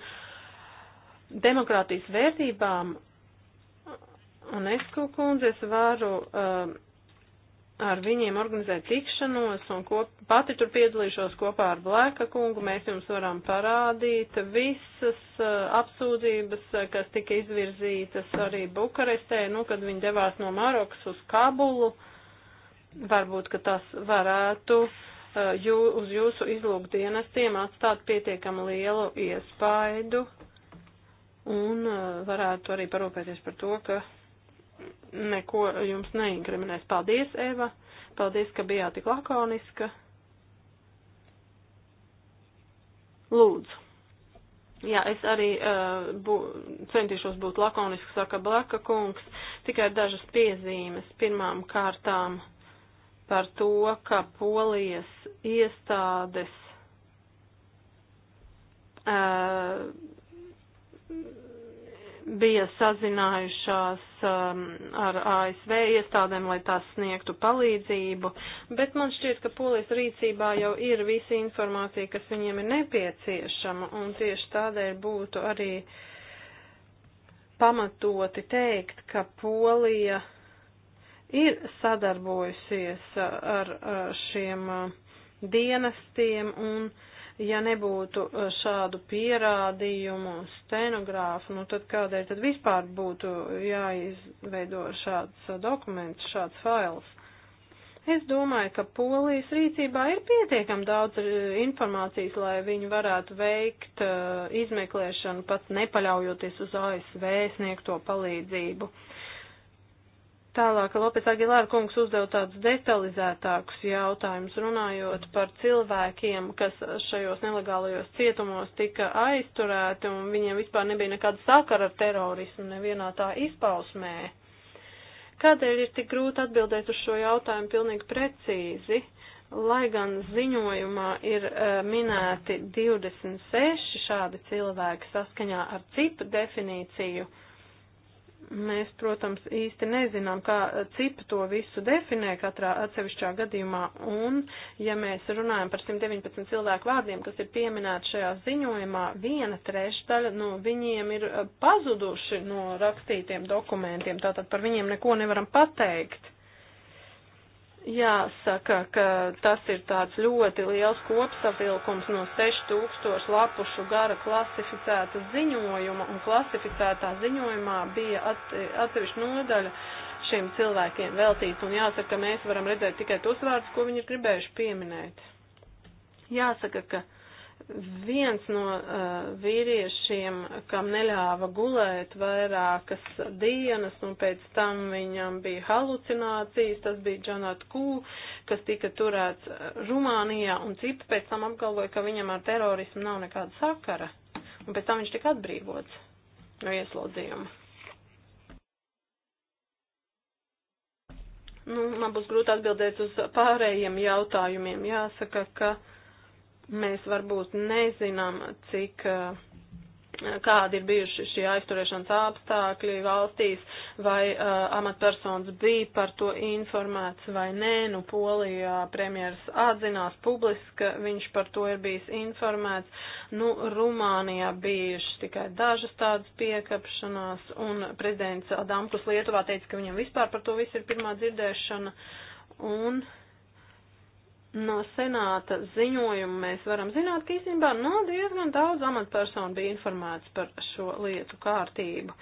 demokrātijas vērtībām. Un es, kundze, es varu uh, ar viņiem organizēt tikšanos un kop, pati tur piedalīšos kopā ar Blēka kungu. Mēs jums varam parādīt visas uh, apsūdzības, eh, kas tika izvirzītas arī Bukarestē, nu, kad viņi devās no Marokas uz Kabulu. Varbūt, ka tas varētu uh, jū, uz jūsu izlūkdienestiem atstāt pietiekami lielu iespaidu un uh, varētu arī parūpēties par to, ka neko jums neinkriminēs. Paldies, Eva! Paldies, ka bijāt tik lakoniska. Lūdzu. Jā, es arī uh, bū, centīšos būt lakonisks, saka Blaka kungs, tikai dažas piezīmes. Pirmām kārtām par to, ka polijas iestādes uh, bija sazinājušās um, ar ASV iestādēm, lai tās sniegtu palīdzību, bet man šķiet, ka polijas rīcībā jau ir visa informācija, kas viņiem ir nepieciešama, un tieši tādēļ būtu arī pamatoti teikt, ka polija ir sadarbojusies ar šiem uh, dienestiem un uh, Ja nebūtu e, šādu pierādījumu stenogrāfu, nu tad kādēļ tad vispār būtu jāizveido šāds e, dokuments, šāds fails? Es domāju, ka polijas rīcībā ir pietiekami daudz e, informācijas, lai viņi varētu veikt uh, izmeklēšanu, pat nepaļaujoties uz ASV sniegto palīdzību. Uh, Tālāk Lopes Agilāra kungs uzdeva tādus detalizētākus jautājumus, runājot par cilvēkiem, kas šajos nelegālajos cietumos tika aizturēti un viņiem vispār nebija nekāda sakara ar terorismu nevienā tā izpausmē. Kādēļ ir tik grūti atbildēt uz šo jautājumu pilnīgi precīzi, lai gan ziņojumā ir uh, minēti 26 šādi cilvēki saskaņā ar cipu definīciju? Uh, Mēs, protams, īsti nezinām, kā cipa to visu definē katrā atsevišķā gadījumā, un, ja mēs runājam par 119 cilvēku vārdiem, kas ir pieminēti šajā ziņojumā, viena trešdaļa no nu, viņiem ir pazuduši no rakstītiem dokumentiem, tātad par viņiem neko nevaram pateikt. Jāsaka, ka tas ir tāds ļoti liels kopsavilkums no 6000 lapušu gara klasificēta ziņojuma, un klasificētā ziņojumā bija atsevišķa nodaļa šiem cilvēkiem veltīta, un jāsaka, ka mēs varam redzēt tikai tos vārdus, ko viņi ir gribējuši pieminēt. Jāsaka, ka viens no uh, vīriešiem, kam neļāva gulēt vairākas dienas, un pēc tam viņam bija halucinācijas, tas bija Džanat Kū, kas tika turēts eh, Rumānijā, un citi pēc tam apgalvoja, ka viņam ar terorismu nav nekāda sakara, un pēc tam viņš tika atbrīvots no ieslodzījuma. Nu, man būs grūti atbildēt uz pārējiem jautājumiem. Jāsaka, ka. Uh, Mēs varbūt nezinām, cik uh, kādi ir bijuši šie aizturēšanas apstākļi valstīs, vai uh, amatpersonas bija par to informēts vai nē. Nu, Polijā premjeras atzinās publiski, ka viņš par to ir bijis informēts. Nu, Rumānijā bijuši tikai dažas tādas piekapšanās, un prezidents Adamkus Lietuvā teica, ka viņam vispār par to viss ir pirmā dzirdēšana. Un, uh, No senāta ziņojuma mēs varam zināt, ka īstenībā no nu, diezgan daudz amatpersonu bija informēts par šo lietu kārtību.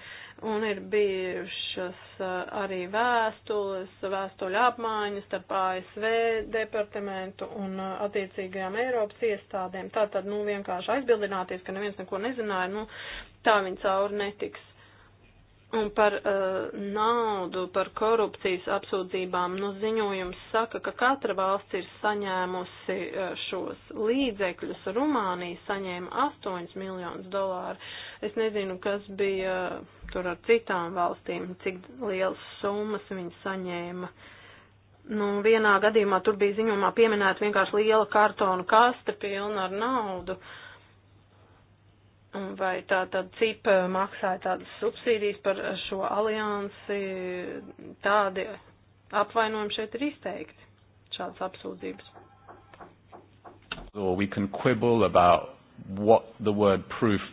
Un ir bijušas uh, arī vēstules, vēstuļu apmaiņas starp ASV departamentu un uh, attiecīgajām Eiropas iestādēm. Tā tad, nu, vienkārši aizbildināties, ka neviens neko nezināja, nu, tā viņa cauri netiks. Un par uh, naudu, par korupcijas apsūdzībām, nu ziņojums saka, ka katra valsts ir saņēmusi uh, šos līdzekļus. Rumānija saņēma 8 miljonus dolāru. Es nezinu, kas bija uh, tur ar citām valstīm, cik lielas summas viņi saņēma. Nu, vienā gadījumā tur bija ziņojumā pieminēta vienkārši liela kartona kaste pilna ar naudu. Uh, Vai tā tad CIP maksāja tādas subsīdijas par šo aliansi, tādi apvainojumi šeit ir izteikti, šādas apsūdzības.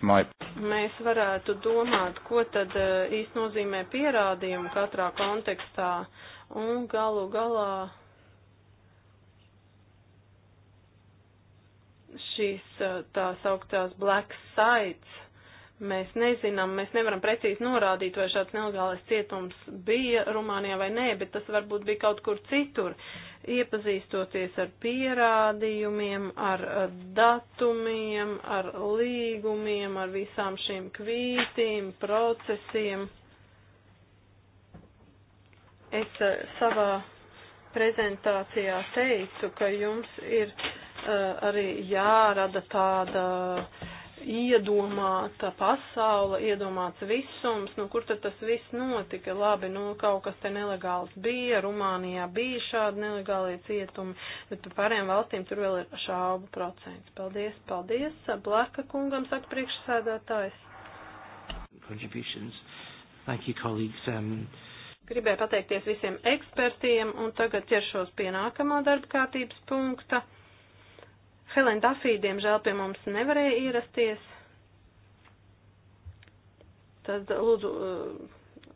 Might... Mēs varētu domāt, ko tad eh, īsti nozīmē pierādījumi katrā kontekstā un galu galā šīs tā sauktās black sites. Mēs nezinām, mēs nevaram precīzi norādīt, vai šāds nelegālais cietums bija Rumānijā vai nē, bet tas varbūt bija kaut kur citur. Iepazīstoties ar pierādījumiem, ar datumiem, ar līgumiem, ar visām šīm kvītīm, procesiem, es savā prezentācijā teicu, ka jums ir Eh, arī jārada tāda iedomāta pasaule, iedomāts visums, nu kur tad tas viss notika, labi, nu kaut kas te nelegāls bija, Rumānijā bija šādi nelegālie cietumi, bet par pārējām valstīm tur vēl ir šaubu procents. Paldies, paldies, Blaka kungam saka priekšsēdētājs. Contributions. Thank you, colleagues. Um... Gribēju pateikties visiem ekspertiem un tagad ķeršos pie nākamā darba kārtības punkta. Helēna Dafī, diemžēl, pie mums nevarēja ierasties. Tad lūdzu, eh,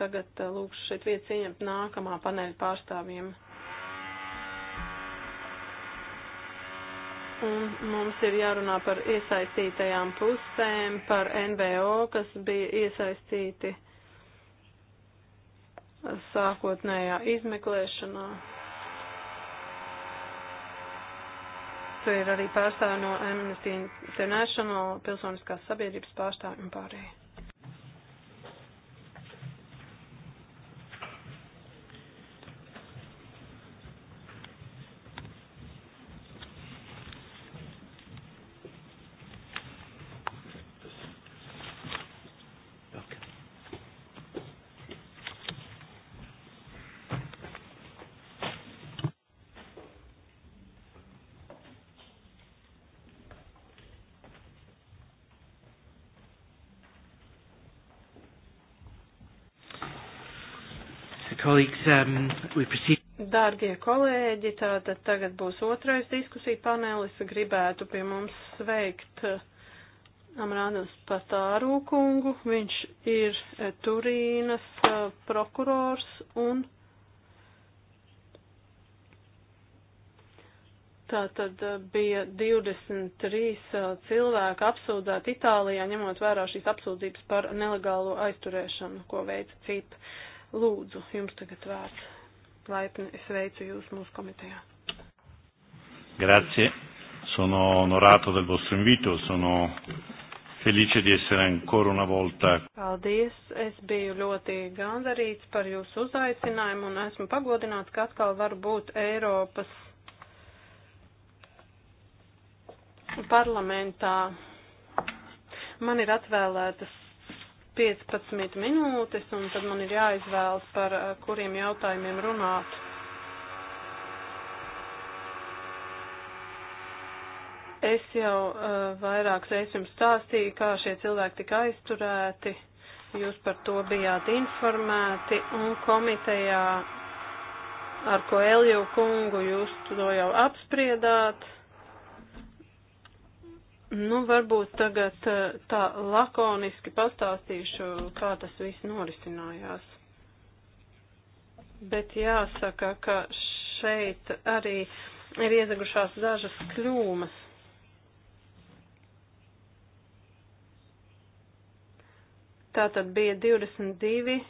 tagad eh, lūkšu šeit vietas ieņemt nākamā paneļa pārstāvjiem. un mums ir jārunā par iesaistītajām pusēm, par NVO, kas bija iesaistīti sākotnējā izmeklēšanā. ir arī pārstāvi no Amnesty International, pilsoniskās sabiedrības pārstāvi un pārējie. Um, Dārgie kolēģi, tātad tagad būs otrais diskusija panelis. Gribētu pie mums sveikt uh, Amrānas Patāru kungu. Viņš ir uh, Turīnas uh, prokurors un tātad bija 23 cilvēki apsūdzēti Itālijā, ņemot vērā šīs apsūdzības par nelegālo aizturēšanu, ko veica CIP. Uh, Lūdzu, jums tagad vārds. Laipni sveicu jūs mūsu komitejā. Grazie, sono onorato del vostro invito, sono felice di essere ancora una volta. Paldies, es biju ļoti gandarīts par jūsu uzaicinājumu un esmu pagodināts, ka atkal var būt Eiropas parlamentā. Man ir atvēlētas 15 minūtes, un tad man ir jāizvēlas, par eh, kuriem jautājumiem runāt. Es jau uh, vairākas reizes jums stāstīju, kā šie cilvēki tika aizturēti. Jūs par to bijāt informēti, un komitejā ar ko Elju kungu jūs to jau apspriedāt. Nu, varbūt tagad eh, tā lakoniski pastāstīšu, kā tas viss norisinājās. Bet jāsaka, ka šeit arī ir iezagušās dažas kļūmas. Tātad bija 22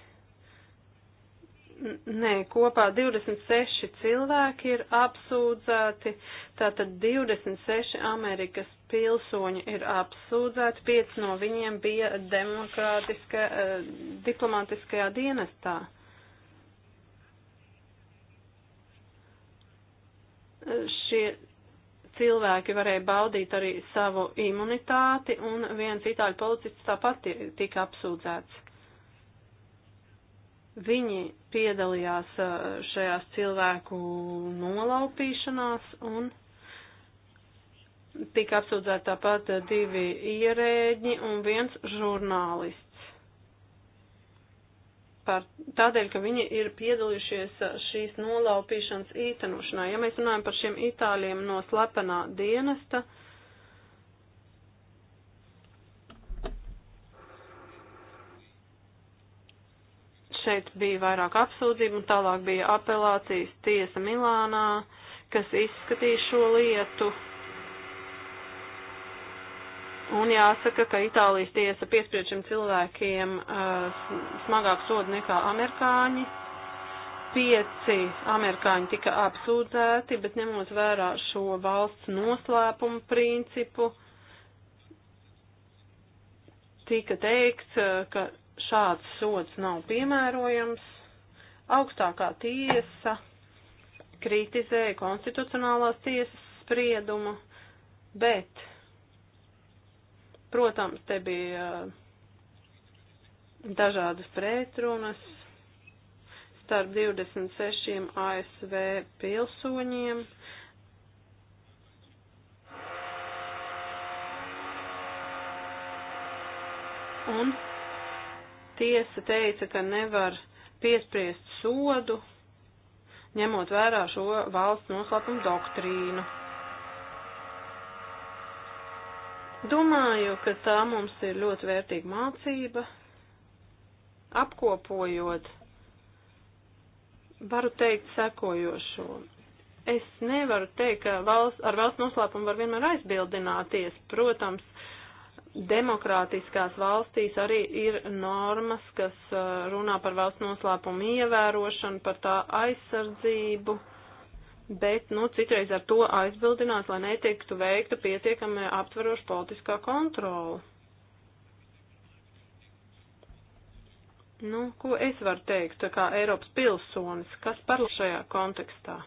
Nē, kopā 26 cilvēki ir apsūdzēti, tātad 26 Amerikas pilsoņi ir apsūdzēti, 5 no viņiem bija demokrātiska, eh, diplomātiskajā dienestā. Šie cilvēki varēja baudīt arī savu imunitāti, un viens itāļu policists tāpat tika apsūdzēts. Viņi piedalījās šajās cilvēku nolaupīšanās un tika apsūdzēti tāpat divi ierēģi un viens žurnālists. Par, tādēļ, ka viņi ir piedalījušies šīs nolaupīšanas īstenošanā. Ja mēs runājam par šiem itāļiem no slepenā dienesta, uh, Šeit bija vairāk apsūdzību un tālāk bija apelācijas tiesa Milānā, kas izskatīja šo lietu. Un jāsaka, ka Itālijas tiesa piespriež šiem cilvēkiem uh, smagāku sodu nekā amerikāņi. Pieci amerikāņi tika apsūdzēti, bet ņemot vērā šo valsts noslēpumu principu, tika teikts, uh, ka šāds sods nav piemērojams. Augstākā tiesa kritizēja konstitucionālās tiesas spriedumu, bet, protams, te bija uh, dažādas pretrunas starp 26 ASV pilsoņiem. Un tiesa teica, ka nevar piespriest sodu, ņemot vērā šo valsts noslēpumu doktrīnu. Domāju, ka tā mums ir ļoti vērtīga mācība. Apkopojot, varu teikt sekojošo. Es nevaru teikt, ka valsts, ar valsts noslēpumu var vienmēr aizbildināties. Protams, uh, demokrātiskās valstīs arī ir normas, kas uh, runā par valsts noslēpumu ievērošanu, par tā aizsardzību, bet, nu, citreiz ar to aizbildinās, lai netiktu veikta pietiekami aptveroša politiskā kontrola. Nu, ko es varu teikt, kā Eiropas pilsonis, kas par šajā kontekstā?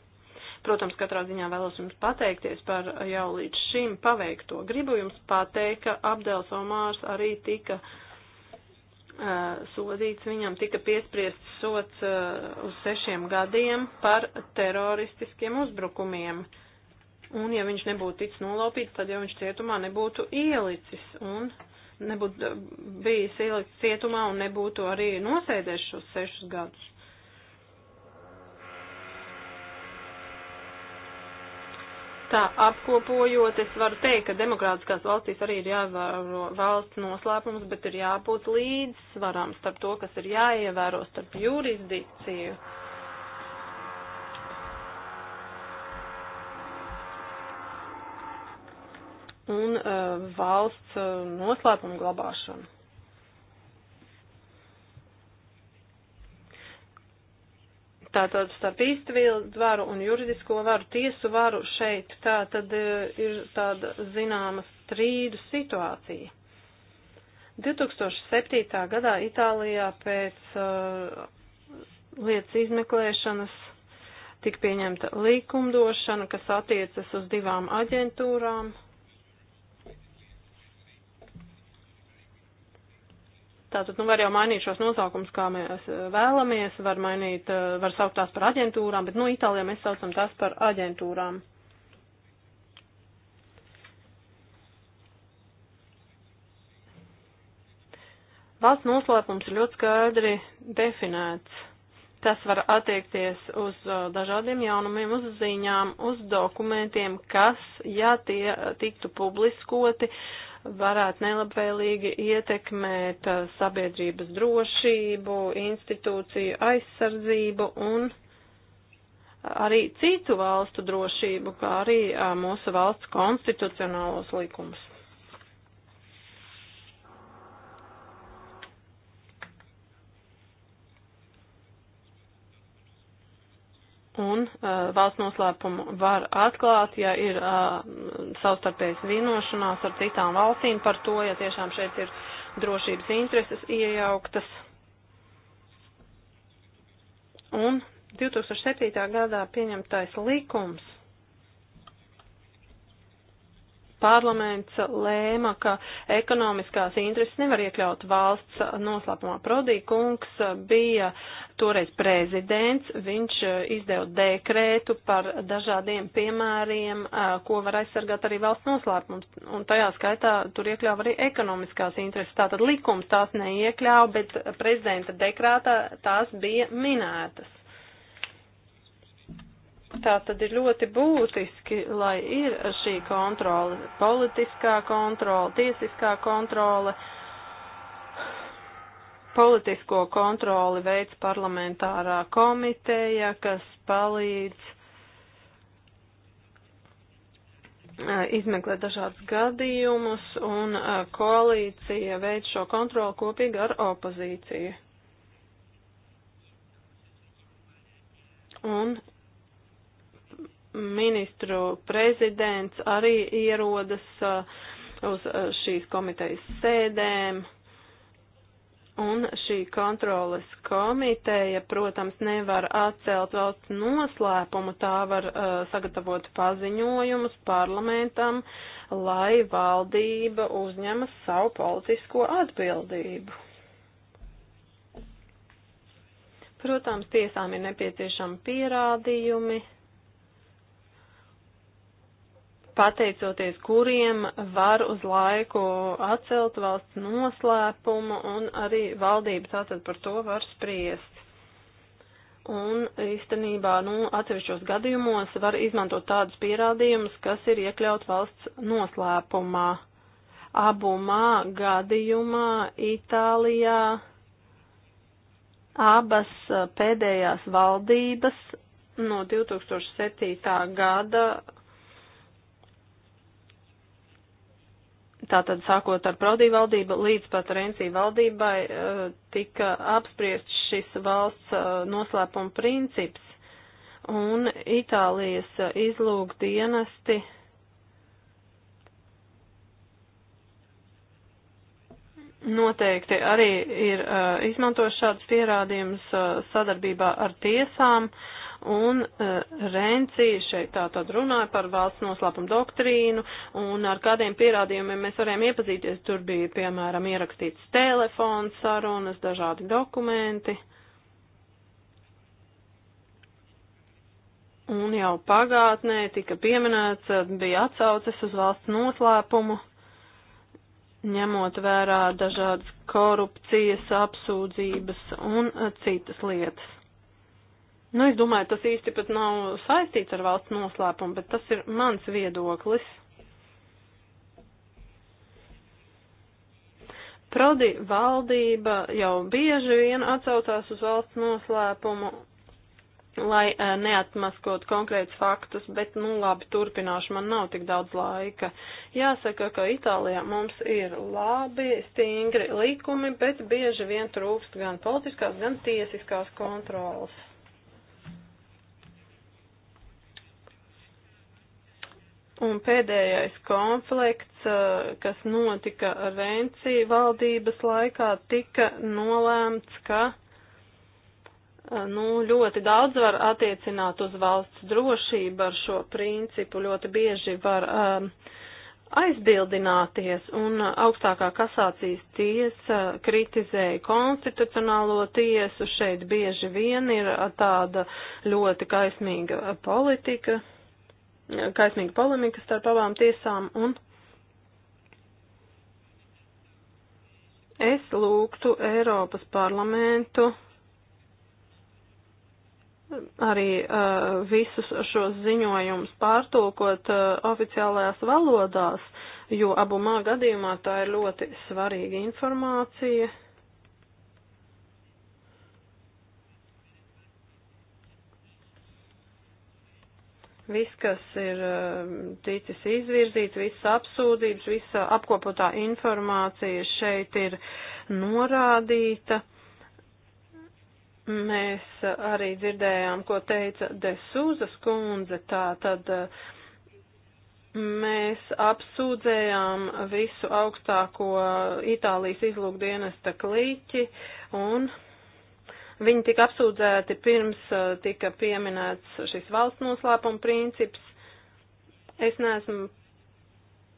Protams, katrā ziņā vēlos jums pateikties par jau līdz šim paveikto. Gribu jums pateikt, ka Abdels Omārs arī tika uh, sodīts, viņam tika piespriests sots uh, uz sešiem gadiem par teroristiskiem uzbrukumiem. Un ja viņš nebūtu ticis nolaupīts, tad jau viņš cietumā nebūtu ielicis un nebūtu uh, bijis ielicis cietumā un nebūtu arī nosēdējis šos sešus gadus. Tā apkopojot, es varu teikt, ka demokrātiskās valstīs arī ir jāievēro valsts noslēpums, bet ir jābūt līdzsvaram starp to, kas ir jāievēro starp jurisdikciju. un uh, valsts uh, eh, noslēpumu glabāšanu. Tātad starp īstvildu varu un juridisko varu, tiesu varu šeit tā tad eh, ir tāda zināma strīdu situācija. 2007. gadā Itālijā pēc uh, lietas izmeklēšanas tika pieņemta likumdošana, kas attiecas uz divām aģentūrām Tātad, nu, var jau mainīt šos nosaukums, kā mēs eh, vēlamies, var mainīt, eh, var saukt tās par aģentūrām, bet, nu, Itālijā mēs saucam tās par aģentūrām. Valsts noslēpums ir ļoti skaidri definēts. Tas var attiekties uz eh, dažādiem jaunumiem, uz ziņām, uz dokumentiem, kas, ja tie tiktu publiskoti, uh, varētu nelabvēlīgi ietekmēt uh, sabiedrības drošību, institūciju aizsardzību un arī citu valstu drošību, kā arī uh, mūsu valsts konstitucionālos likumus. un uh, valsts noslēpumu var atklāt, ja ir uh, savstarpējas vienošanās ar citām valstīm par to, ja tiešām šeit ir drošības intereses iejauktas. Un 2007. gadā pieņemtais likums parlaments lēma, ka ekonomiskās intereses nevar iekļaut valsts noslēpumā. Prodīkungs bija toreiz prezidents, viņš eh, izdeva dekrētu par dažādiem piemēriem, eh, ko var aizsargāt arī valsts noslēpums, un tajā skaitā tur iekļauj arī ekonomiskās intereses. Tātad likums tās neiekļauj, bet prezidenta dekrātā tās bija minētas. Tā tad ir ļoti būtiski, lai ir šī kontrole, politiskā kontrole, tiesiskā kontrole, politisko kontroli veids parlamentārā komiteja, kas palīdz e, izmeklē dažādus gadījumus, un e, koalīcija veids šo kontroli kopīgi ar opozīciju. Un ministru prezidents arī ierodas uh, uz uh, šīs komitejas sēdēm. Un šī kontroles komiteja, protams, nevar atcelt valsts noslēpumu, tā var uh, sagatavot paziņojumus parlamentam, lai valdība uzņemas savu politisko atbildību. Protams, tiesām ir nepieciešami pierādījumi, pateicoties kuriem var uz laiku atcelt valsts noslēpumu un arī valdība tātad par to var spriest. Un īstenībā, nu, atsevišķos gadījumos var izmantot tādus pierādījumus, kas ir iekļaut valsts noslēpumā. Abumā gadījumā Itālijā abas eh, pēdējās valdības no 2007. gada Tātad sākot ar Prodī valdību līdz pat Rensī valdībai eh, tika apspriests šis valsts eh, noslēpuma princips un Itālijas eh, izlūk dienesti noteikti arī ir izmantojuši šādus pierādījumus sadarbībā ar tiesām. Uh, Un uh, eh, Renci šeit tā tad runāja par valsts noslēpumu doktrīnu un ar kādiem pierādījumiem mēs varējām iepazīties. Tur bija, piemēram, ierakstīts telefons, sarunas, dažādi dokumenti. Un jau pagātnē tika pieminēts, eh, bija atsauces uz valsts noslēpumu, ņemot vērā dažādas korupcijas, apsūdzības un eh, citas lietas. Nu, es domāju, tas īsti pat nav saistīts ar valsts noslēpumu, bet tas ir mans viedoklis. Prodi valdība jau bieži vien atsaucās uz valsts noslēpumu, lai e, neatmaskot konkrētus faktus, bet, nu, labi, turpināšu, man nav tik daudz laika. Jāsaka, ka Itālijā mums ir labi, stingri likumi, bet bieži vien trūkst gan politiskās, gan tiesiskās kontrolas. Un pēdējais konflikts, eh, kas notika Renci valdības laikā, tika nolēmts, ka eh, nu, ļoti daudz var attiecināt uz valsts drošību ar šo principu, ļoti bieži var um, aizbildināties, un augstākā kasācijas tiesa kritizēja konstitucionālo tiesu, šeit bieži vien ir tāda ļoti kaismīga politika kaismīga polemika starp abām tiesām un es lūgtu Eiropas parlamentu arī uh, visus šos ziņojumus pārtulkot uh, oficiālajās valodās, jo abumā gadījumā tā ir ļoti svarīga informācija. Uh, Viss, kas ir um, ticis izvirzīts, visas apsūdzības, visa apkopotā informācija šeit ir norādīta. Mēs arī dzirdējām, ko teica Desūzas kundze, tā tad uh, Mēs apsūdzējām visu augstāko Itālijas izlūkdienesta klīķi un Viņi tika apsūdzēti pirms uh, tika pieminēts šis valsts noslēpuma princips. Es neesmu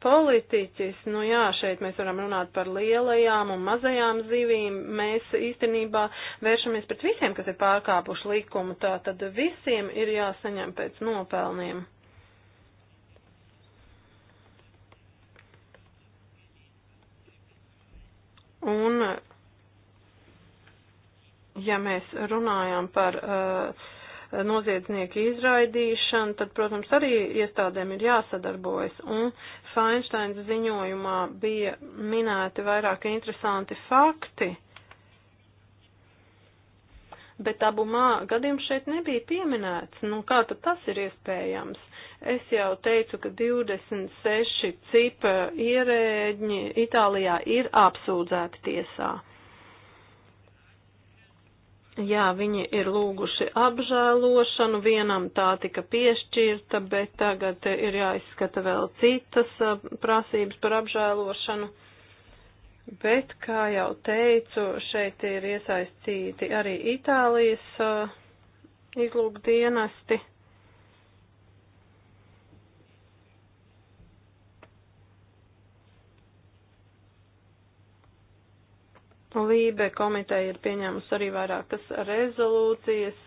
politiķis, nu jā, šeit mēs varam runāt par lielajām un mazajām zivīm. Mēs īstenībā vēršamies pret visiem, kas ir pārkāpuši likumu, tā tad visiem ir jāsaņem pēc nopelniem. Un Ja mēs runājam par uh, noziedznieku izraidīšanu, tad, protams, arī iestādēm ir jāsadarbojas. Un Feinsteins ziņojumā bija minēti vairāki interesanti fakti, bet abumā gadījums šeit nebija pieminēts. Nu, kā tad tas ir iespējams? Es jau teicu, ka 26 cipa ierēģi Itālijā ir apsūdzēti tiesā. Jā, viņi ir lūguši apžēlošanu, vienam tā tika piešķirta, bet tagad ir jāizskata vēl citas prasības par apžēlošanu. Bet, kā jau teicu, šeit ir iesaistīti arī Itālijas izlūkdienesti. dienesti. Lībe komiteja ir pieņēmusi arī vairākas rezolūcijas.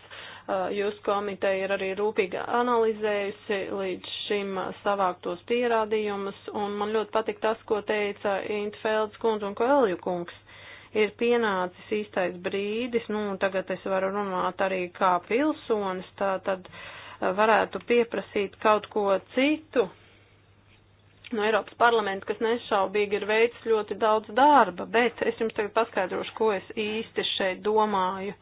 Uh, jūs komiteja ir arī rūpīgi analizējusi līdz šim savāktos pierādījumus, un man ļoti patīk tas, ko teica Intfelds kundze un Koelju kungs. Ir pienācis īstais brīdis, nu, tagad es varu runāt arī kā pilsonis, tā tad uh, varētu pieprasīt kaut ko citu, no Eiropas parlamenta, kas nešaubīgi ir veids ļoti daudz darba, bet es jums tagad paskaidrošu, ko es īsti šeit domāju.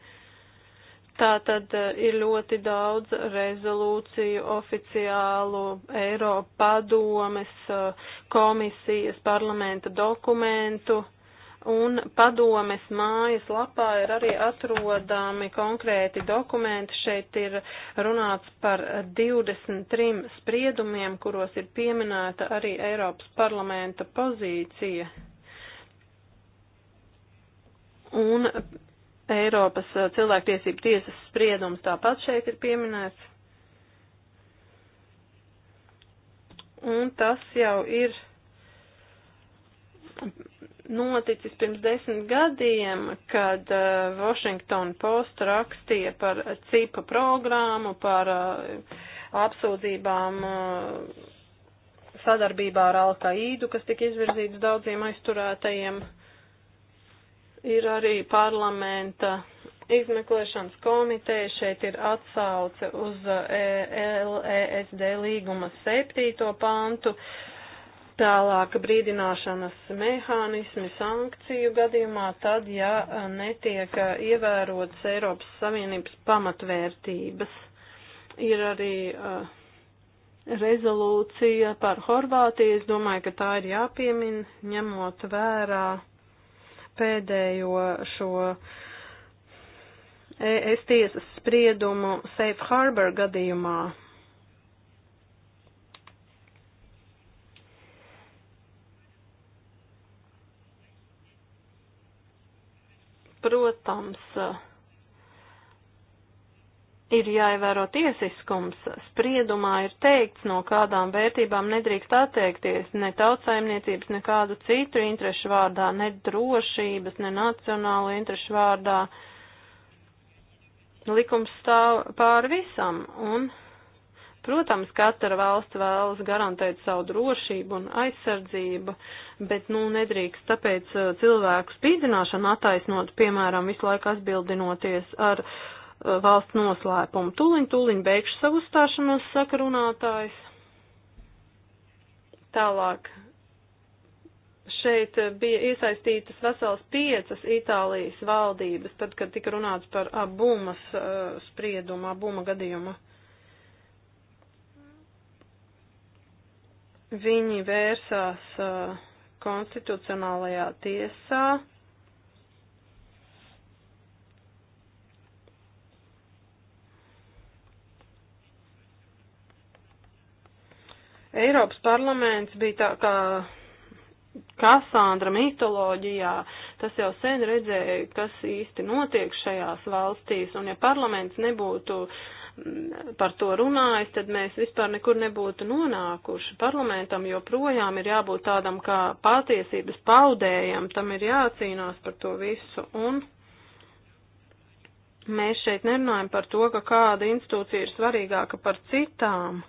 Tā tad eh, ir ļoti daudz rezolūciju oficiālu Eiropa padomes, eh, komisijas, parlamenta dokumentu. Uh, un padomes mājas lapā ir arī atrodami konkrēti dokumenti. Šeit ir runāts par 23 spriedumiem, kuros ir pieminēta arī Eiropas parlamenta pozīcija. Un Eiropas cilvēktiesību tiesas spriedums tāpat šeit ir pieminēts. Un tas jau ir noticis pirms desmit gadiem, kad uh, Washington Post rakstīja par cipa programmu, par uh, apsūdzībām uh, sadarbībā ar Alkaīdu, kas tika izvirzīts daudziem aizturētajiem. Ir arī parlamenta izmeklēšanas komiteja, šeit ir atsauce uz LESD līguma septīto pantu. Uh, Tālāk brīdināšanas mehānismi sankciju gadījumā tad, ja netiek ievērotas Eiropas Savienības pamatvērtības. Ir arī uh, rezolūcija par Horvātiju. Es domāju, ka tā ir jāpiemin, ņemot vērā pēdējo šo ES tiesas spriedumu Safe Harbor gadījumā. protams, ir jāievēro tiesiskums. Spriedumā ir teikts, no kādām vērtībām nedrīkst atteikties ne tautsaimniecības, ne kādu citu interešu vārdā, ne drošības, ne nacionālu interešu vārdā. Likums stāv pāri visam, un Protams, katra valsts vēlas garantēt savu drošību un aizsardzību, bet, nu, nedrīkst tāpēc uh, cilvēku spīdzināšanu attaisnot, piemēram, visu laiku atbildinoties ar uh, valsts noslēpumu. Tūliņ, tūliņ beigšu savu stāšanos, saka runātājs. Tālāk. Šeit uh, bija iesaistītas vesels piecas Itālijas valdības, tad, kad tika runāts par abumas uh, spriedumu, abuma gadījumu. Uh, Viņi vērsās uh, konstitucionālajā tiesā. Eiropas parlaments bija tā kā Kasandra mitoloģijā, tas jau sen redzēja, kas īsti notiek šajās valstīs, un ja parlaments nebūtu uh, par to runājis, tad mēs vispār nekur nebūtu nonākuši. Parlamentam joprojām ir jābūt tādam kā patiesības paudējam, tam ir jācīnās par to visu. Un mēs šeit nerunājam par to, ka kāda institūcija ir svarīgāka par citām.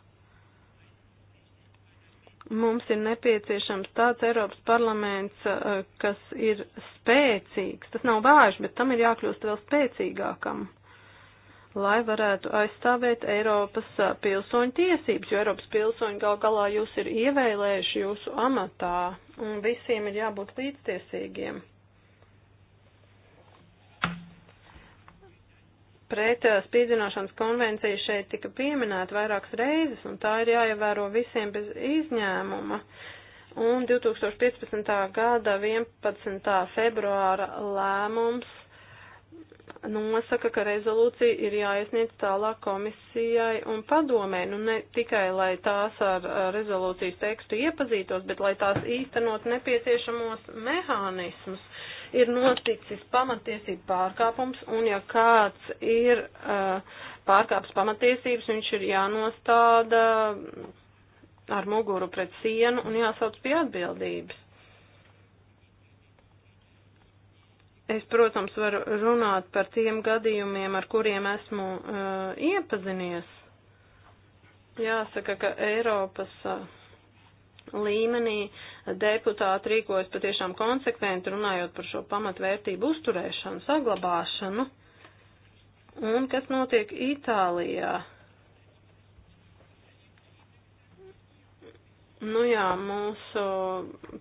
Mums ir nepieciešams tāds Eiropas parlaments, eh, kas ir spēcīgs. Tas nav vājš, bet tam ir jākļūst vēl spēcīgākam lai varētu aizstāvēt Eiropas pilsoņu tiesības, jo Eiropas pilsoņi gal galā jūs ir ievēlējuši jūsu amatā, un visiem ir jābūt līdztiesīgiem. Pret spīdzināšanas konvenciju šeit tika pieminēta vairākas reizes, un tā ir jāievēro visiem bez izņēmuma. Un 2015. gada 11. februāra lēmums nosaka, ka rezolūcija ir jāiesniedz tālāk komisijai un padomē, nu ne tikai, lai tās ar rezolūcijas tekstu iepazītos, bet lai tās īstenot nepieciešamos mehānismus. Ir noticis pamatiesību pārkāpums, un ja kāds ir uh, pārkāps pamatiesības, viņš ir jānostāda ar muguru pret sienu un jāsauc pie atbildības. Es, protams, varu runāt par tiem gadījumiem, ar kuriem esmu uh, iepazinies. Jāsaka, ka Eiropas uh, līmenī deputāti rīkojas patiešām konsekventi runājot par šo pamatvērtību uzturēšanu, saglabāšanu. Un kas notiek Itālijā? Nu jā, mūsu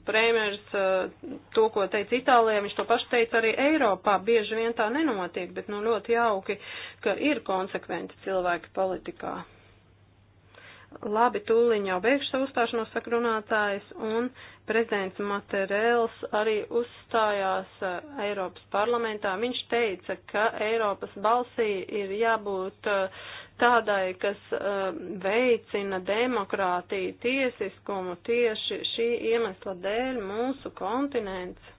premjers eh, to, ko teica Itālijā, viņš to pašu teica arī Eiropā. Bieži vien tā nenotiek, bet nu ļoti jauki, ka ir konsekventi cilvēki politikā. Labi, tūliņ jau beigšu savu uzstāšanos sakrunātājs un prezidents Materēls arī uzstājās eh, Eiropas parlamentā. Viņš teica, ka Eiropas balsī ir jābūt uh, tādai, kas uh, veicina demokrātiju, tiesiskumu, tieši šī iemesla dēļ mūsu kontinents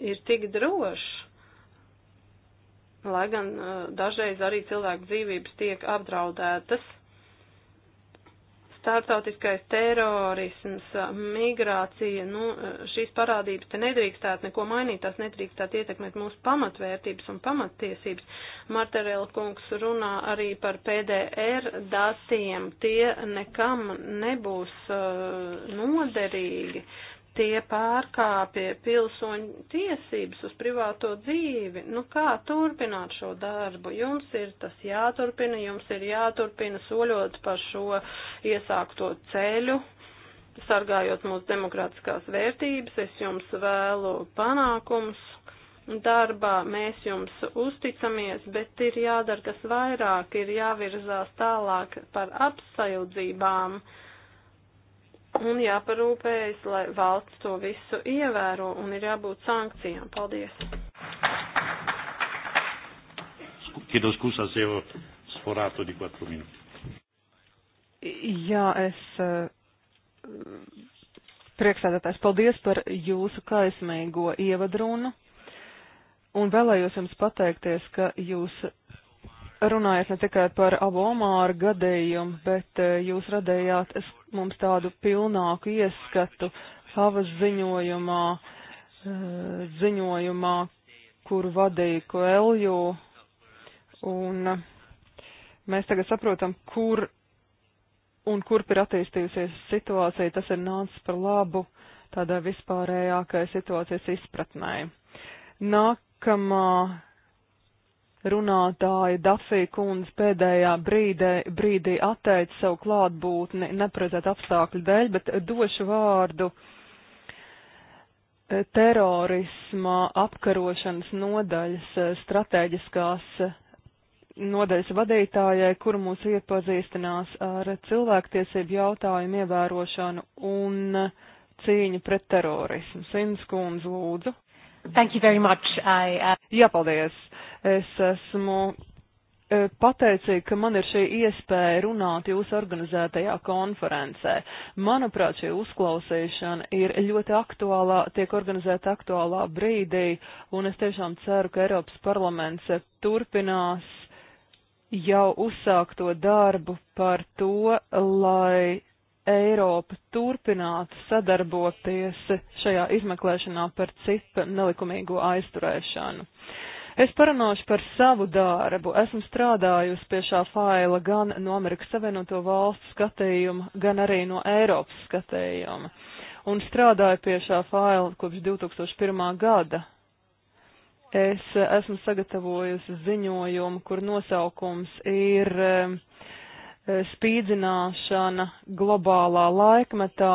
ir tik drošs, lai gan uh, dažreiz arī cilvēku dzīvības tiek apdraudētas starptautiskais terorisms, migrācija, nu, šīs parādības te nedrīkstētu neko mainīt, tās nedrīkstētu ietekmēt mūsu pamatvērtības un pamattiesības. Marterēl kungs runā arī par PDR datiem, tie nekam nebūs uh, noderīgi. Uh, tie pārkāpja pilsoņu tiesības uz privāto dzīvi. Nu kā turpināt šo darbu? Jums ir tas jāturpina, jums ir jāturpina soļot pa šo iesākto ceļu, sargājot mūsu demokrātiskās vērtības. Es jums vēlu panākums darbā, mēs jums uzticamies, bet ir jādara kas vairāk, ir jāvirzās tālāk par apsajūdzībām. Uh, un jāparūpējas, lai valsts to visu ievēro un ir jābūt sankcijām. Paldies! Chiedo scusa se ho sforato di 4 minuti. Jā, es eh, priekšsēdētājs paldies par jūsu kaismīgo ievadrunu un vēlējos jums pateikties, ka jūs runājat ne tikai par abomāru gadījumu, bet eh, jūs radījāt mums tādu pilnāku ieskatu Havas ziņojumā, eh, ziņojumā, kuru vadīja Koelju, un eh, mēs tagad saprotam, kur un kurp ir attīstījusies situācija, tas ir nācis par labu tādā vispārējākai situācijas izpratnē. Nākamā runātāja Dafija kundze pēdējā brīdē, brīdī atteica savu klātbūtni neprezēt apstākļu dēļ, bet došu vārdu eh, terorisma apkarošanas nodaļas eh, strateģiskās eh, nodaļas vadītājai, kuru mūs iepazīstinās ar cilvēktiesību jautājumu ievērošanu un cīņu pret terorismu. Sinskundze, lūdzu. Thank you very much. I, uh... Jā, paldies. Es esmu e, pateicīgi, ka man ir šī iespēja runāt jūsu organizētajā konferencē. Manuprāt, šī uzklausīšana ir ļoti aktuālā, tiek organizēta aktuālā brīdī, un es tiešām ceru, ka Eiropas parlaments turpinās jau uzsākto darbu par to, lai Eiropa turpinātu sadarboties šajā izmeklēšanā par cipa nelikumīgo aizturēšanu. Es parunāšu par savu darbu. Esmu strādājusi pie šā faila gan no Amerikas Savienoto Valstu skatījuma, gan arī no Eiropas skatījuma. Un strādāju pie šā faila kopš 2001. gada. Es esmu sagatavojusi ziņojumu, kur nosaukums ir eh, E, spīdzināšana globālā laikmetā,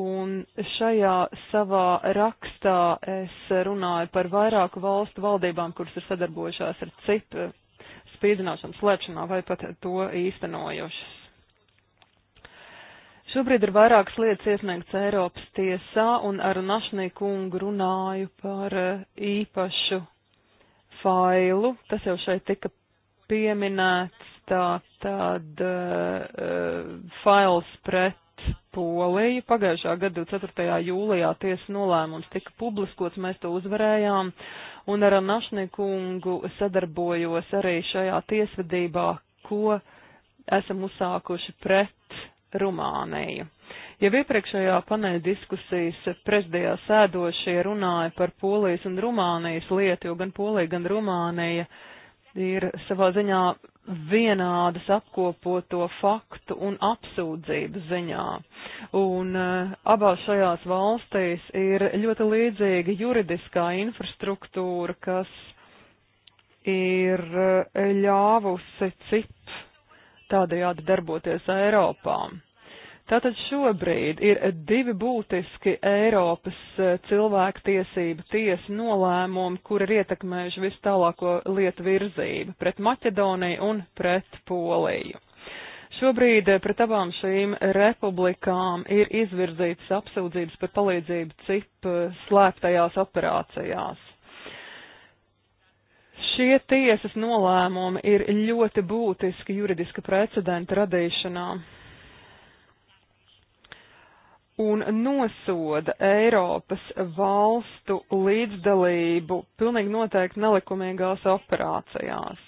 un šajā savā rakstā es runāju par vairāku valstu valdībām, kuras ir sadarbojušās ar citu spīdzināšanu slēpšanā vai pat to īstenojušas. Šobrīd ir vairākas lietas iesniegts Eiropas tiesā, un ar Našnī kungu runāju par e, īpašu failu, tas jau šeit tika pieminēts tā tad uh, fails pret Poliju. Pagājušā gada 4. jūlijā tiesa nolēmums tika publiskots, mēs to uzvarējām, un ar Našnikungu sadarbojos arī šajā tiesvedībā, ko esam uzsākuši pret Rumāniju. Jau iepriekšējā paneļa diskusijas prezidijā sēdošie runāja par Polijas un Rumānijas lietu, jo gan Polija, gan Rumānija uh, ir savā ziņā vienādas apkopoto faktu un apsūdzību ziņā. Un uh, abās šajās valstīs ir ļoti līdzīga juridiskā infrastruktūra, kas ir uh, ļāvusi cip tādajādi darboties Eiropā. Tātad šobrīd ir divi būtiski Eiropas eh, cilvēktiesība tiesa nolēmumi, kur ir ietekmējuši visu tālāko lietu virzību pret Maķedoniju un pret Poliju. Šobrīd eh, pret abām šīm republikām ir izvirzītas apsūdzības par palīdzību CIP eh, slēptajās operācijās šie tiesas nolēmumi ir ļoti būtiski juridiska precedenta radīšanā un nosoda Eiropas valstu līdzdalību pilnīgi noteikti nelikumīgās operācijās.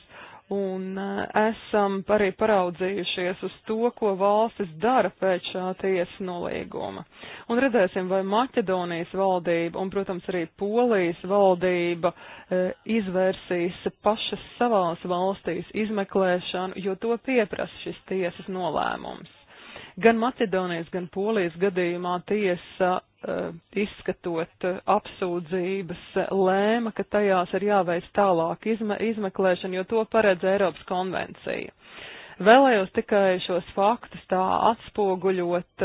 Un eh, esam arī paraudzījušies uz to, ko valstis dara pēc šā tiesa nolīguma. Un redzēsim, vai Maķedonijas valdība un, protams, arī Polijas valdība e, izvērsīs pašas savās valstīs izmeklēšanu, jo to pieprasa šis tiesas nolēmums. Gan Macedonijas, gan Polijas gadījumā tiesa eh, izskatot eh, apsūdzības eh, lēma, ka tajās ir jāveic tālāk izme izmeklēšana, jo to paredz Eiropas konvencija. Vēlējos tikai šos faktus tā atspoguļot,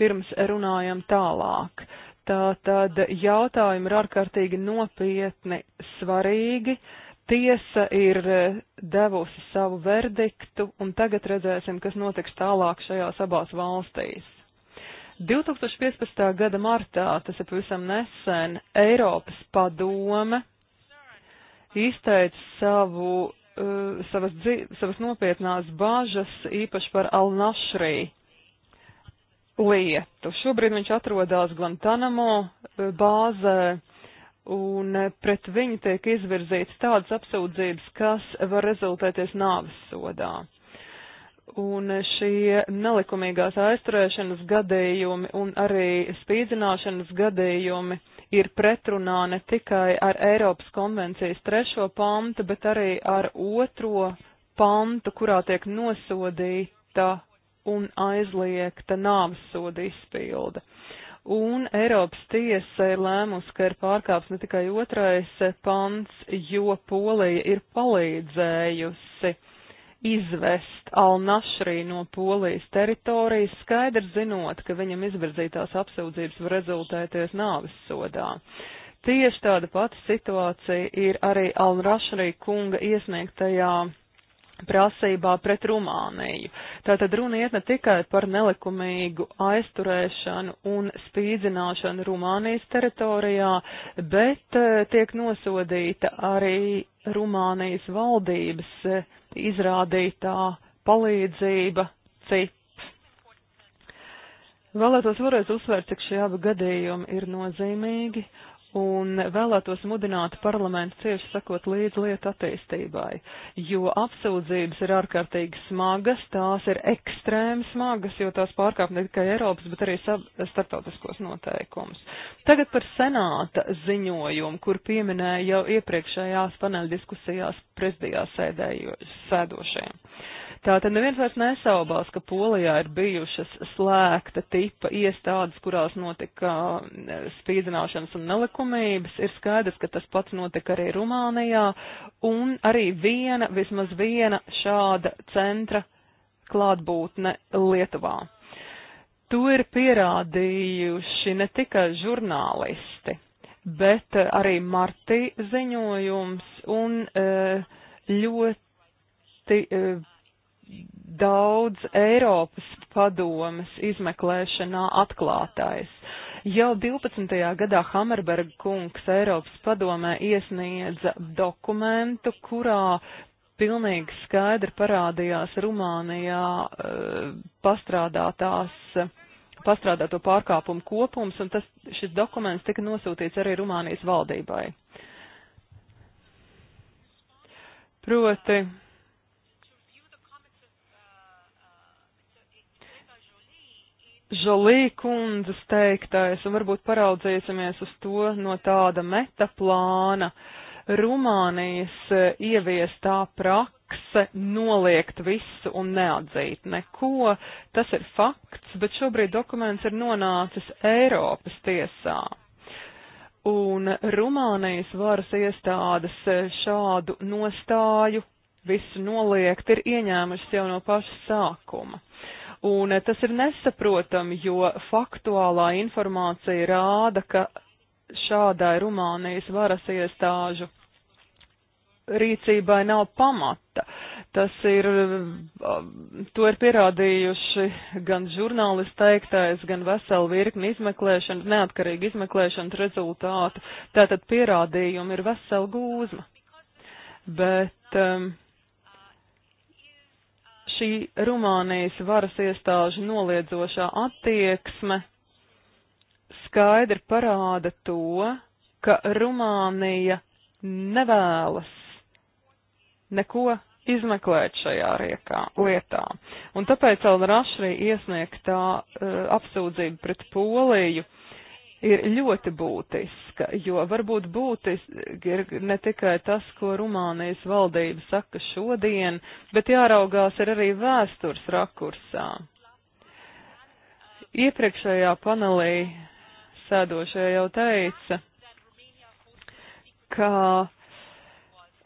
pirms runājam tālāk. Tātad jautājumi ir ārkārtīgi nopietni svarīgi. Uh, tiesa ir e, devusi savu verdiktu, un tagad redzēsim, kas notiks tālāk šajās abās valstīs. 2015. gada martā, tas ir pavisam nesen, Eiropas padome izteica savu, uh, savas, savas nopietnās bāžas īpaši par Al-Nashri lietu. Šobrīd viņš atrodas Guantanamo e, bāzē un eh, pret viņu tiek izvirzīts tādas apsūdzības, kas var rezultēties nāves sodā. Un eh, šie nelikumīgās aizturēšanas gadījumi un arī spīdzināšanas gadījumi ir pretrunā ne tikai ar Eiropas konvencijas trešo pantu, bet arī ar otro pantu, kurā tiek nosodīta un aizliegta nāves soda izpilde un Eiropas tiesa ir lēmusi, ka ir pārkāps ne tikai otrais pants, jo Polija ir palīdzējusi izvest Alnašrī no Polijas teritorijas, skaidrs zinot, ka viņam izvirzītās apsūdzības var rezultēties nāvis sodā. Tieši tāda pati situācija ir arī Alnašrī kunga iesniegtajā prasībā pret Rumāniju. Tātad runa iet ne tikai par nelikumīgu aizturēšanu un spīdzināšanu Rumānijas teritorijā, bet e, tiek nosodīta arī Rumānijas valdības e, izrādītā palīdzība citu. Vēlētos varētu uzsvērt, cik šie abi gadījumi ir nozīmīgi, un vēlētos mudināt parlamentu cieši sakot līdz lietu attīstībai, jo apsūdzības ir ārkārtīgi smagas, tās ir ekstrēmi smagas, jo tās pārkāp ne tikai Eiropas, bet arī starptautiskos noteikumus. Tagad par senāta ziņojumu, kur pieminēja jau iepriekšējās paneļdiskusijās prezidijā sēdējošiem. Tātad neviens vairs nesaubās, ka Polijā ir bijušas slēgta tipa iestādes, kurās notika eh, spīdzināšanas un nelikumības. Ir skaidrs, ka tas pats notika arī Rumānijā, un arī viena, vismaz viena šāda centra klātbūtne Lietuvā. To ir pierādījuši ne tikai žurnālisti, bet arī Marti ziņojums un eh, ļoti eh, daudz Eiropas padomas izmeklēšanā atklātais. Jau 12. gadā Hammerberga kungs Eiropas padomē iesniedza dokumentu, kurā pilnīgi skaidri parādījās Rumānijā eh, pastrādātās pastrādāto pārkāpumu kopums, un tas, šis dokuments tika nosūtīts arī Rumānijas valdībai. Proti, Žalī kundzes teiktais, un varbūt paraudzīsimies uz to no tāda metaplāna, Rumānijas eh, ieviestā prakse noliegt visu un neatzīt neko. Tas ir fakts, bet šobrīd dokuments ir nonācis Eiropas tiesā. Un Rumānijas varas iestādes eh, šādu nostāju visu noliegt ir ieņēmušas jau no paša sākuma. Un eh, tas ir nesaprotami, jo faktuālā informācija rāda, ka šādai Rumānijas varas iestāžu rīcībai nav pamata. Tas ir, um, to ir pierādījuši gan žurnālisti teiktais, gan vesela virkni izmeklēšanas, neatkarīgi izmeklēšanas rezultātu. Tātad pierādījumi ir vesela gūzma. Bet um, šī Rumānijas varas iestāžu noliedzošā attieksme skaidri parāda to, ka Rumānija nevēlas neko izmeklēt šajā riekā, lietā. Un tāpēc Elrašrī iesniegtā uh, apsūdzība pret Poliju uh, ir ļoti būtiska, jo varbūt būtiski ir ne tikai tas, ko Rumānijas valdība saka šodien, bet jāraugās ir arī vēstures rakursā. Iepriekšējā panelī sēdošajā jau teica, ka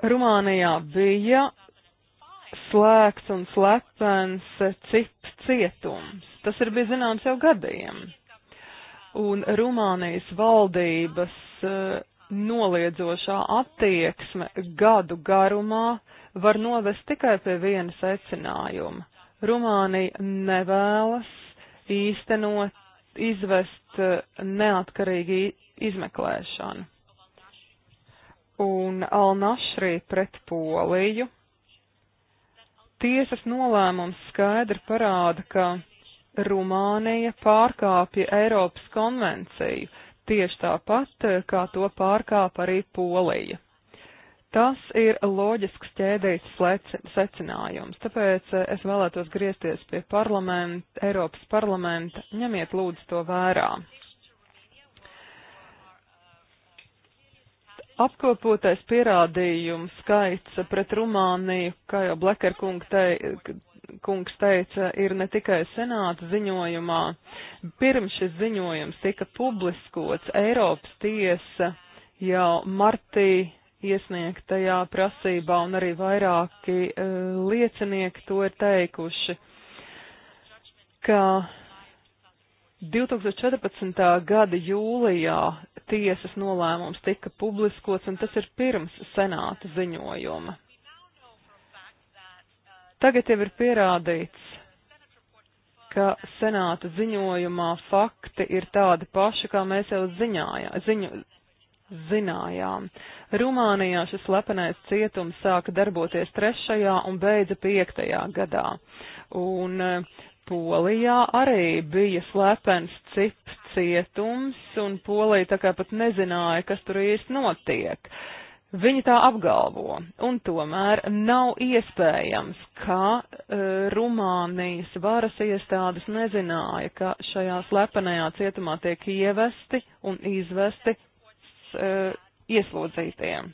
Rumānijā bija slēgts un slepens cip cietums. Tas ir bijis zināms jau gadiem un Rumānijas valdības eh, noliedzošā attieksme gadu garumā var novest tikai pie viena secinājuma. Rumānija nevēlas īstenot, izvest eh, neatkarīgi izmeklēšanu. Un Alnašrī pret Poliju. Tiesas nolēmums skaidri parāda, ka Rumānija pārkāpja Eiropas konvenciju, tieši tāpat eh, kā to pārkāpa arī Polija. Tas ir loģisks ķēdējs secinājums, tāpēc eh, es vēlētos griezties pie parlamenta, Eiropas parlamenta, ņemiet lūdzu to vērā. Apkopotais pierādījumu skaits pret Rumāniju, kā jau Blekerkungs te, kungs teica, ir ne tikai senāta ziņojumā. Pirms šis ziņojums tika publiskots, Eiropas tiesa jau martī iesniegtajā prasībā un arī vairāki uh, liecinieki to ir teikuši, ka 2014. gada jūlijā tiesas nolēmums tika publiskots un tas ir pirms senāta ziņojuma. Tagad jau ir pierādīts, ka senāta ziņojumā fakti ir tādi paši, kā mēs jau ziņājā, ziņu, zinājām. Rumānijā šis lepenais cietums sāka darboties trešajā un beidza piektajā gadā. Un eh, Polijā arī bija slepens cip cietums, un Polija tā kā pat nezināja, kas tur īsti notiek. Uh, Viņi tā apgalvo, un tomēr nav iespējams, ka e, Rumānijas varas iestādes nezināja, ka šajā slepenajā cietumā tiek ievesti un izvesti e, ieslodzītiem.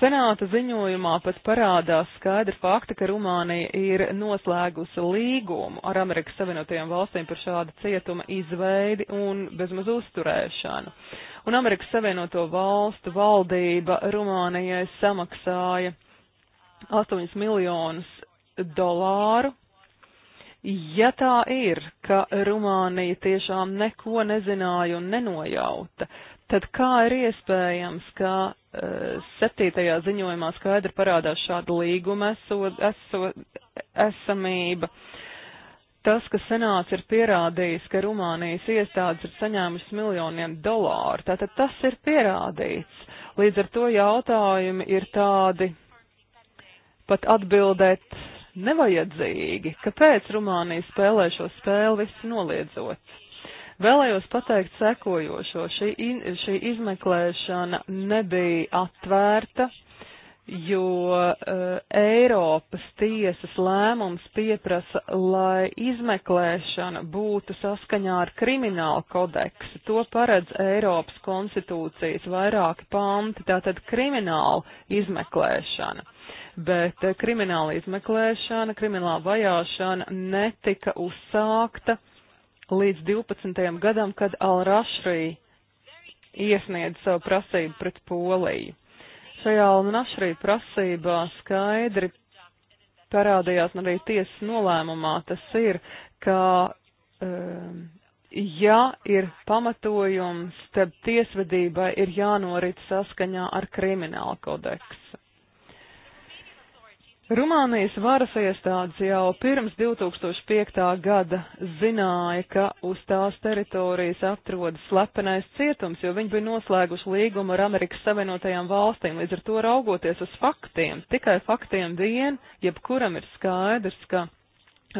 Senāta ziņojumā pat parādās skaidri fakti, ka Rumānija ir noslēgusi līgumu ar Amerikas Savienotajām valstīm par šādu cietuma izveidi un bezmaz uzturēšanu un Amerikas Savienoto valstu valdība Rumānijai samaksāja 8 miljonus dolāru. Ja tā ir, ka Rumānija tiešām neko nezināja un nenojauta, tad kā ir iespējams, ka uh, septītajā ziņojumā skaidri parādās šāda līguma eso, eso, esamība? Uh, Tas, ka senāts ir pierādījis, ka Rumānijas iestādes ir saņēmušas miljoniem dolāru, tātad tas ir pierādīts. Līdz ar to jautājumi ir tādi pat atbildēt nevajadzīgi, kāpēc Rumānija spēlē šo spēli visu noliedzot. Vēlējos pateikt sekojošo, šī, šī izmeklēšana nebija atvērta, jo uh, Eiropas tiesas lēmums pieprasa, lai izmeklēšana būtu saskaņā ar kriminālu kodeksu. To paredz Eiropas konstitūcijas vairāki panti, tātad krimināla izmeklēšana. Bet uh, krimināla izmeklēšana, krimināla vajāšana netika uzsākta līdz 12. gadam, kad Al-Rashri iesniedz savu prasību pret Poliju. Šajā Almanašrī prasībā skaidri parādījās arī tiesas nolēmumā, tas ir, ka um, ja ir pamatojums, tad tiesvedībai ir jānorit saskaņā ar kriminālu kodeksu. Rumānijas varas iestādes jau pirms 2005. gada zināja, ka uz tās teritorijas atrodas slepenais cietums, jo viņi bija noslēguši līgumu ar Amerikas Savienotajām valstīm. Līdz ar to raugoties uz faktiem, tikai faktiem vien, jebkuram ir skaidrs, ka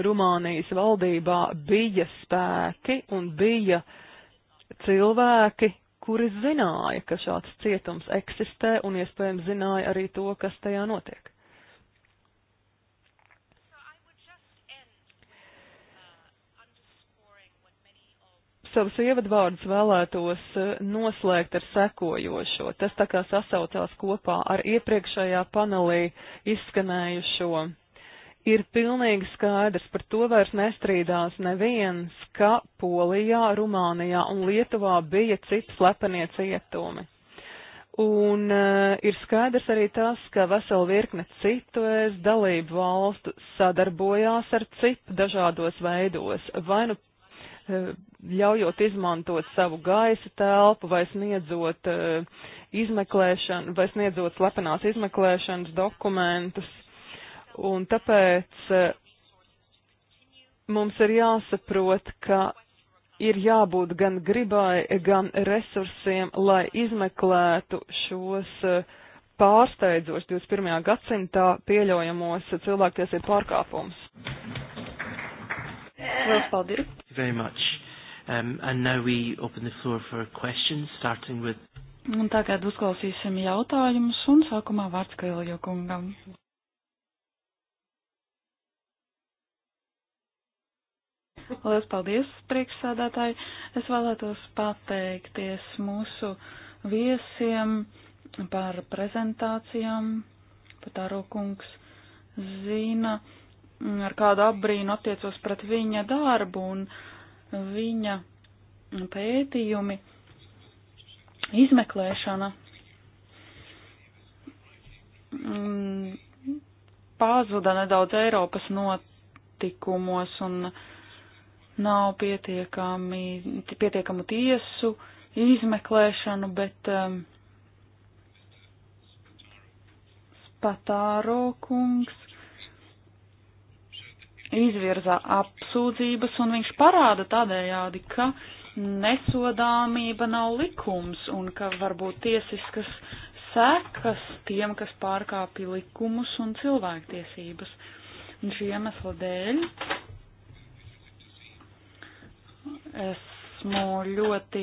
Rumānijas valdībā bija spēki un bija cilvēki, kuri zināja, ka šāds cietums eksistē un iespējams zināja arī to, kas tajā notiek. savus ievadvārdus vēlētos eh, noslēgt ar sekojošo. Tas tā kā sasaucās kopā ar iepriekšējā panelī izskanējušo. Ir pilnīgi skaidrs, par to vairs nestrīdās neviens, ka Polijā, Rumānijā un Lietuvā bija citi slepenie cietumi. Un uh, ir skaidrs arī tas, ka vesela virkne citu es dalību valstu sadarbojās ar CIP dažādos veidos, vai nu ļaujot izmantot savu gaisa telpu vai sniedzot eh, izmeklēšanu, vai sniedzot slepenās izmeklēšanas dokumentus. Un tāpēc eh, mums ir jāsaprot, ka ir jābūt gan gribai, gan resursiem, lai izmeklētu šos eh, pārsteidzošos 21. gadsimtā pieļaujamos cilvēktiesību pārkāpumus. Lielas paldies. Very much. Um, and now we open the floor for questions, starting with. Un tagad uzklausīsim jautājumus un sākumā vārds Kailjo kungam. Lielas paldies, priekšsādātāji. Es vēlētos pateikties mūsu viesiem par prezentācijām. Patāro kungs zina Mm, ar kādu apbrīnu attiecos pret viņa darbu un viņa pētījumi, izmeklēšana, mm, pazuda nedaudz Eiropas notikumos un nav pietiekami, pietiekamu tiesu izmeklēšanu, bet um, Patāro kungs izvirzā apsūdzības, un viņš parāda tādējādi, ka nesodāmība nav likums, un ka varbūt tiesiskas sekas tiem, kas pārkāpja likumus un cilvēktiesības. Un šī iemesla dēļ esmu ļoti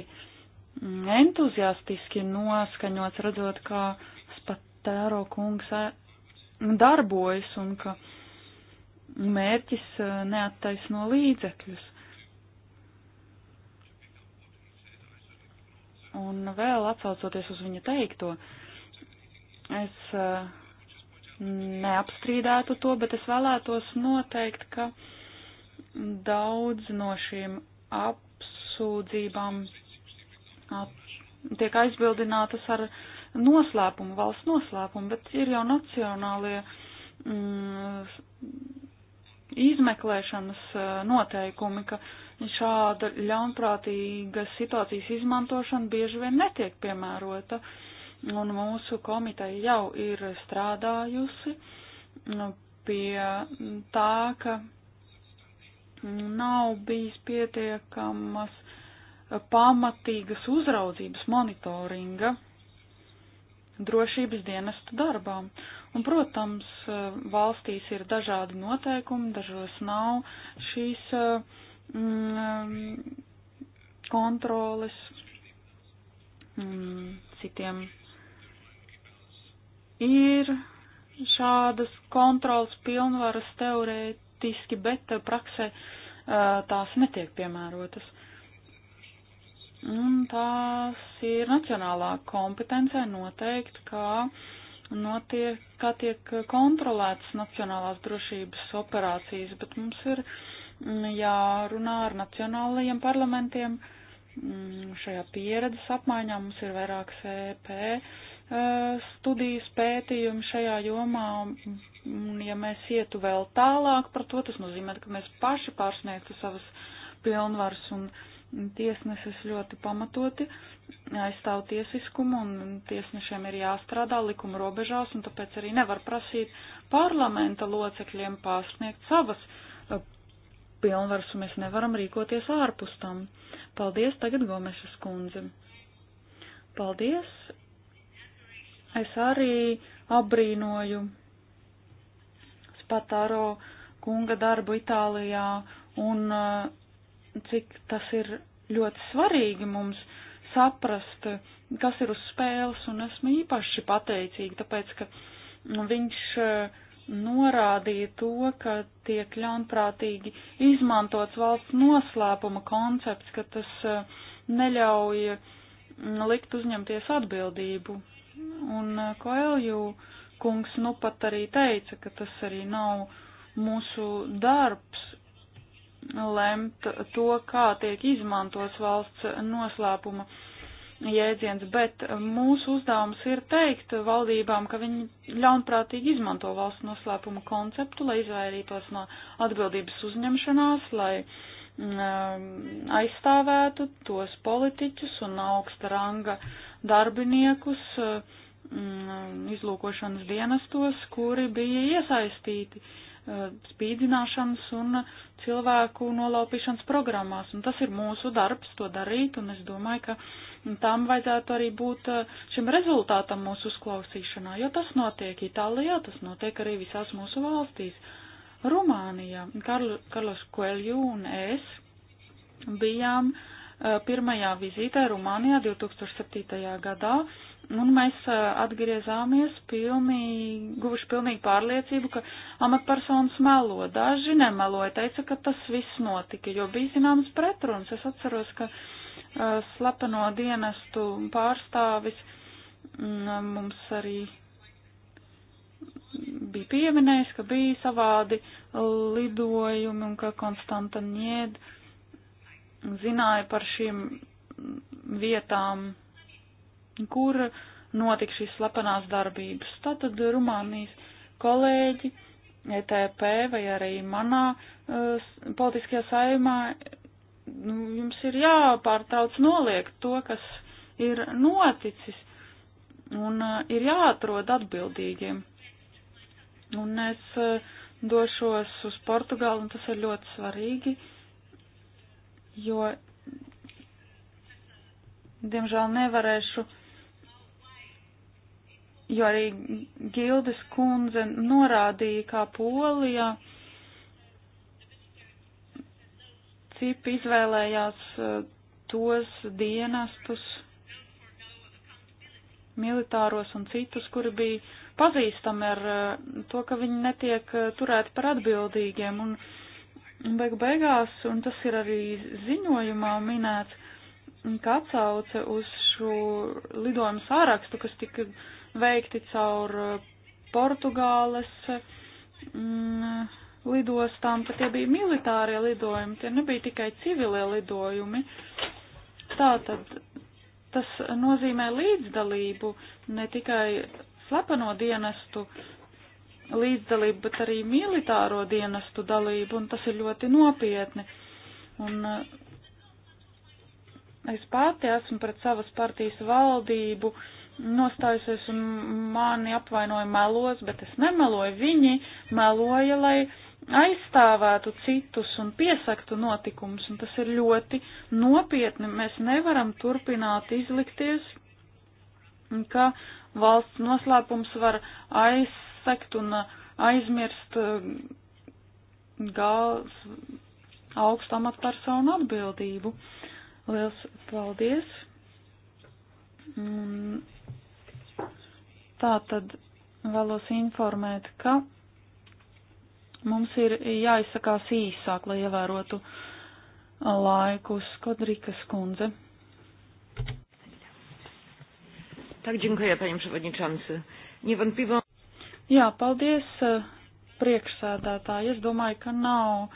entuziastiski noskaņots, redzot, kā Spatēro kungs darbojas un ka mērķis eh, neattaisno līdzekļus. Un vēl atsaucoties uz viņa teikto, es eh, neapstrīdētu to, bet es vēlētos noteikt, ka daudz no šīm apsūdzībām ap, tiek aizbildinātas ar noslēpumu, valsts noslēpumu, bet ir jau nacionālie mm, izmeklēšanas eh, noteikumi, ka šāda ļaunprātīga situācijas izmantošana bieži vien netiek piemērota, un mūsu komiteja jau ir strādājusi nu, pie tā, ka nav bijis pietiekamas pamatīgas uzraudzības monitoringa drošības dienestu darbām. Un, protams, eh, valstīs ir dažādi noteikumi, dažos nav šīs eh, mm, eh, kontroles, mm, citiem ir šādas kontrolas pilnvaras teorētiski, bet praksē tās netiek piemērotas. Un tās ir nacionālā kompetencē noteikt, kā notiek, kā tiek kontrolētas nacionālās drošības operācijas, bet mums ir mm, jārunā ar nacionālajiem parlamentiem. Mm, šajā pieredzes apmaiņā mums ir vairākas EP e, studijas pētījumi šajā jomā, un ja mēs ietu vēl tālāk par to, tas nozīmē, ka mēs paši pārsniegtu savas pilnvaras un uh, Tiesnesis ļoti pamatoti aizstāv tiesiskumu un tiesnešiem ir jāstrādā likuma robežās un tāpēc arī nevar prasīt parlamenta locekļiem pārsniegt savas eh, pilnvaras un mēs nevaram rīkoties ārpus tam. Paldies tagad Gomešas kundzi. Paldies. Es arī abrīnoju Spataro kunga darbu Itālijā un uh, cik tas ir ļoti svarīgi mums saprast, kas ir uz spēles, un esmu īpaši pateicīga, tāpēc, ka nu, viņš eh, norādīja to, ka tiek ļaunprātīgi izmantots valsts noslēpuma koncepts, ka tas eh, neļauj mm, likt uzņemties atbildību. Un eh, Koelju kungs nu pat arī teica, ka tas arī nav mūsu darbs, lemt to, kā tiek izmantots valsts noslēpuma jēdziens, bet mūsu uzdevums ir teikt valdībām, ka viņi ļaunprātīgi izmanto valsts noslēpuma konceptu, lai izvairītos no atbildības uzņemšanās, lai um, aizstāvētu tos politiķus un augsta ranga darbiniekus um, izlūkošanas dienestos, kuri bija iesaistīti uh, spīdzināšanas un cilvēku nolaupīšanas programmās. Un tas ir mūsu darbs to darīt, un es domāju, ka tam vajadzētu arī būt eh, šim rezultātam mūsu uzklausīšanā, jo tas notiek Itālijā, tas notiek arī visās mūsu valstīs. Rumānijā Karl, Karlos Koelju un es bijām eh, pirmajā vizītē Rumānijā 2007. gadā Un mēs atgriezāmies pilnīgi, guvuši pilnīgi pārliecību, ka amatpersonas melo. Daži nemeloja, teica, ka tas viss notika, jo bija zināmas pretrunas. Es atceros, ka uh, slepeno dienestu pārstāvis mm, mums arī bija pieminējis, ka bija savādi lidojumi un ka Konstanta Nied zināja par šīm vietām kur notika šīs slepenās darbības. Tātad Rumānijas kolēģi ETP vai arī manā uh, politiskajā saimā, nu, jums ir jāpārtrauc noliegt to, kas ir noticis, un uh, ir jāatrod atbildīgiem. Un es uh, došos uz Portugālu, un tas ir ļoti svarīgi, jo, diemžēl, nevarēšu uh, jo arī Gildes kundze norādīja, kā Polijā cipa izvēlējās eh, tos dienestus, militāros un citus, kuri bija pazīstami ar eh, to, ka viņi netiek eh, turēti par atbildīgiem. Un beig beigās, un tas ir arī ziņojumā minēts, ka atsauce uz šo lidojumu sārakstu, kas tika veikti caur eh, Portugāles mm, lidostām, pat tie bija militārie lidojumi, tie nebija tikai civilie lidojumi. Tātad tas nozīmē līdzdalību ne tikai slepeno dienestu līdzdalību, bet arī militāro dienestu dalību, un tas ir ļoti nopietni. Un eh, es pati esmu pret savas partijas valdību uh, nostājusies un mani apvainoja melos, bet es nemeloju. Viņi meloja, lai aizstāvētu citus un piesaktu notikumus, un tas ir ļoti nopietni. Mēs nevaram turpināt izlikties, ka valsts noslēpums var aizsekt un aizmirst uh, gals augstu amatpersonu atbildību. Liels paldies! Un Tā tad vēlos informēt, ka mums ir jāizsakās īsāk, lai ievērotu laiku. Skodrikas kundze. Tak, dziękuję, panie przewodniczący. Niewątpliwą. Jā, paldies priekšsēdētāji. Es domāju, ka nav e,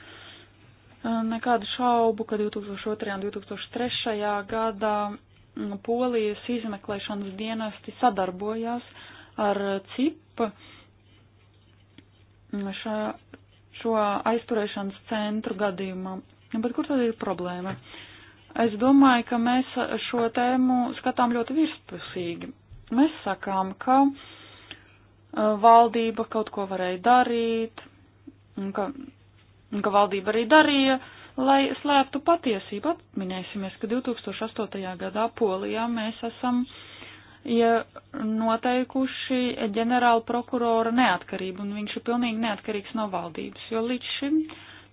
nekādu šaubu, ka 2002. un 2003. gadā Polijas izmeklēšanas dienesti sadarbojās uh, ar CIP šo, šo aizturēšanas centru gadījumā. Bet kur tad ir problēma? Es domāju, ka mēs šo tēmu skatām ļoti virspusīgi. Mēs sakām, ka e, valdība kaut ko varēja darīt, un ka, un ka valdība arī darīja, lai slēptu patiesību. Atminēsimies, ka 2008. gadā Polijā mēs esam uh, ja noteikuši ģenerāla prokurora neatkarību, un viņš ir pilnīgi neatkarīgs no valdības, jo līdz šim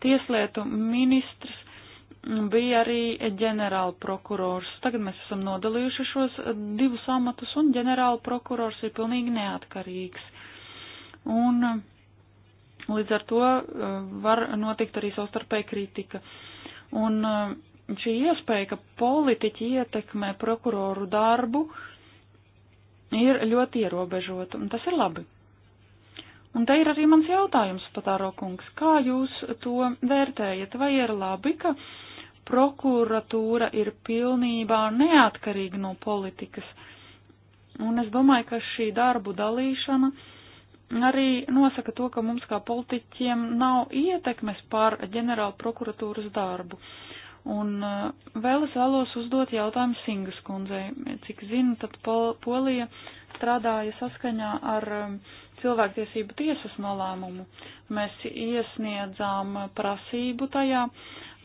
tieslietu ministrs bija arī ģenerāla prokurors. Tagad mēs esam nodalījuši šos divus amatus, un ģenerāla prokurors ir pilnīgi neatkarīgs. Un līdz ar to eh, var notikt arī savstarpēja kritika. Un eh, šī iespēja, ka politiķi ietekmē prokuroru darbu, uh, ir ļoti ierobežota, un tas ir labi. Un te ir arī mans jautājums, Patāro kungs, kā jūs to vērtējat? Vai ir labi, ka prokuratūra ir pilnībā neatkarīga no politikas? Un es domāju, ka šī darbu dalīšana arī nosaka to, ka mums kā politiķiem nav ietekmes pār ģenerāla prokuratūras darbu. Uh, Un eh, vēl es vēlos uzdot jautājumu Singas kundzei. Cik zinu, tad pol, Polija strādāja saskaņā ar eh, cilvēktiesību tiesas nolēmumu. Mēs iesniedzām prasību tajā,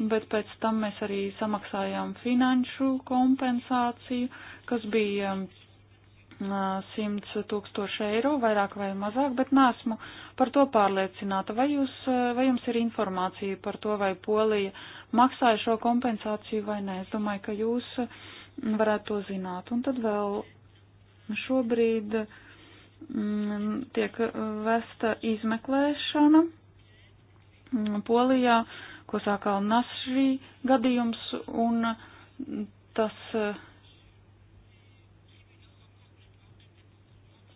bet pēc tam mēs arī samaksājām finanšu kompensāciju, kas bija 100 eh, tūkstoši eiro, vairāk vai mazāk, bet nesmu par to pārliecināta. Vai, jūs, vai jums ir informācija par to, vai Polija maksāja šo kompensāciju vai nē. Es domāju, ka jūs mm, varētu to zināt. Un tad vēl šobrīd m, mm, tiek vesta izmeklēšana mm, Polijā, ko sākā Nasrī gadījums, un tas.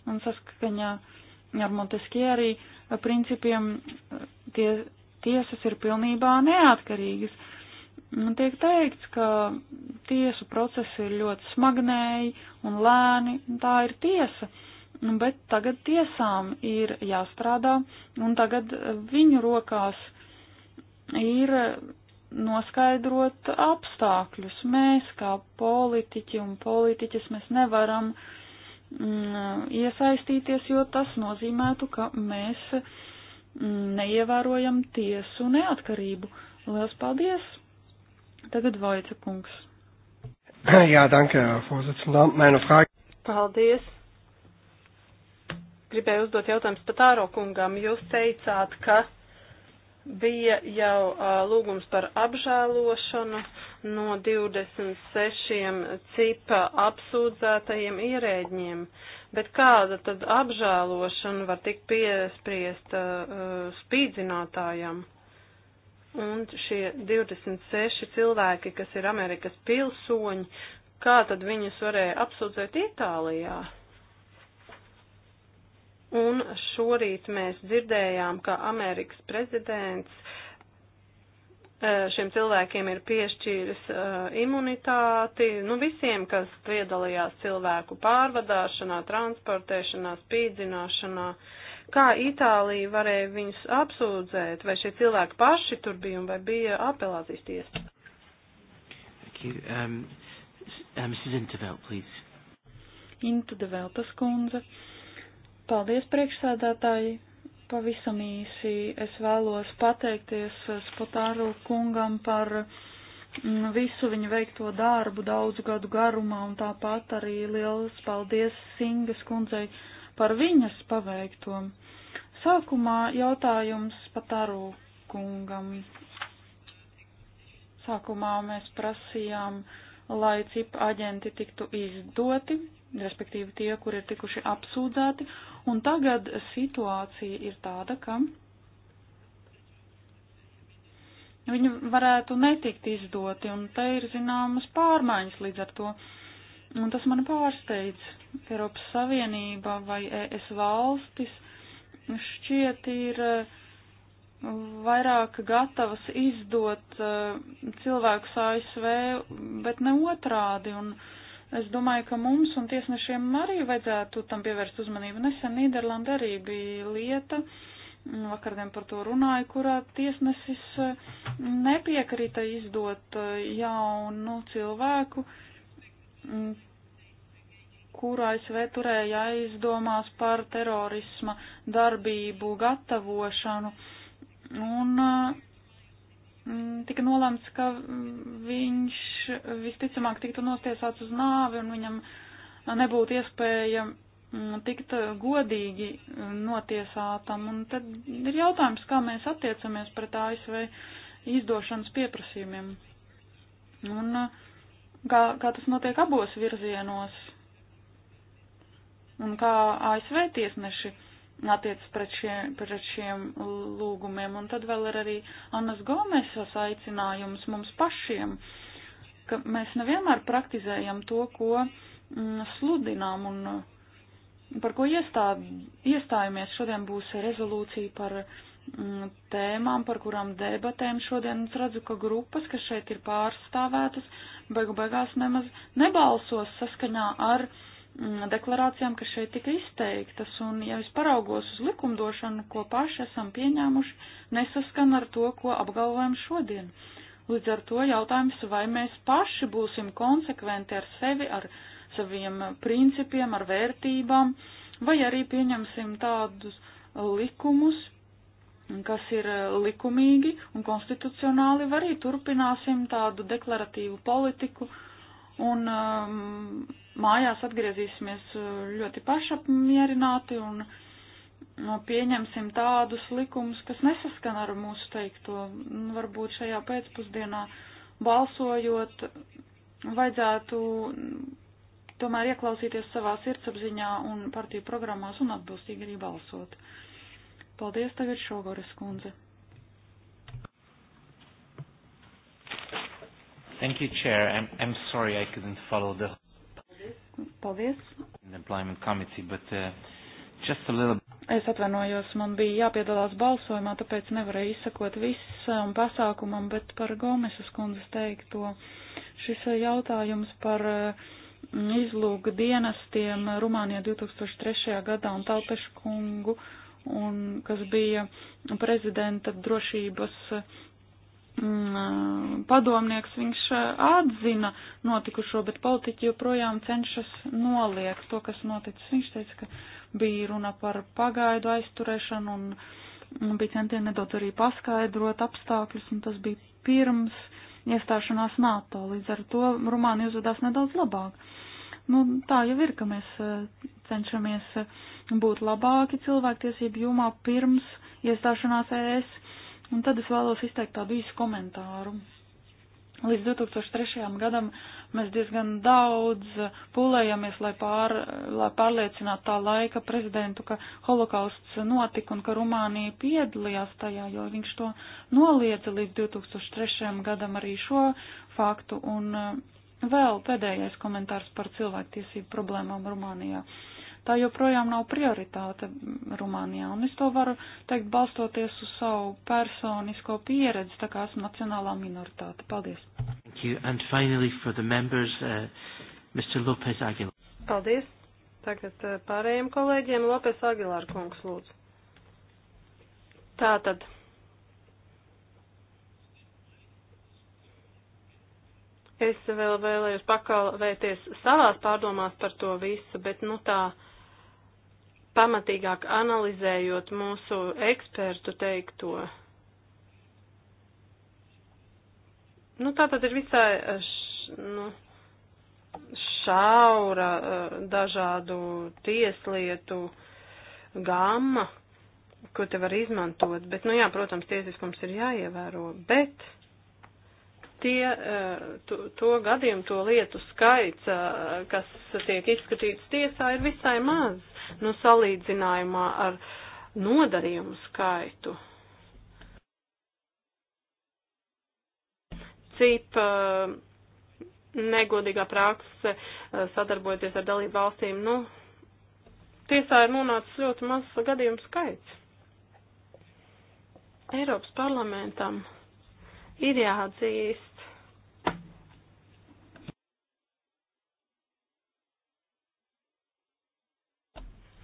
Un saskaņā ar Monteskie arī principiem tie tiesas ir pilnībā neatkarīgas. Man tiek teikts, ka tiesu procesi ir ļoti smagnēji un lēni, un tā ir tiesa. Bet tagad tiesām ir jāstrādā, un tagad viņu rokās ir noskaidrot apstākļus. Mēs, kā politiķi un politiķis, mēs nevaram mm, iesaistīties, jo tas nozīmētu, ka mēs uh, neievērojam tiesu neatkarību. Lielas paldies! Tagad Vaica kungs. Jā, danke, Fozicina. Mēnu frāgi. Paldies! Gribēju uzdot jautājumus pat Āro kungam. Jūs teicāt, ka bija jau uh, lūgums par apžēlošanu no 26 cipa apsūdzētajiem ierēģiem. Uh, Bet kāda tad apžēlošana var tikt piespriesta uh, uh, spīdzinātājam? Un šie 26 cilvēki, kas ir Amerikas pilsoņi, kā tad viņus varēja apsūdzēt Itālijā? Un šorīt mēs dzirdējām, ka Amerikas prezidents Eh, šiem cilvēkiem ir piešķīris eh, imunitāti, nu visiem, kas piedalījās cilvēku pārvadāšanā, transportēšanā, spīdzināšanā. Kā Itālija varēja viņus apsūdzēt, vai šie cilvēki paši tur bija un vai bija apelācijas tiesa? Um, uh, Mrs. Intervelt, please. Intu Develtas kundze. Paldies, priekšsēdētāji. Pavisam īsi es vēlos pateikties Spotāru kungam par mm, visu viņa veikto darbu daudzu gadu garumā un tāpat arī liels paldies Singas kundzei par viņas paveikto. Sākumā jautājums Spotāru kungam. Sākumā mēs prasījām, lai CIP aģenti tiktu izdoti, respektīvi tie, kur ir tikuši apsūdzēti, Un tagad situācija ir tāda, ka viņi varētu netikt izdoti, un te ir zināmas pārmaiņas līdz ar to. Un tas man pārsteidz, ka Eiropas Savienība vai ES valstis šķiet ir eh, vairāk gatavas izdot eh, cilvēkus ASV, bet ne otrādi. Un, uh, Es domāju, ka mums un tiesnešiem arī vajadzētu tam pievērst uzmanību. Nesen Nīderlanda arī bija lieta, vakardien par to runāju, kurā tiesnesis eh, nepiekrita izdot eh, jaunu cilvēku, mm, kurā ASV turēja aizdomās par terorisma darbību gatavošanu. Un eh, Mm, tika nolēmts, ka mm, viņš visticamāk tiktu nostiesāts uz nāvi un viņam nebūtu iespēja mm, tikt godīgi notiesātam. Un tad ir jautājums, kā mēs attiecamies pret ASV izdošanas pieprasījumiem. Un kā, kā tas notiek abos virzienos. Un kā ASV tiesneši attiecas pret, šie, pret šiem lūgumiem. Un tad vēl ir arī Annas Gomesas aicinājums mums pašiem, ka mēs nevienmēr praktizējam to, ko mm, sludinām un mm, par ko iestā, iestājamies. Šodien būs rezolūcija par mm, tēmām, par kurām debatēm šodien es redzu, ka grupas, kas šeit ir pārstāvētas, beigu beigās nemaz nebalsos saskaņā ar uh, Mm, deklarācijām, kas šeit tika izteiktas, un ja es paraugos uz likumdošanu, ko paši esam pieņēmuši, nesaskan ar to, ko apgalvojam šodien. Līdz ar to jautājums, vai mēs paši būsim konsekventi ar sevi, ar saviem principiem, ar vērtībām, vai arī pieņemsim tādus likumus, kas ir likumīgi un konstitucionāli, vai arī turpināsim tādu deklaratīvu politiku, uh, un um, mājās atgriezīsimies uh, ļoti pašapmierināti un no, uh, pieņemsim tādus likumus, kas nesaskan ar mūsu teikto. Varbūt šajā pēcpusdienā balsojot vajadzētu mm, tomēr ieklausīties savā sirdsapziņā un partiju programmās un atbilstīgi arī balsot. Paldies tagad Šogoras kundze. Thank you, Chair. I'm, I'm sorry I couldn't follow the... Paldies. The employment committee, but uh, just a little... Es atvainojos, man bija jāpiedalās balsojumā, tāpēc nevarēju izsakot visam pasākumam, bet par Gomesas kundzes teikto šis jautājums par uh, izlūga dienestiem Rumānijā 2003. gadā un Talpešu kungu, un, kas bija prezidenta drošības uh, Mm, padomnieks viņš atzina notikušo, bet politiķi joprojām cenšas noliegt to, kas noticis. Viņš teica, ka bija runa par pagaidu aizturēšanu un bija centieni nedot arī paskaidrot apstākļus, un tas bija pirms iestāšanās NATO. Līdz ar to Rumānija uzvedās nedaudz labāk. Nu, tā jau ir, ka mēs cenšamies būt labāki cilvēktiesību jomā pirms iestāšanās ES Un tad es vēlos izteikt tādu īsu komentāru. Līdz 2003. gadam mēs diezgan daudz pūlējamies, lai, pār, lai pārliecinātu tā laika prezidentu, ka holokausts notika un ka Rumānija piedalījās tajā, jo viņš to noliedza līdz 2003. gadam arī šo faktu. Un uh, vēl pēdējais komentārs par cilvēktiesību problēmām Rumānijā. Uh, tā joprojām nav prioritāte Rumānijā, un es to varu teikt balstoties uz savu personisko pieredzi, tā kā esmu nacionālā minoritāte. Paldies! Finally, members, uh, Paldies! Tagad uh, pārējiem kolēģiem Lopes Agilāra kungs lūdzu. Tātad. Es vēl vēlējos pakavēties savās pārdomās par to visu, bet nu tā pamatīgāk analizējot mūsu ekspertu teikto. Nu, tā tad ir visai eh, š, nu, šaura eh, dažādu tieslietu gama, ko te var izmantot. Bet, nu jā, protams, tiesiskums ir jāievēro, bet tie, eh, to, to gadījumu, to lietu skaits, kas tiek izskatīts tiesā, ir visai maz nu, salīdzinājumā ar nodarījumu skaitu. Cip eh, negodīgā prakse eh, sadarbojoties ar dalību valstīm, nu, tiesā ir nonācis ļoti mazs gadījumu skaits. Eiropas parlamentam ir jāatzīst,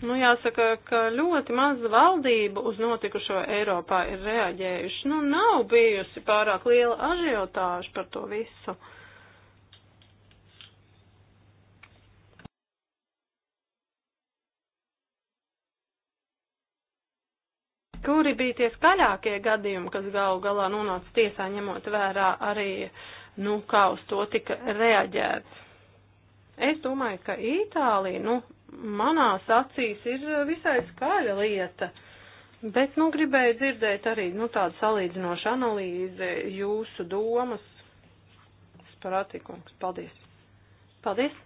Nu, jāsaka, ka ļoti maz valdību uz notikušo Eiropā ir reaģējuši. Nu, nav bijusi pārāk liela ažiotāža par to visu. Kuri bija tie skaļākie gadījumi, kas galu galā nonāca tiesā, ņemot vērā arī, nu, kā uz to tika reaģēts? Es domāju, ka Itālija, nu, manās acīs ir visai skaļa lieta. Bet, nu, gribēju dzirdēt arī, nu, tādu salīdzinošu analīzi jūsu domas. Sparātīkungs, paldies. Paldies.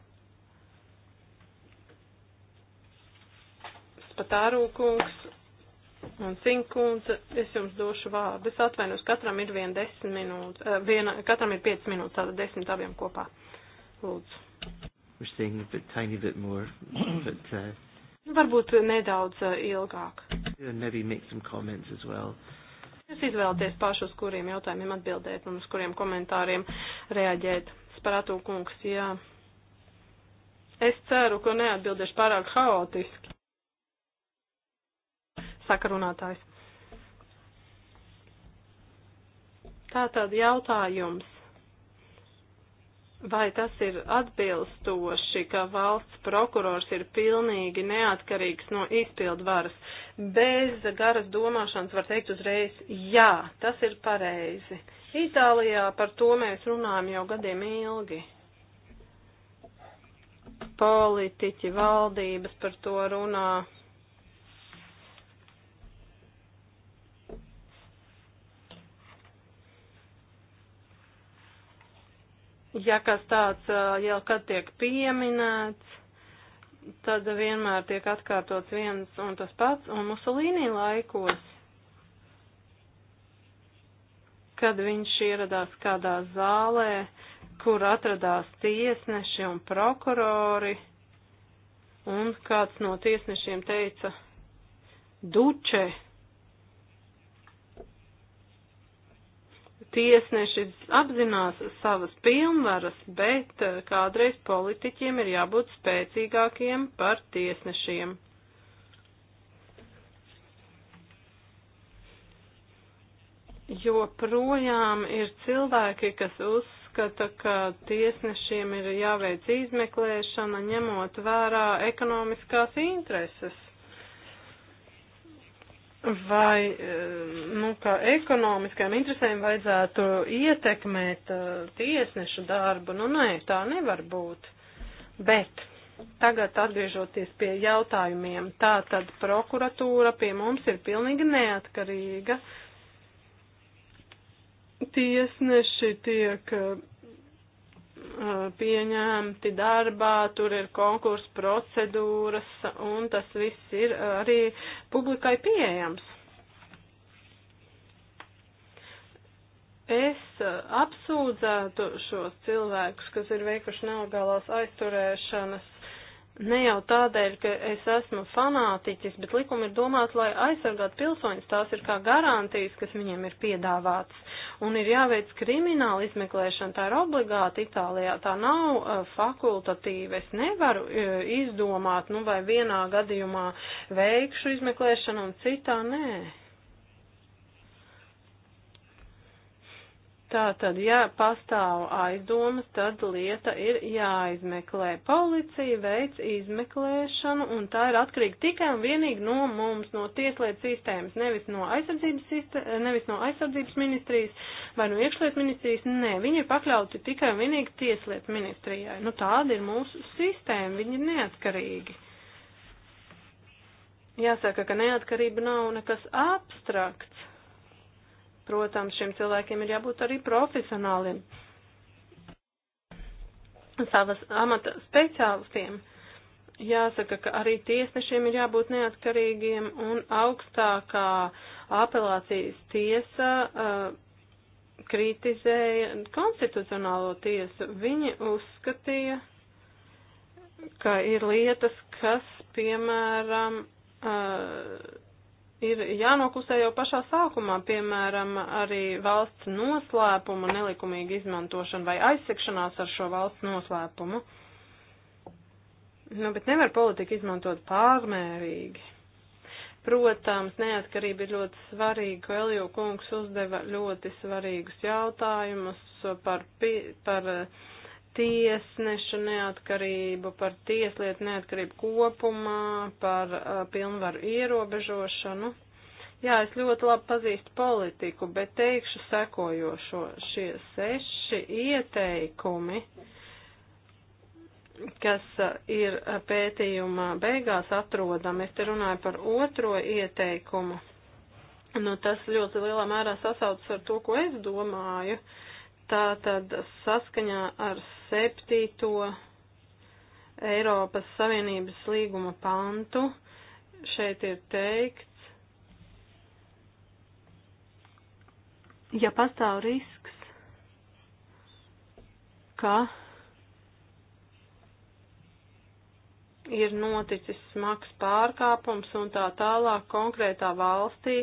Spatārūkungs un Cinkundze, es jums došu vārdu. Es atvainojos, katram ir viena desmit minūtes, eh, viena, katram ir piecas minūtes, tāda desmit abiem kopā. Lūdzu we're staying a bit tiny bit more, but. Uh, Varbūt nedaudz uh, ilgāk. And maybe make some comments as well. Jūs izvēlaties paši, uz kuriem jautājumiem atbildēt un uz kuriem komentāriem reaģēt. Sparatu kungs, jā. Es ceru, ka neatbildēšu pārāk haotiski. Saka runātājs. Tātad jautājums Vai tas ir atbilstoši, ka valsts prokurors ir pilnīgi neatkarīgs no izpildu varas? Bez garas domāšanas var teikt uzreiz, jā, tas ir pareizi. Itālijā par to mēs runājam jau gadiem ilgi. Politiķi, valdības par to runā ja kas tāds jau kad tiek pieminēts, tad vienmēr tiek atkārtots viens un tas pats, un Musolīnī laikos, kad viņš ieradās kādā zālē, kur atradās tiesneši un prokurori, un kāds no tiesnešiem teica, duče, tiesneši apzinās savas pilnvaras, bet eh, kādreiz politiķiem ir jābūt spēcīgākiem par tiesnešiem. Jo projām ir cilvēki, kas uzskata, ka tiesnešiem ir jāveic izmeklēšana, ņemot vērā ekonomiskās intereses vai eh, nu, kā ekonomiskajām interesēm vajadzētu ietekmēt uh, tiesnešu darbu. Nu, nē, tā nevar būt. Bet tagad atgriežoties pie jautājumiem, tā tad prokuratūra pie mums ir pilnīgi neatkarīga. Tiesneši tiek. Uh, Eh, pieņemti darbā, tur ir konkursu procedūras, un tas viss ir arī publikai pieejams. Es eh, apsūdzētu šos cilvēkus, kas ir veikuši nelegālās aizturēšanas Ne jau tādēļ, ka es esmu fanātiķis, bet likumi ir domāti, lai aizsargātu pilsoņus. Tās ir kā garantijas, kas viņiem ir piedāvātas. Un ir jāveic krimināla izmeklēšana. Tā ir obligāta Itālijā. Tā nav uh, fakultatīva. Es nevaru uh, izdomāt, nu vai vienā gadījumā veikšu izmeklēšanu un citā nē. Tā tad, ja pastāv aizdomas, tad lieta ir jāizmeklē. Policija veic izmeklēšanu, un tā ir atkarīga tikai un vienīgi no mums, no tieslietu sistēmas, nevis no aizsardzības, sistēmas, nevis no aizsardzības ministrijas vai no iekšlietu ministrijas. Nē, viņi ir pakļauti tikai un vienīgi tieslietu ministrijai. Nu, tāda ir mūsu sistēma, viņi ir neatkarīgi. Jāsaka, ka neatkarība nav nekas abstrakts Protams, šiem cilvēkiem ir jābūt arī profesionāliem, savas amata speciālistiem. Jāsaka, ka arī tiesnešiem ir jābūt neatkarīgiem un augstākā apelācijas tiesa. Uh, kritizēja konstitucionālo tiesu. Viņi uzskatīja, ka ir lietas, kas, piemēram, uh, ir jānoklusē jau pašā sākumā, piemēram, arī valsts noslēpuma nelikumīga izmantošana vai aizsekšanās ar šo valsts noslēpumu. Nu, bet nevar politiku izmantot pārmērīgi. Protams, neatkarība ir ļoti svarīga, jo Elio kungs uzdeva ļoti svarīgus jautājumus par, par uh, tiesnešu neatkarību, par tieslietu neatkarību kopumā, par uh, pilnvaru ierobežošanu. Jā, es ļoti labi pazīstu politiku, bet teikšu sekojošo šie seši ieteikumi, kas uh, ir uh, pētījuma beigās atrodami. Es te runāju par otro ieteikumu. Nu, tas ļoti lielā mērā sasaucas ar to, ko es domāju. Uh, Tātad saskaņā ar septīto Eiropas Savienības līguma pantu. Šeit ir teikts, ja pastāv risks, ka ir noticis smags pārkāpums un tā tālāk konkrētā valstī,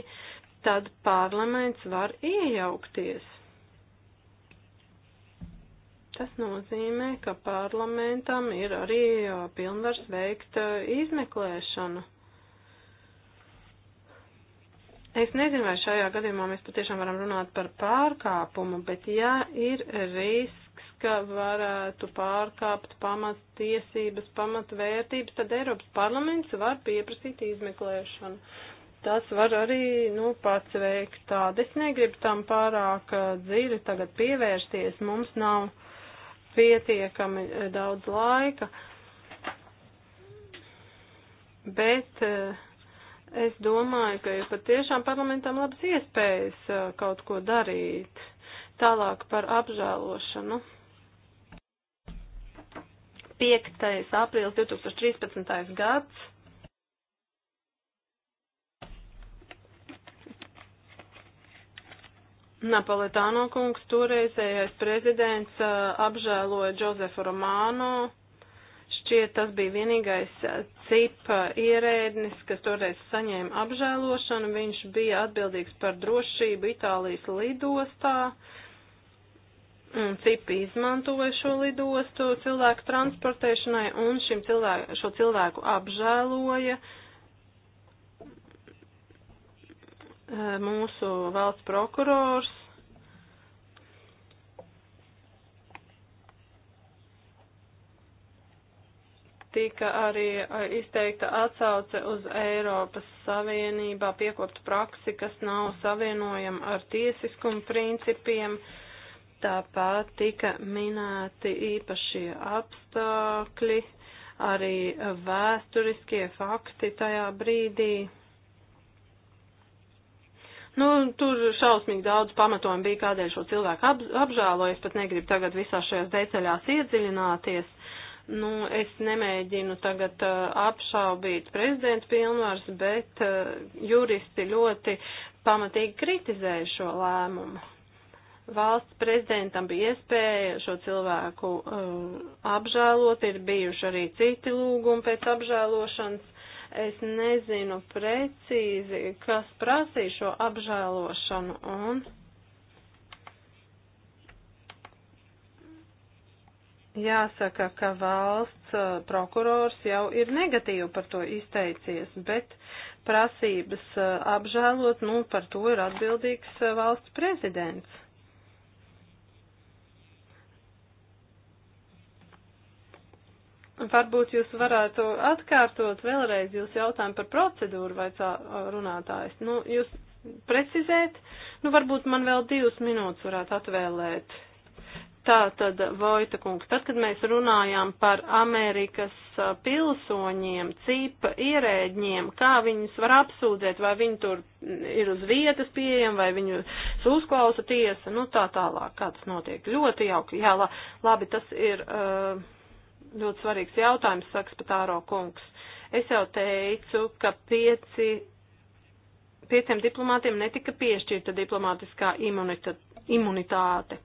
tad parlaments var iejaukties. Tas nozīmē, ka parlamentam ir arī pilnvars veikt izmeklēšanu. Es nezinu, vai šajā gadījumā mēs patiešām varam runāt par pārkāpumu, bet ja ir risks, ka varētu pārkāpt pamatiesības, pamatvērtības, tad Eiropas parlaments var pieprasīt izmeklēšanu. Tas var arī, nu, pats veikt tādu. Es negribu tam pārāk dziļi tagad pievērsties. Mums nav pietiekami eh, daudz laika, bet eh, es domāju, ka ir patiešām parlamentam labas iespējas eh, kaut ko darīt. Tālāk par apžēlošanu. 5. aprīlis 2013. gads Napolitāno kungs, toreizējais prezidents, apžēloja Džozefu Romānu. Šķiet, tas bija vienīgais cipa ierēdnis, kas toreiz saņēma apžēlošanu. Viņš bija atbildīgs par drošību Itālijas lidostā. Un cipi izmantoja šo lidostu cilvēku transportēšanai un šim cilvēku, šo cilvēku apžēloja. Uh, mūsu valsts prokurors. Tika arī izteikta atsauce uz Eiropas Savienībā piekoptu praksi, kas nav savienojama ar tiesiskumu principiem. Tāpat tika minēti īpašie apstākļi, arī vēsturiskie fakti tajā brīdī. Nu, tur šausmīgi daudz pamatojumu bija, kādēļ šo cilvēku ap, apžēloju. Es pat negribu tagad visā šajās detaļās iedziļināties. Nu, es nemēģinu tagad uh, apšaubīt prezidents pilnvars, bet uh, juristi ļoti pamatīgi kritizēja šo lēmumu valsts prezidentam bija iespēja šo cilvēku uh, apžēlot, ir bijuši arī citi lūgumi pēc apžēlošanas, Es nezinu precīzi, kas prasīja šo apžēlošanu un. Jāsaka, ka valsts uh, prokurors jau ir negatīvi par to izteicies, bet prasības uh, apžēlot, nu, par to ir atbildīgs uh, valsts prezidents. Varbūt jūs varētu atkārtot vēlreiz jūs jautājumu par procedūru vai cā runātājs. Nu, jūs precizēt, nu varbūt man vēl divas minūtes varētu atvēlēt. Tā tad, Vojta kungs, tad, kad mēs runājām par Amerikas pilsoņiem, cipa ierēģiem, kā viņus var apsūdzēt, vai viņi tur ir uz vietas pieejami, vai viņus uzklausa tiesa, nu tā tālāk, kā tas notiek. Ļoti jauki, jā, labi, tas ir. Uh, ļoti svarīgs jautājums, saka Spatāro kungs. Es jau teicu, ka pieci, pieciem diplomātiem netika piešķirta diplomātiskā imunita, imunitāte.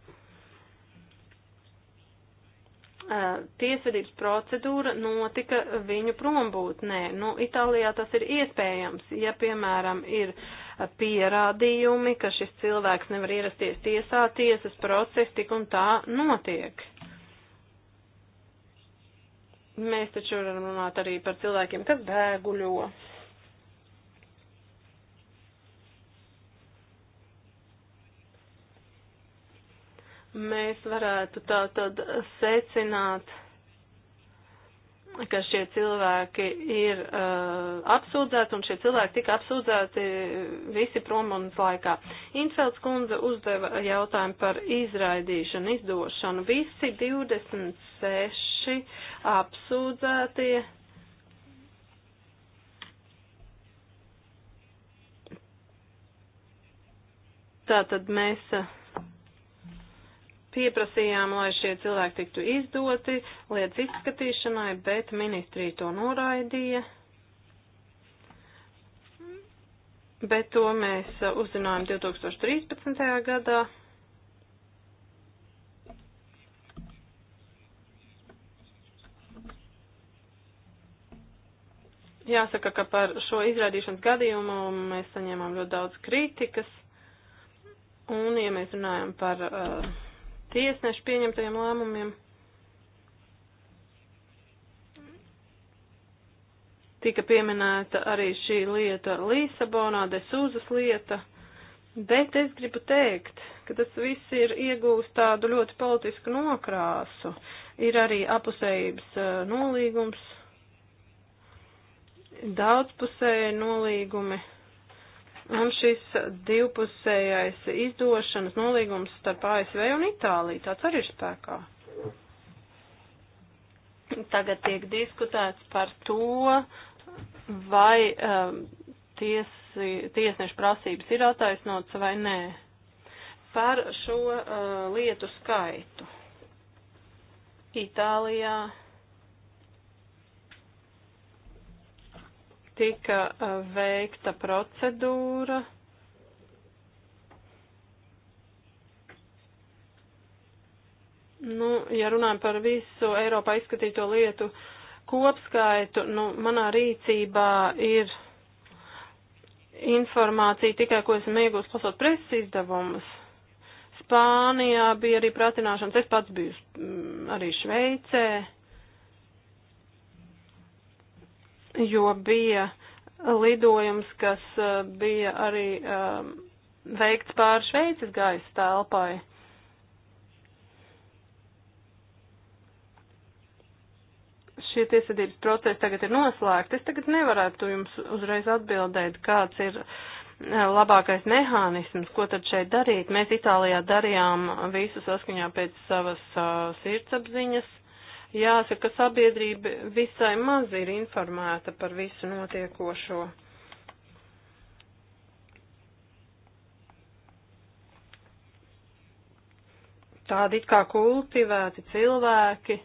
Tiesvedības procedūra notika viņu prombūtnē. Nu, Itālijā tas ir iespējams, ja, piemēram, ir pierādījumi, ka šis cilvēks nevar ierasties tiesā, tiesas process tik un tā notiek. Mēs taču varam runāt arī par cilvēkiem, kas bēguļo. Mēs varētu tā tad secināt, ka šie cilvēki ir uh, apsūdzēti, un šie cilvēki tika apsūdzēti visi promunas laikā. Infelds kundze uzdeva jautājumu par izraidīšanu, izdošanu. Visi 26 apsūdzētie Tātad mēs uh, pieprasījām, lai šie cilvēki tiktu izdoti lietas izskatīšanai, bet ministrija to noraidīja. Bet to mēs uh, uzzinājām 2013. gadā. Jāsaka, ka par šo izraidīšanas gadījumu mēs saņēmām ļoti daudz kritikas, un, ja mēs runājam par uh, tiesnešu pieņemtajiem lēmumiem, tika pieminēta arī šī lieta Lisabonā, Desūzas lieta, bet es gribu teikt, ka tas viss ir iegūst tādu ļoti politisku nokrāsu. Ir arī apusējības uh, nolīgums, daudzpusēji nolīgumi un šis divpusējais izdošanas nolīgums starp ASV un Itāliju, tāds arī ir spēkā. Tagad tiek diskutēts par to, vai um, tiesi, tiesnešu prasības ir attaisnotas vai nē, par šo uh, lietu skaitu. Itālijā tika eh, veikta procedūra. Nu, ja runājam par visu Eiropā izskatīto lietu kopskaitu, nu, manā rīcībā ir informācija tikai, ko esam iegūst lasot preses izdevumus. Spānijā bija arī pratināšanas, es pats biju mm, arī Šveicē. jo bija lidojums, kas eh, bija arī um, veikts pāri Šveices gaisa telpai. šie tiesvedības procesi tagad ir noslēgti, es tagad nevarētu jums uzreiz atbildēt, kāds ir eh, labākais mehānisms, ko tad šeit darīt. Mēs Itālijā darījām visu saskaņā pēc savas uh, sirdsapziņas. Jāsaka, sabiedrība visai maz ir informēta par visu notiekošo. Tādi it kā kultivēti cilvēki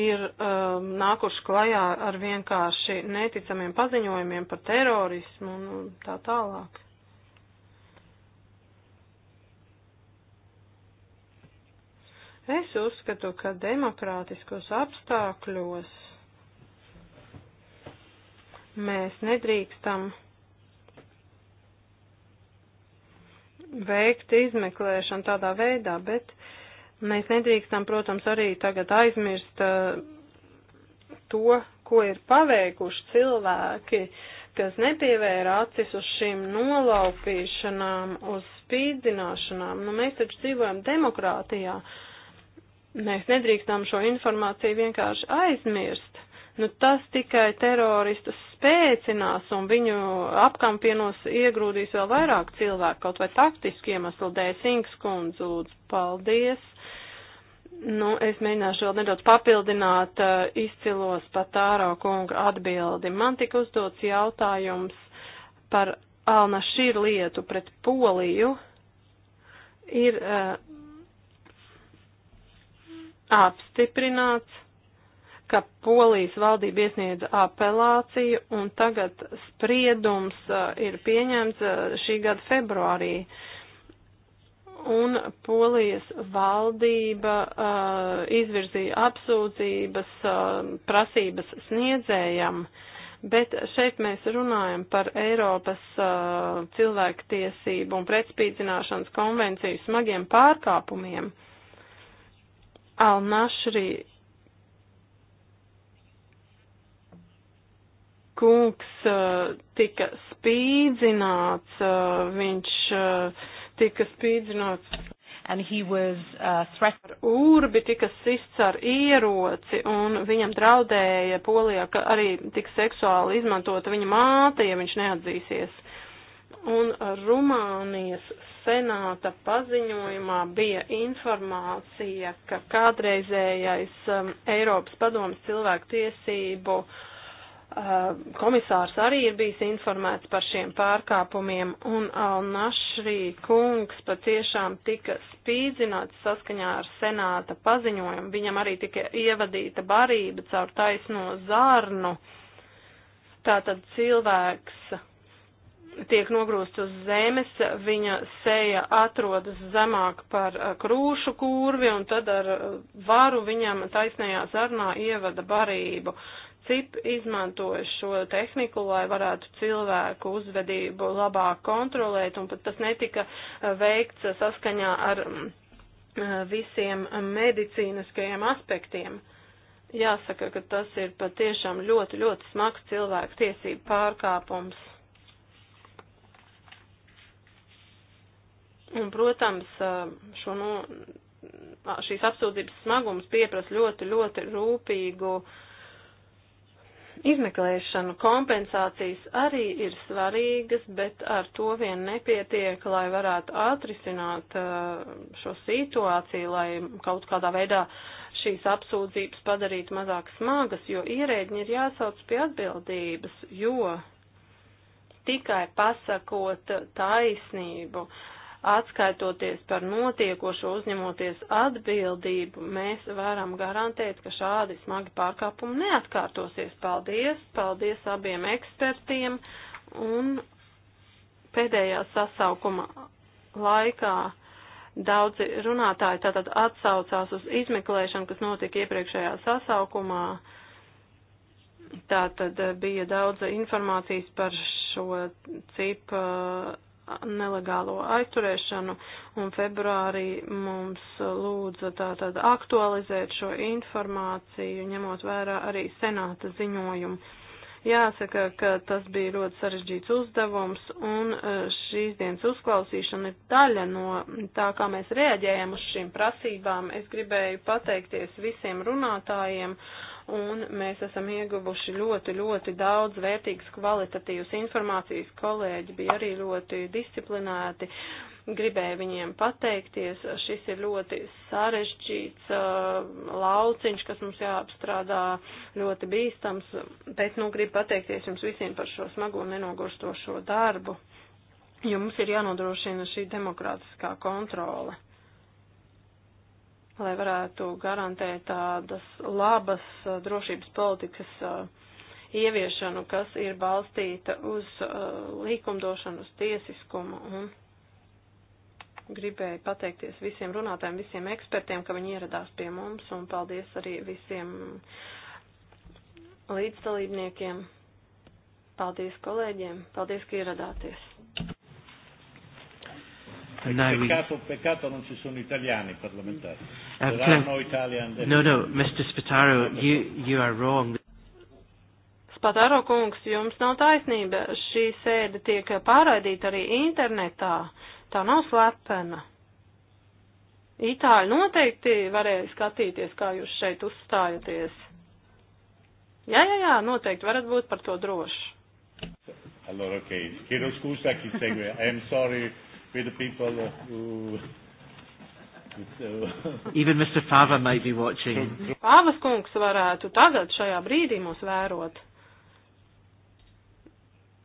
ir um, nākuši klajā ar vienkārši neticamiem paziņojumiem par terorismu un nu, tā tālāk. Es uzskatu, ka demokrātiskos apstākļos mēs nedrīkstam veikt izmeklēšanu tādā veidā, bet mēs nedrīkstam, protams, arī tagad aizmirst uh, to, ko ir paveikuši cilvēki, kas nepievēra acis uz šīm nolaupīšanām, uz spīdzināšanām. Nu, mēs taču dzīvojam demokrātijā. Uh, Mēs nedrīkstam šo informāciju vienkārši aizmirst. Nu, tas tikai teroristus spēcinās un viņu apkampienos iegrūdīs vēl vairāk cilvēku, kaut vai taktiski iemeslu dēļ. Sinks kundze, lūdzu, paldies. Nu, es mēģināšu vēl nedaudz papildināt uh, izcilos patāro kunga atbildi. Man tika uzdots jautājums par Alna Šīr lietu pret Poliju. Ir uh, apstiprināts, ka Polijas valdība iesniedza apelāciju un tagad spriedums uh, ir pieņemts uh, šī gada februārī un Polijas valdība uh, izvirzīja apsūdzības uh, prasības sniedzējam, bet šeit mēs runājam par Eiropas uh, cilvēktiesību un pretspīdzināšanas konvenciju smagiem pārkāpumiem. Uh, Al-Našri kungs uh, tika spīdzināts, uh, viņš uh, tika spīdzināts. And he was uh, threatened. Urbi tika sists ar ieroci, un viņam draudēja polijā, ka arī tik seksuāli izmantota viņa māte, ja viņš neatzīsies un Rumānijas senāta paziņojumā bija informācija, ka kādreizējais um, Eiropas padomas cilvēku tiesību um, komisārs arī ir bijis informēts par šiem pārkāpumiem, un Alnašrī kungs patiešām tika spīdzināts saskaņā ar senāta paziņojumu. Viņam arī tika ievadīta barība caur taisno zarnu. Tātad cilvēks tiek nogrūsts uz zemes, viņa seja atrodas zemāk par eh, krūšu kurvi, un tad ar eh, varu viņam taisnajā zarnā ievada barību. CIP izmantoja šo tehniku, lai varētu cilvēku uzvedību labāk kontrolēt, un pat tas netika eh, veikts saskaņā ar mm, visiem medicīniskajiem aspektiem. Jāsaka, ka tas ir patiešām ļoti, ļoti smags cilvēku tiesību pārkāpums. Un, protams, šo, nu, šīs apsūdzības smagums pieprasa ļoti, ļoti rūpīgu izmeklēšanu. Kompensācijas arī ir svarīgas, bet ar to vien nepietiek, lai varētu atrisināt šo situāciju, lai kaut kādā veidā šīs apsūdzības padarītu mazāk smagas, jo ierēģi ir jāsauc pie atbildības, jo tikai pasakot taisnību. Uh, atskaitoties par notiekošo, uzņemoties atbildību, mēs varam garantēt, ka šādi smagi pārkāpumi neatkārtosies. Paldies! Paldies abiem ekspertiem! Un pēdējā sasaukuma laikā daudzi runātāji tātad atsaucās uz izmeklēšanu, kas notika iepriekšējā sasaukumā. Tātad bija daudz informācijas par šo cipu nelegālo aizturēšanu, un februārī mums lūdza tātad aktualizēt šo informāciju, ņemot vērā arī senāta ziņojumu. Jāsaka, ka tas bija ļoti sarežģīts uzdevums, un e, šīs dienas uzklausīšana ir daļa no tā, kā mēs reaģējam uz šīm prasībām. Es gribēju pateikties visiem runātājiem un mēs esam ieguvuši ļoti, ļoti daudz vērtīgas kvalitatīvas informācijas. Kolēģi bija arī ļoti disciplinēti. Gribēju viņiem pateikties, šis ir ļoti sarežģīts uh, lauciņš, kas mums jāapstrādā ļoti bīstams, bet nu gribu pateikties jums visiem par šo smago nenogurstošo darbu, jo mums ir jānodrošina šī demokrātiskā kontrole lai varētu garantēt tādas labas drošības politikas ieviešanu, kas ir balstīta uz likumdošanu, uz tiesiskumu. Un gribēju pateikties visiem runātājiem, visiem ekspertiem, ka viņi ieradās pie mums, un paldies arī visiem līdzdalībniekiem. Paldies kolēģiem, paldies, ka ieradāties! Now peccato, we... E peccato non ci sono italiani parlamentari. Uh, There are no Italian no, no, Mr. Spataro, you, you are wrong. Spataro kungs, jums nav taisnība. Šī sēde tiek pārraidīta arī internetā. Tā nav slepena. Itāļi noteikti varēja skatīties, kā jūs šeit uzstājaties. Jā, jā, jā, noteikti varat būt par to droši. Allora, ok. Chiedo scusa chi segue. I am sorry with the people who. Even Mr. Fava might be watching. Pāvas kungs varētu tagad šajā brīdī mūs vērot.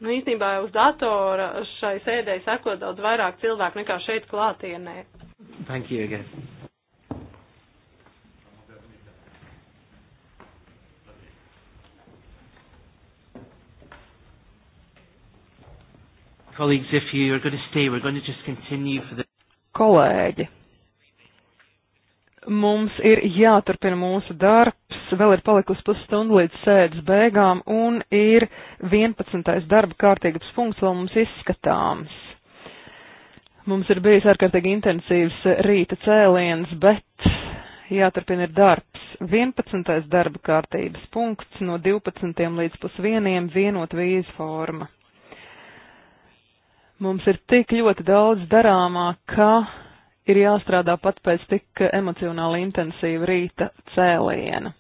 Nu, īstenībā uz datora šai sēdēji sekot daudz vairāk cilvēku nekā šeit klātienē. Thank you again. Colleagues, if you are going to stay, we're going to just continue for the... Kolēģi, mums ir jāturpina mūsu darbs, vēl ir palikusi pusstunda līdz sēdes beigām un ir 11. darba kārtības punkts vēl mums izskatāms. Mums ir bijis ārkārtīgi intensīvs rīta cēliens, bet jāturpina ir darbs. 11. darba kārtības punkts no 12. līdz pusvieniem vienot vīzu forma. Mums ir tik ļoti daudz darāmā, ka ir jāstrādā pat pēc tik emocionāli intensīva rīta cēliena.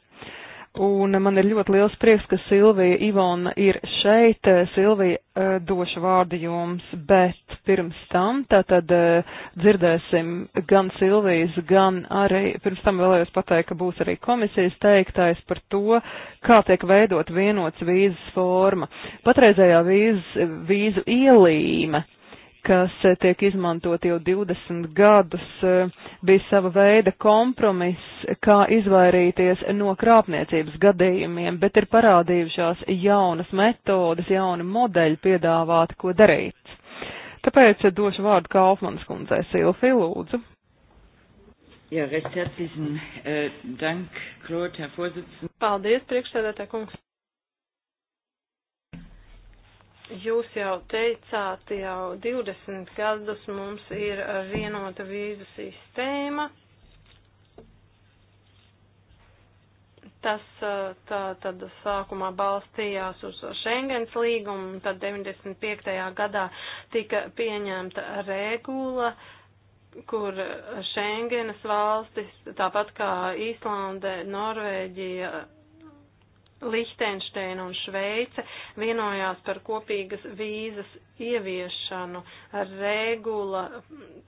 Un man ir ļoti liels prieks, ka Silvija Ivona ir šeit. Silvija eh, došu vārdu jums, bet pirms tam tātad eh, dzirdēsim gan Silvijas, gan arī pirms tam vēlējos pateikt, ka būs arī komisijas teiktais par to, kā tiek veidot vienots vīzas forma. Patreizējā vīz, vīzu ielīme kas eh, tiek izmantot jau 20 gadus, eh, bija sava veida kompromiss, kā izvairīties no krāpniecības gadījumiem, bet ir parādījušās jaunas metodas, jauni modeļi piedāvāt, ko darīt. Tāpēc eh, došu vārdu Kaufmanas kundzei Silfi, lūdzu. Jā, ja, recht herzlichen äh, Dank, Claude, Herr Vorsitzender. Paldies, priekšsēdētāj kungs. Jūs jau teicāt, jau 20 gadus mums ir vienota vīzu sistēma. Tas uh, tā, tad sākumā balstījās uz Schengens līgumu, tad 95. gadā tika pieņemta regula, kur Schengenas valstis, tāpat kā Īslande, Norvēģija, Lihtenšteina un Šveice vienojās par kopīgas vīzas ieviešanu. Regula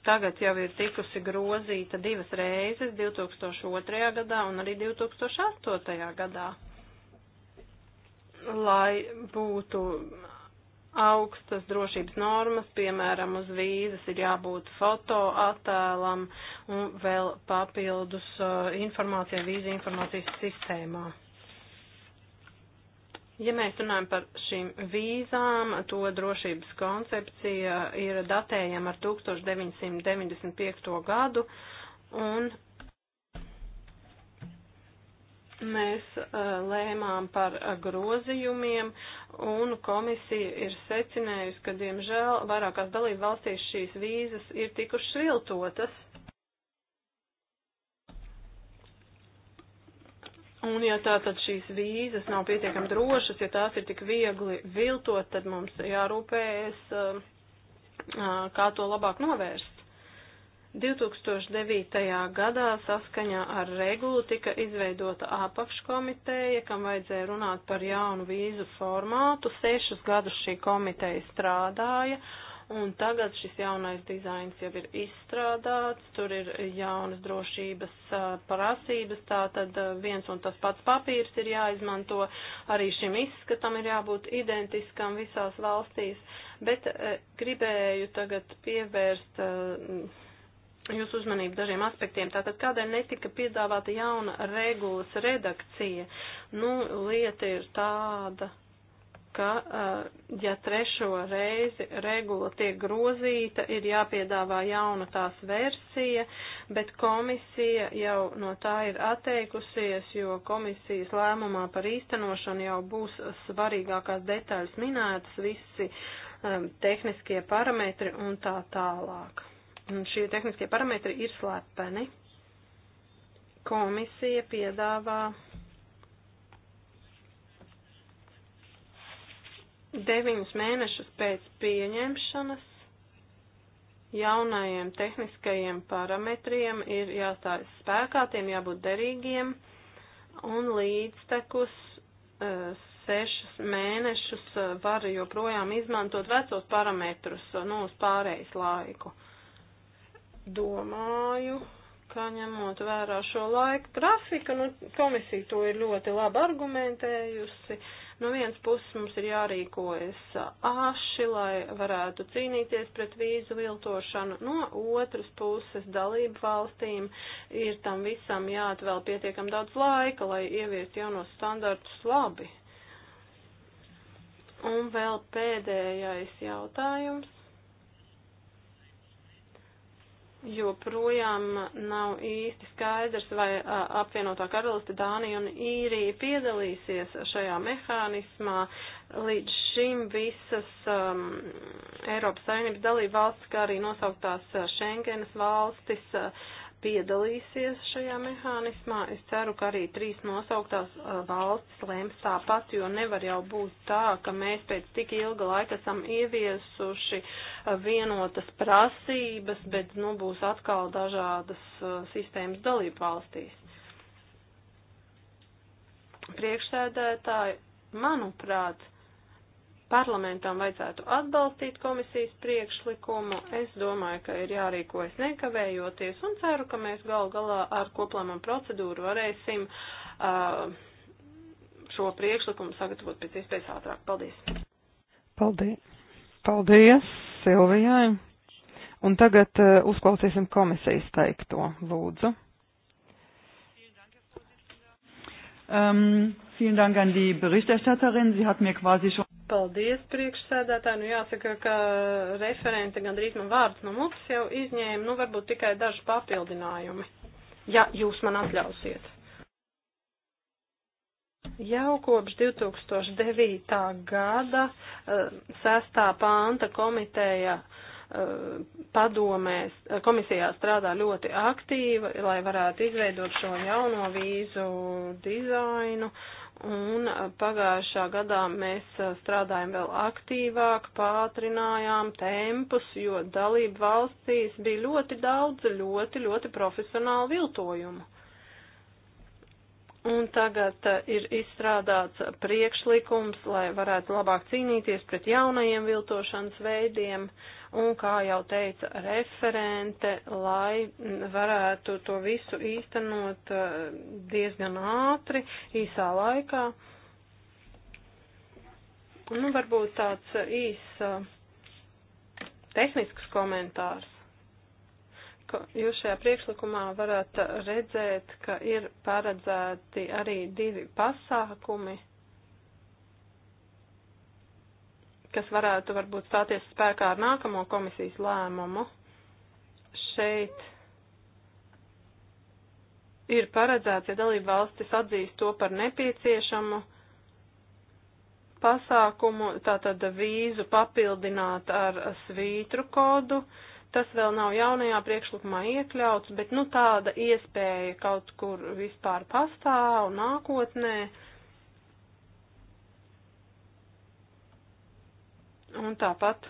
tagad jau ir tikusi grozīta divas reizes - 2002. gadā un arī 2008. gadā, lai būtu augstas drošības normas, piemēram, uz vīzas ir jābūt fotoattēlam un vēl papildus uh, informācijai vīzu informācijas sistēmā. Ja mēs runājam par šīm vīzām, to drošības koncepcija ir datējama ar 1995. gadu, un mēs lēmām par grozījumiem, un komisija ir secinājusi, ka, diemžēl, vairākās dalību valstīs šīs vīzas ir tikušas viltotas Un ja tātad šīs vīzas nav pietiekami drošas, ja tās ir tik viegli viltot, tad mums jārūpējas, um, uh, kā to labāk novērst. 2009. gadā saskaņā ar regulu tika izveidota apakškomiteja, kam vajadzēja runāt par jaunu vīzu formātu. Sešus gadus šī komiteja strādāja Un tagad šis jaunais dizains jau ir izstrādāts, tur ir jaunas drošības prasības, tā tad viens un tas pats papīrs ir jāizmanto, arī šim izskatam ir jābūt identiskam visās valstīs, bet gribēju tagad pievērst jūsu uzmanību dažiem aspektiem. Tātad, kādēļ netika piedāvāta jauna regulas redakcija? Nu, lieta ir tāda ka, eh, ja trešo reizi regula tiek grozīta, ir jāpiedāvā jauna tās versija, bet komisija jau no tā ir atteikusies, jo komisijas lēmumā par īstenošanu jau būs svarīgākās detaļas minētas, visi um, tehniskie parametri un tā tālāk. Un šie tehniskie parametri ir slepeni. Komisija piedāvā Deviņus mēnešus pēc pieņemšanas jaunajiem tehniskajiem parametriem ir jāstājas spēkā, tiem jābūt derīgiem, un līdztekus e, sešus mēnešus e, var joprojām izmantot vecos parametrus, e, nu, uz pārējais laiku. Domāju, ka ņemot vērā šo laiku grafiku, nu, komisija to ir ļoti labi argumentējusi. Uh, No vienas puses mums ir jārīkojas aši, lai varētu cīnīties pret vīzu viltošanu, no otras puses dalību valstīm ir tam visam jāatvēl pietiekam daudz laika, lai ieviest jaunos standartus labi. Un vēl pēdējais jautājums. joprojām nav īsti skaidrs, vai apvienotā karaliste Dānija un Īrija piedalīsies šajā mehānismā. Līdz šim visas um, Eiropas Savienības dalība valsts, kā arī nosauktās Schengenas valstis, uh, piedalīsies šajā mehānismā. Es ceru, ka arī trīs nosauktās uh, valstis lems tāpat, jo nevar jau būt tā, ka mēs pēc tik ilga laika esam ieviesuši uh, vienotas prasības, bet nu būs atkal dažādas uh, sistēmas dalību valstīs. Priekšsēdētāji, manuprāt, Parlamentam vajadzētu atbalstīt komisijas priekšlikumu. Es domāju, ka ir jārīkojas nekavējoties un ceru, ka mēs gal galā ar koplēmumu procedūru varēsim uh, šo priekšlikumu sagatavot pēc iespējas ātrāk. Paldies! Paldies! Paldies Silvijai! Un tagad uh, uzklausīsim komisijas teikto. Lūdzu! Um, vielen Dank an die Berichterstatterin. Sie hat mir quasi schon Paldies, priekšsēdētāji. Nu, jāsaka, ka referente gandrīz man vārds no mums jau izņēma, nu, varbūt tikai daži papildinājumi, ja jūs man atļausiet. Jau kopš 2009. gada 6. Eh, panta komiteja eh, padomēs, eh, komisijā strādā ļoti aktīvi, lai varētu izveidot šo jauno vīzu dizainu. Uh, Un pagājušā gadā mēs uh, strādājam vēl aktīvāk, pātrinājām tempus, jo dalību valstīs bija ļoti daudz, ļoti, ļoti profesionālu viltojumu. Un tagad uh, ir izstrādāts priekšlikums, lai varētu labāk cīnīties pret jaunajiem viltošanas veidiem. Uh, un, kā jau teica referente, lai varētu to visu īstenot eh, diezgan ātri, īsā laikā. Nu, varbūt tāds eh, īs eh, tehnisks komentārs ka jūs šajā priekšlikumā varat redzēt, ka ir paredzēti arī divi pasākumi. kas varētu varbūt stāties spēkā ar nākamo komisijas lēmumu, šeit ir paredzēts, ja dalība valstis atzīst to par nepieciešamu pasākumu, tātad vīzu papildināt ar svītru kodu. Tas vēl nav jaunajā priekšlikumā iekļauts, bet nu tāda iespēja kaut kur vispār pastāv nākotnē. Uh, Un tāpat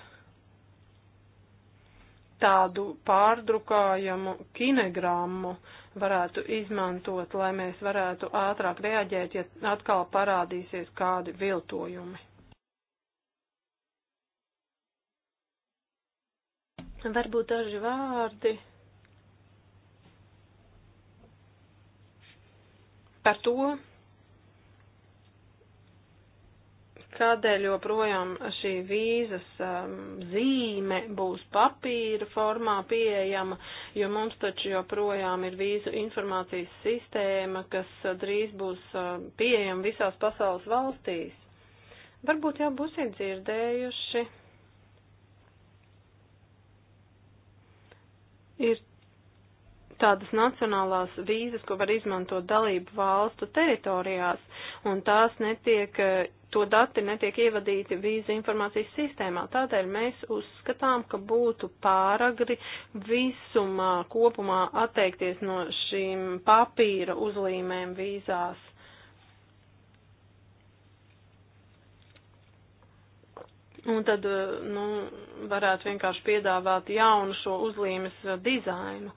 tādu pārdrukājumu kinegrammu varētu izmantot, lai mēs varētu ātrāk reaģēt, ja atkal parādīsies kādi viltojumi. Varbūt daži vārdi par to, kādēļ joprojām šī vīzas um, zīme būs papīra formā pieejama, jo mums taču joprojām ir vīzu informācijas sistēma, kas uh, drīz būs uh, pieejama visās pasaules valstīs. Varbūt jau būsiet dzirdējuši. Ir tādas nacionālās vīzas, ko var izmantot dalību valstu teritorijās, un tās netiek uh, to dati netiek ievadīti vīza informācijas sistēmā. Tādēļ mēs uzskatām, ka būtu pāragri visumā kopumā atteikties no šīm papīra uzlīmēm vīzās. Un tad, eh, nu, varētu vienkārši piedāvāt jaunu šo uzlīmes eh, dizainu.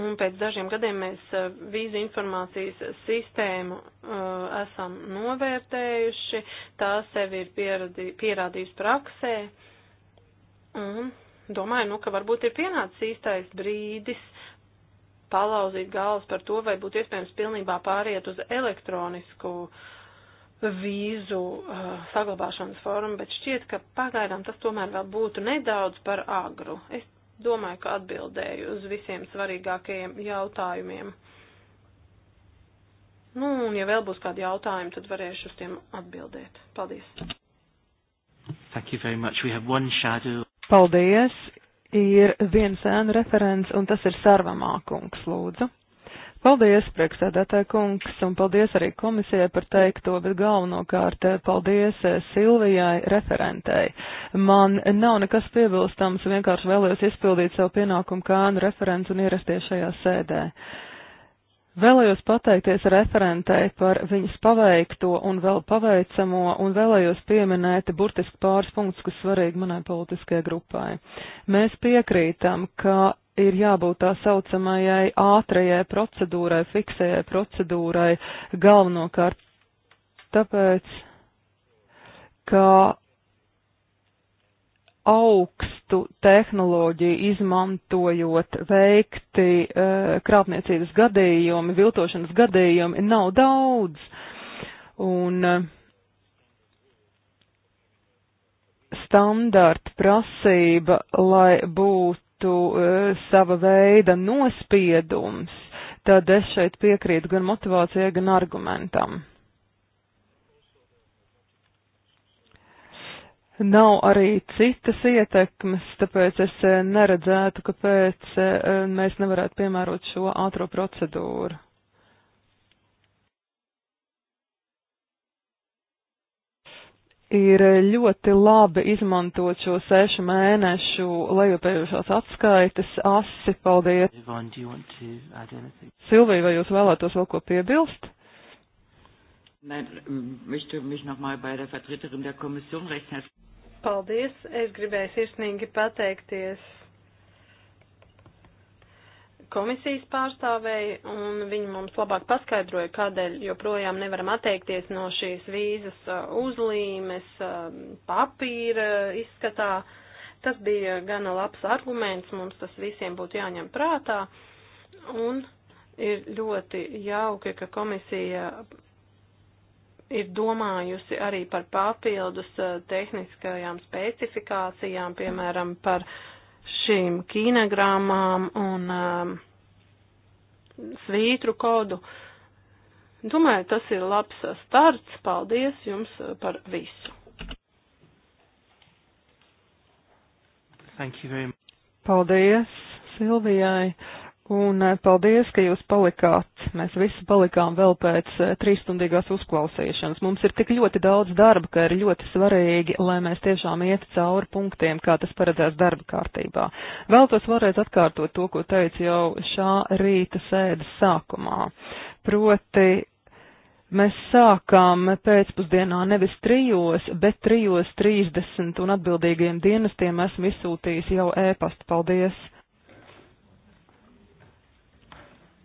Un pēc dažiem gadiem mēs eh, vīzu informācijas sistēmu uh, esam novērtējuši, tā sevi ir pieradī, pierādījusi praksē. Un domāju, nu, ka varbūt ir pienācis īstais brīdis palauzīt galvas par to, vai būtu iespējams pilnībā pāriet uz elektronisku vīzu uh, saglabāšanas formu, bet šķiet, ka pagaidām tas tomēr vēl būtu nedaudz par agru. Es Domāju, ka atbildēju uz visiem svarīgākajiem jautājumiem. Nu, un ja vēl būs kādi jautājumi, tad varēšu uz tiem atbildēt. Paldies. Thank you very much. We have one shadow. Paldies. Ir viens ēnu referents, un tas ir Sarvamākungs, lūdzu. Paldies, priekšsēdētāja kungs, un paldies arī komisijai par teikto, bet galvenokārt eh, paldies eh, Silvijai referentei. Man nav nekas piebilstams, vienkārši vēlējos izpildīt savu pienākumu kā referents un ierasties šajā sēdē. Vēlējos pateikties referentei par viņas paveikto un vēl paveicamo, un vēlējos pieminēt burtiski pāris punktus, kas svarīgi manai politiskajai grupai. Mēs piekrītam, ka ir jābūt tā saucamajai ātrajai procedūrai, fiksējai procedūrai galvenokārt tāpēc, ka augstu tehnoloģiju izmantojot veikti e, krāpniecības gadījumi, viltošanas gadījumi nav daudz. Un e, standarta prasība, lai būtu būtu e, sava veida nospiedums, tad es šeit piekrītu gan motivācijai, gan argumentam. Nav arī citas ietekmes, tāpēc es e, neredzētu, kāpēc e, mēs nevarētu piemērot šo ātro procedūru. ir ļoti labi izmantot šo sešu mēnešu lejupējušās atskaites asi. Paldies! Silvija, vai jūs vēlētos vēl ko piebilst? Paldies! Es gribēju sirsnīgi pateikties komisijas pārstāvēja, un viņi mums labāk paskaidroja, kādēļ joprojām nevaram atteikties no šīs vīzas uh, uzlīmes um, papīra izskatā. Tas bija gana labs arguments, mums tas visiem būtu jāņem prātā, un ir ļoti jauki, ka komisija ir domājusi arī par papildus uh, tehniskajām specifikācijām, piemēram, par uh, šīm kīnegrāmām un um, svītru kodu. Domāju, tas ir labs starts. Paldies jums uh, par visu. Paldies Silvijai. Un eh, paldies, ka jūs palikāt. Mēs visi palikām vēl pēc eh, trīsstundīgās uzklausīšanas. Mums ir tik ļoti daudz darba, ka ir ļoti svarīgi, lai mēs tiešām iet cauri punktiem, kā tas paredzēts darba kārtībā. Vēltos varēt atkārtot to, ko teicu jau šā rīta sēdes sākumā. Proti, Mēs sākām pēcpusdienā nevis trijos, bet trijos trīsdesmit un atbildīgajiem dienestiem esmu izsūtījis jau ēpastu. Paldies!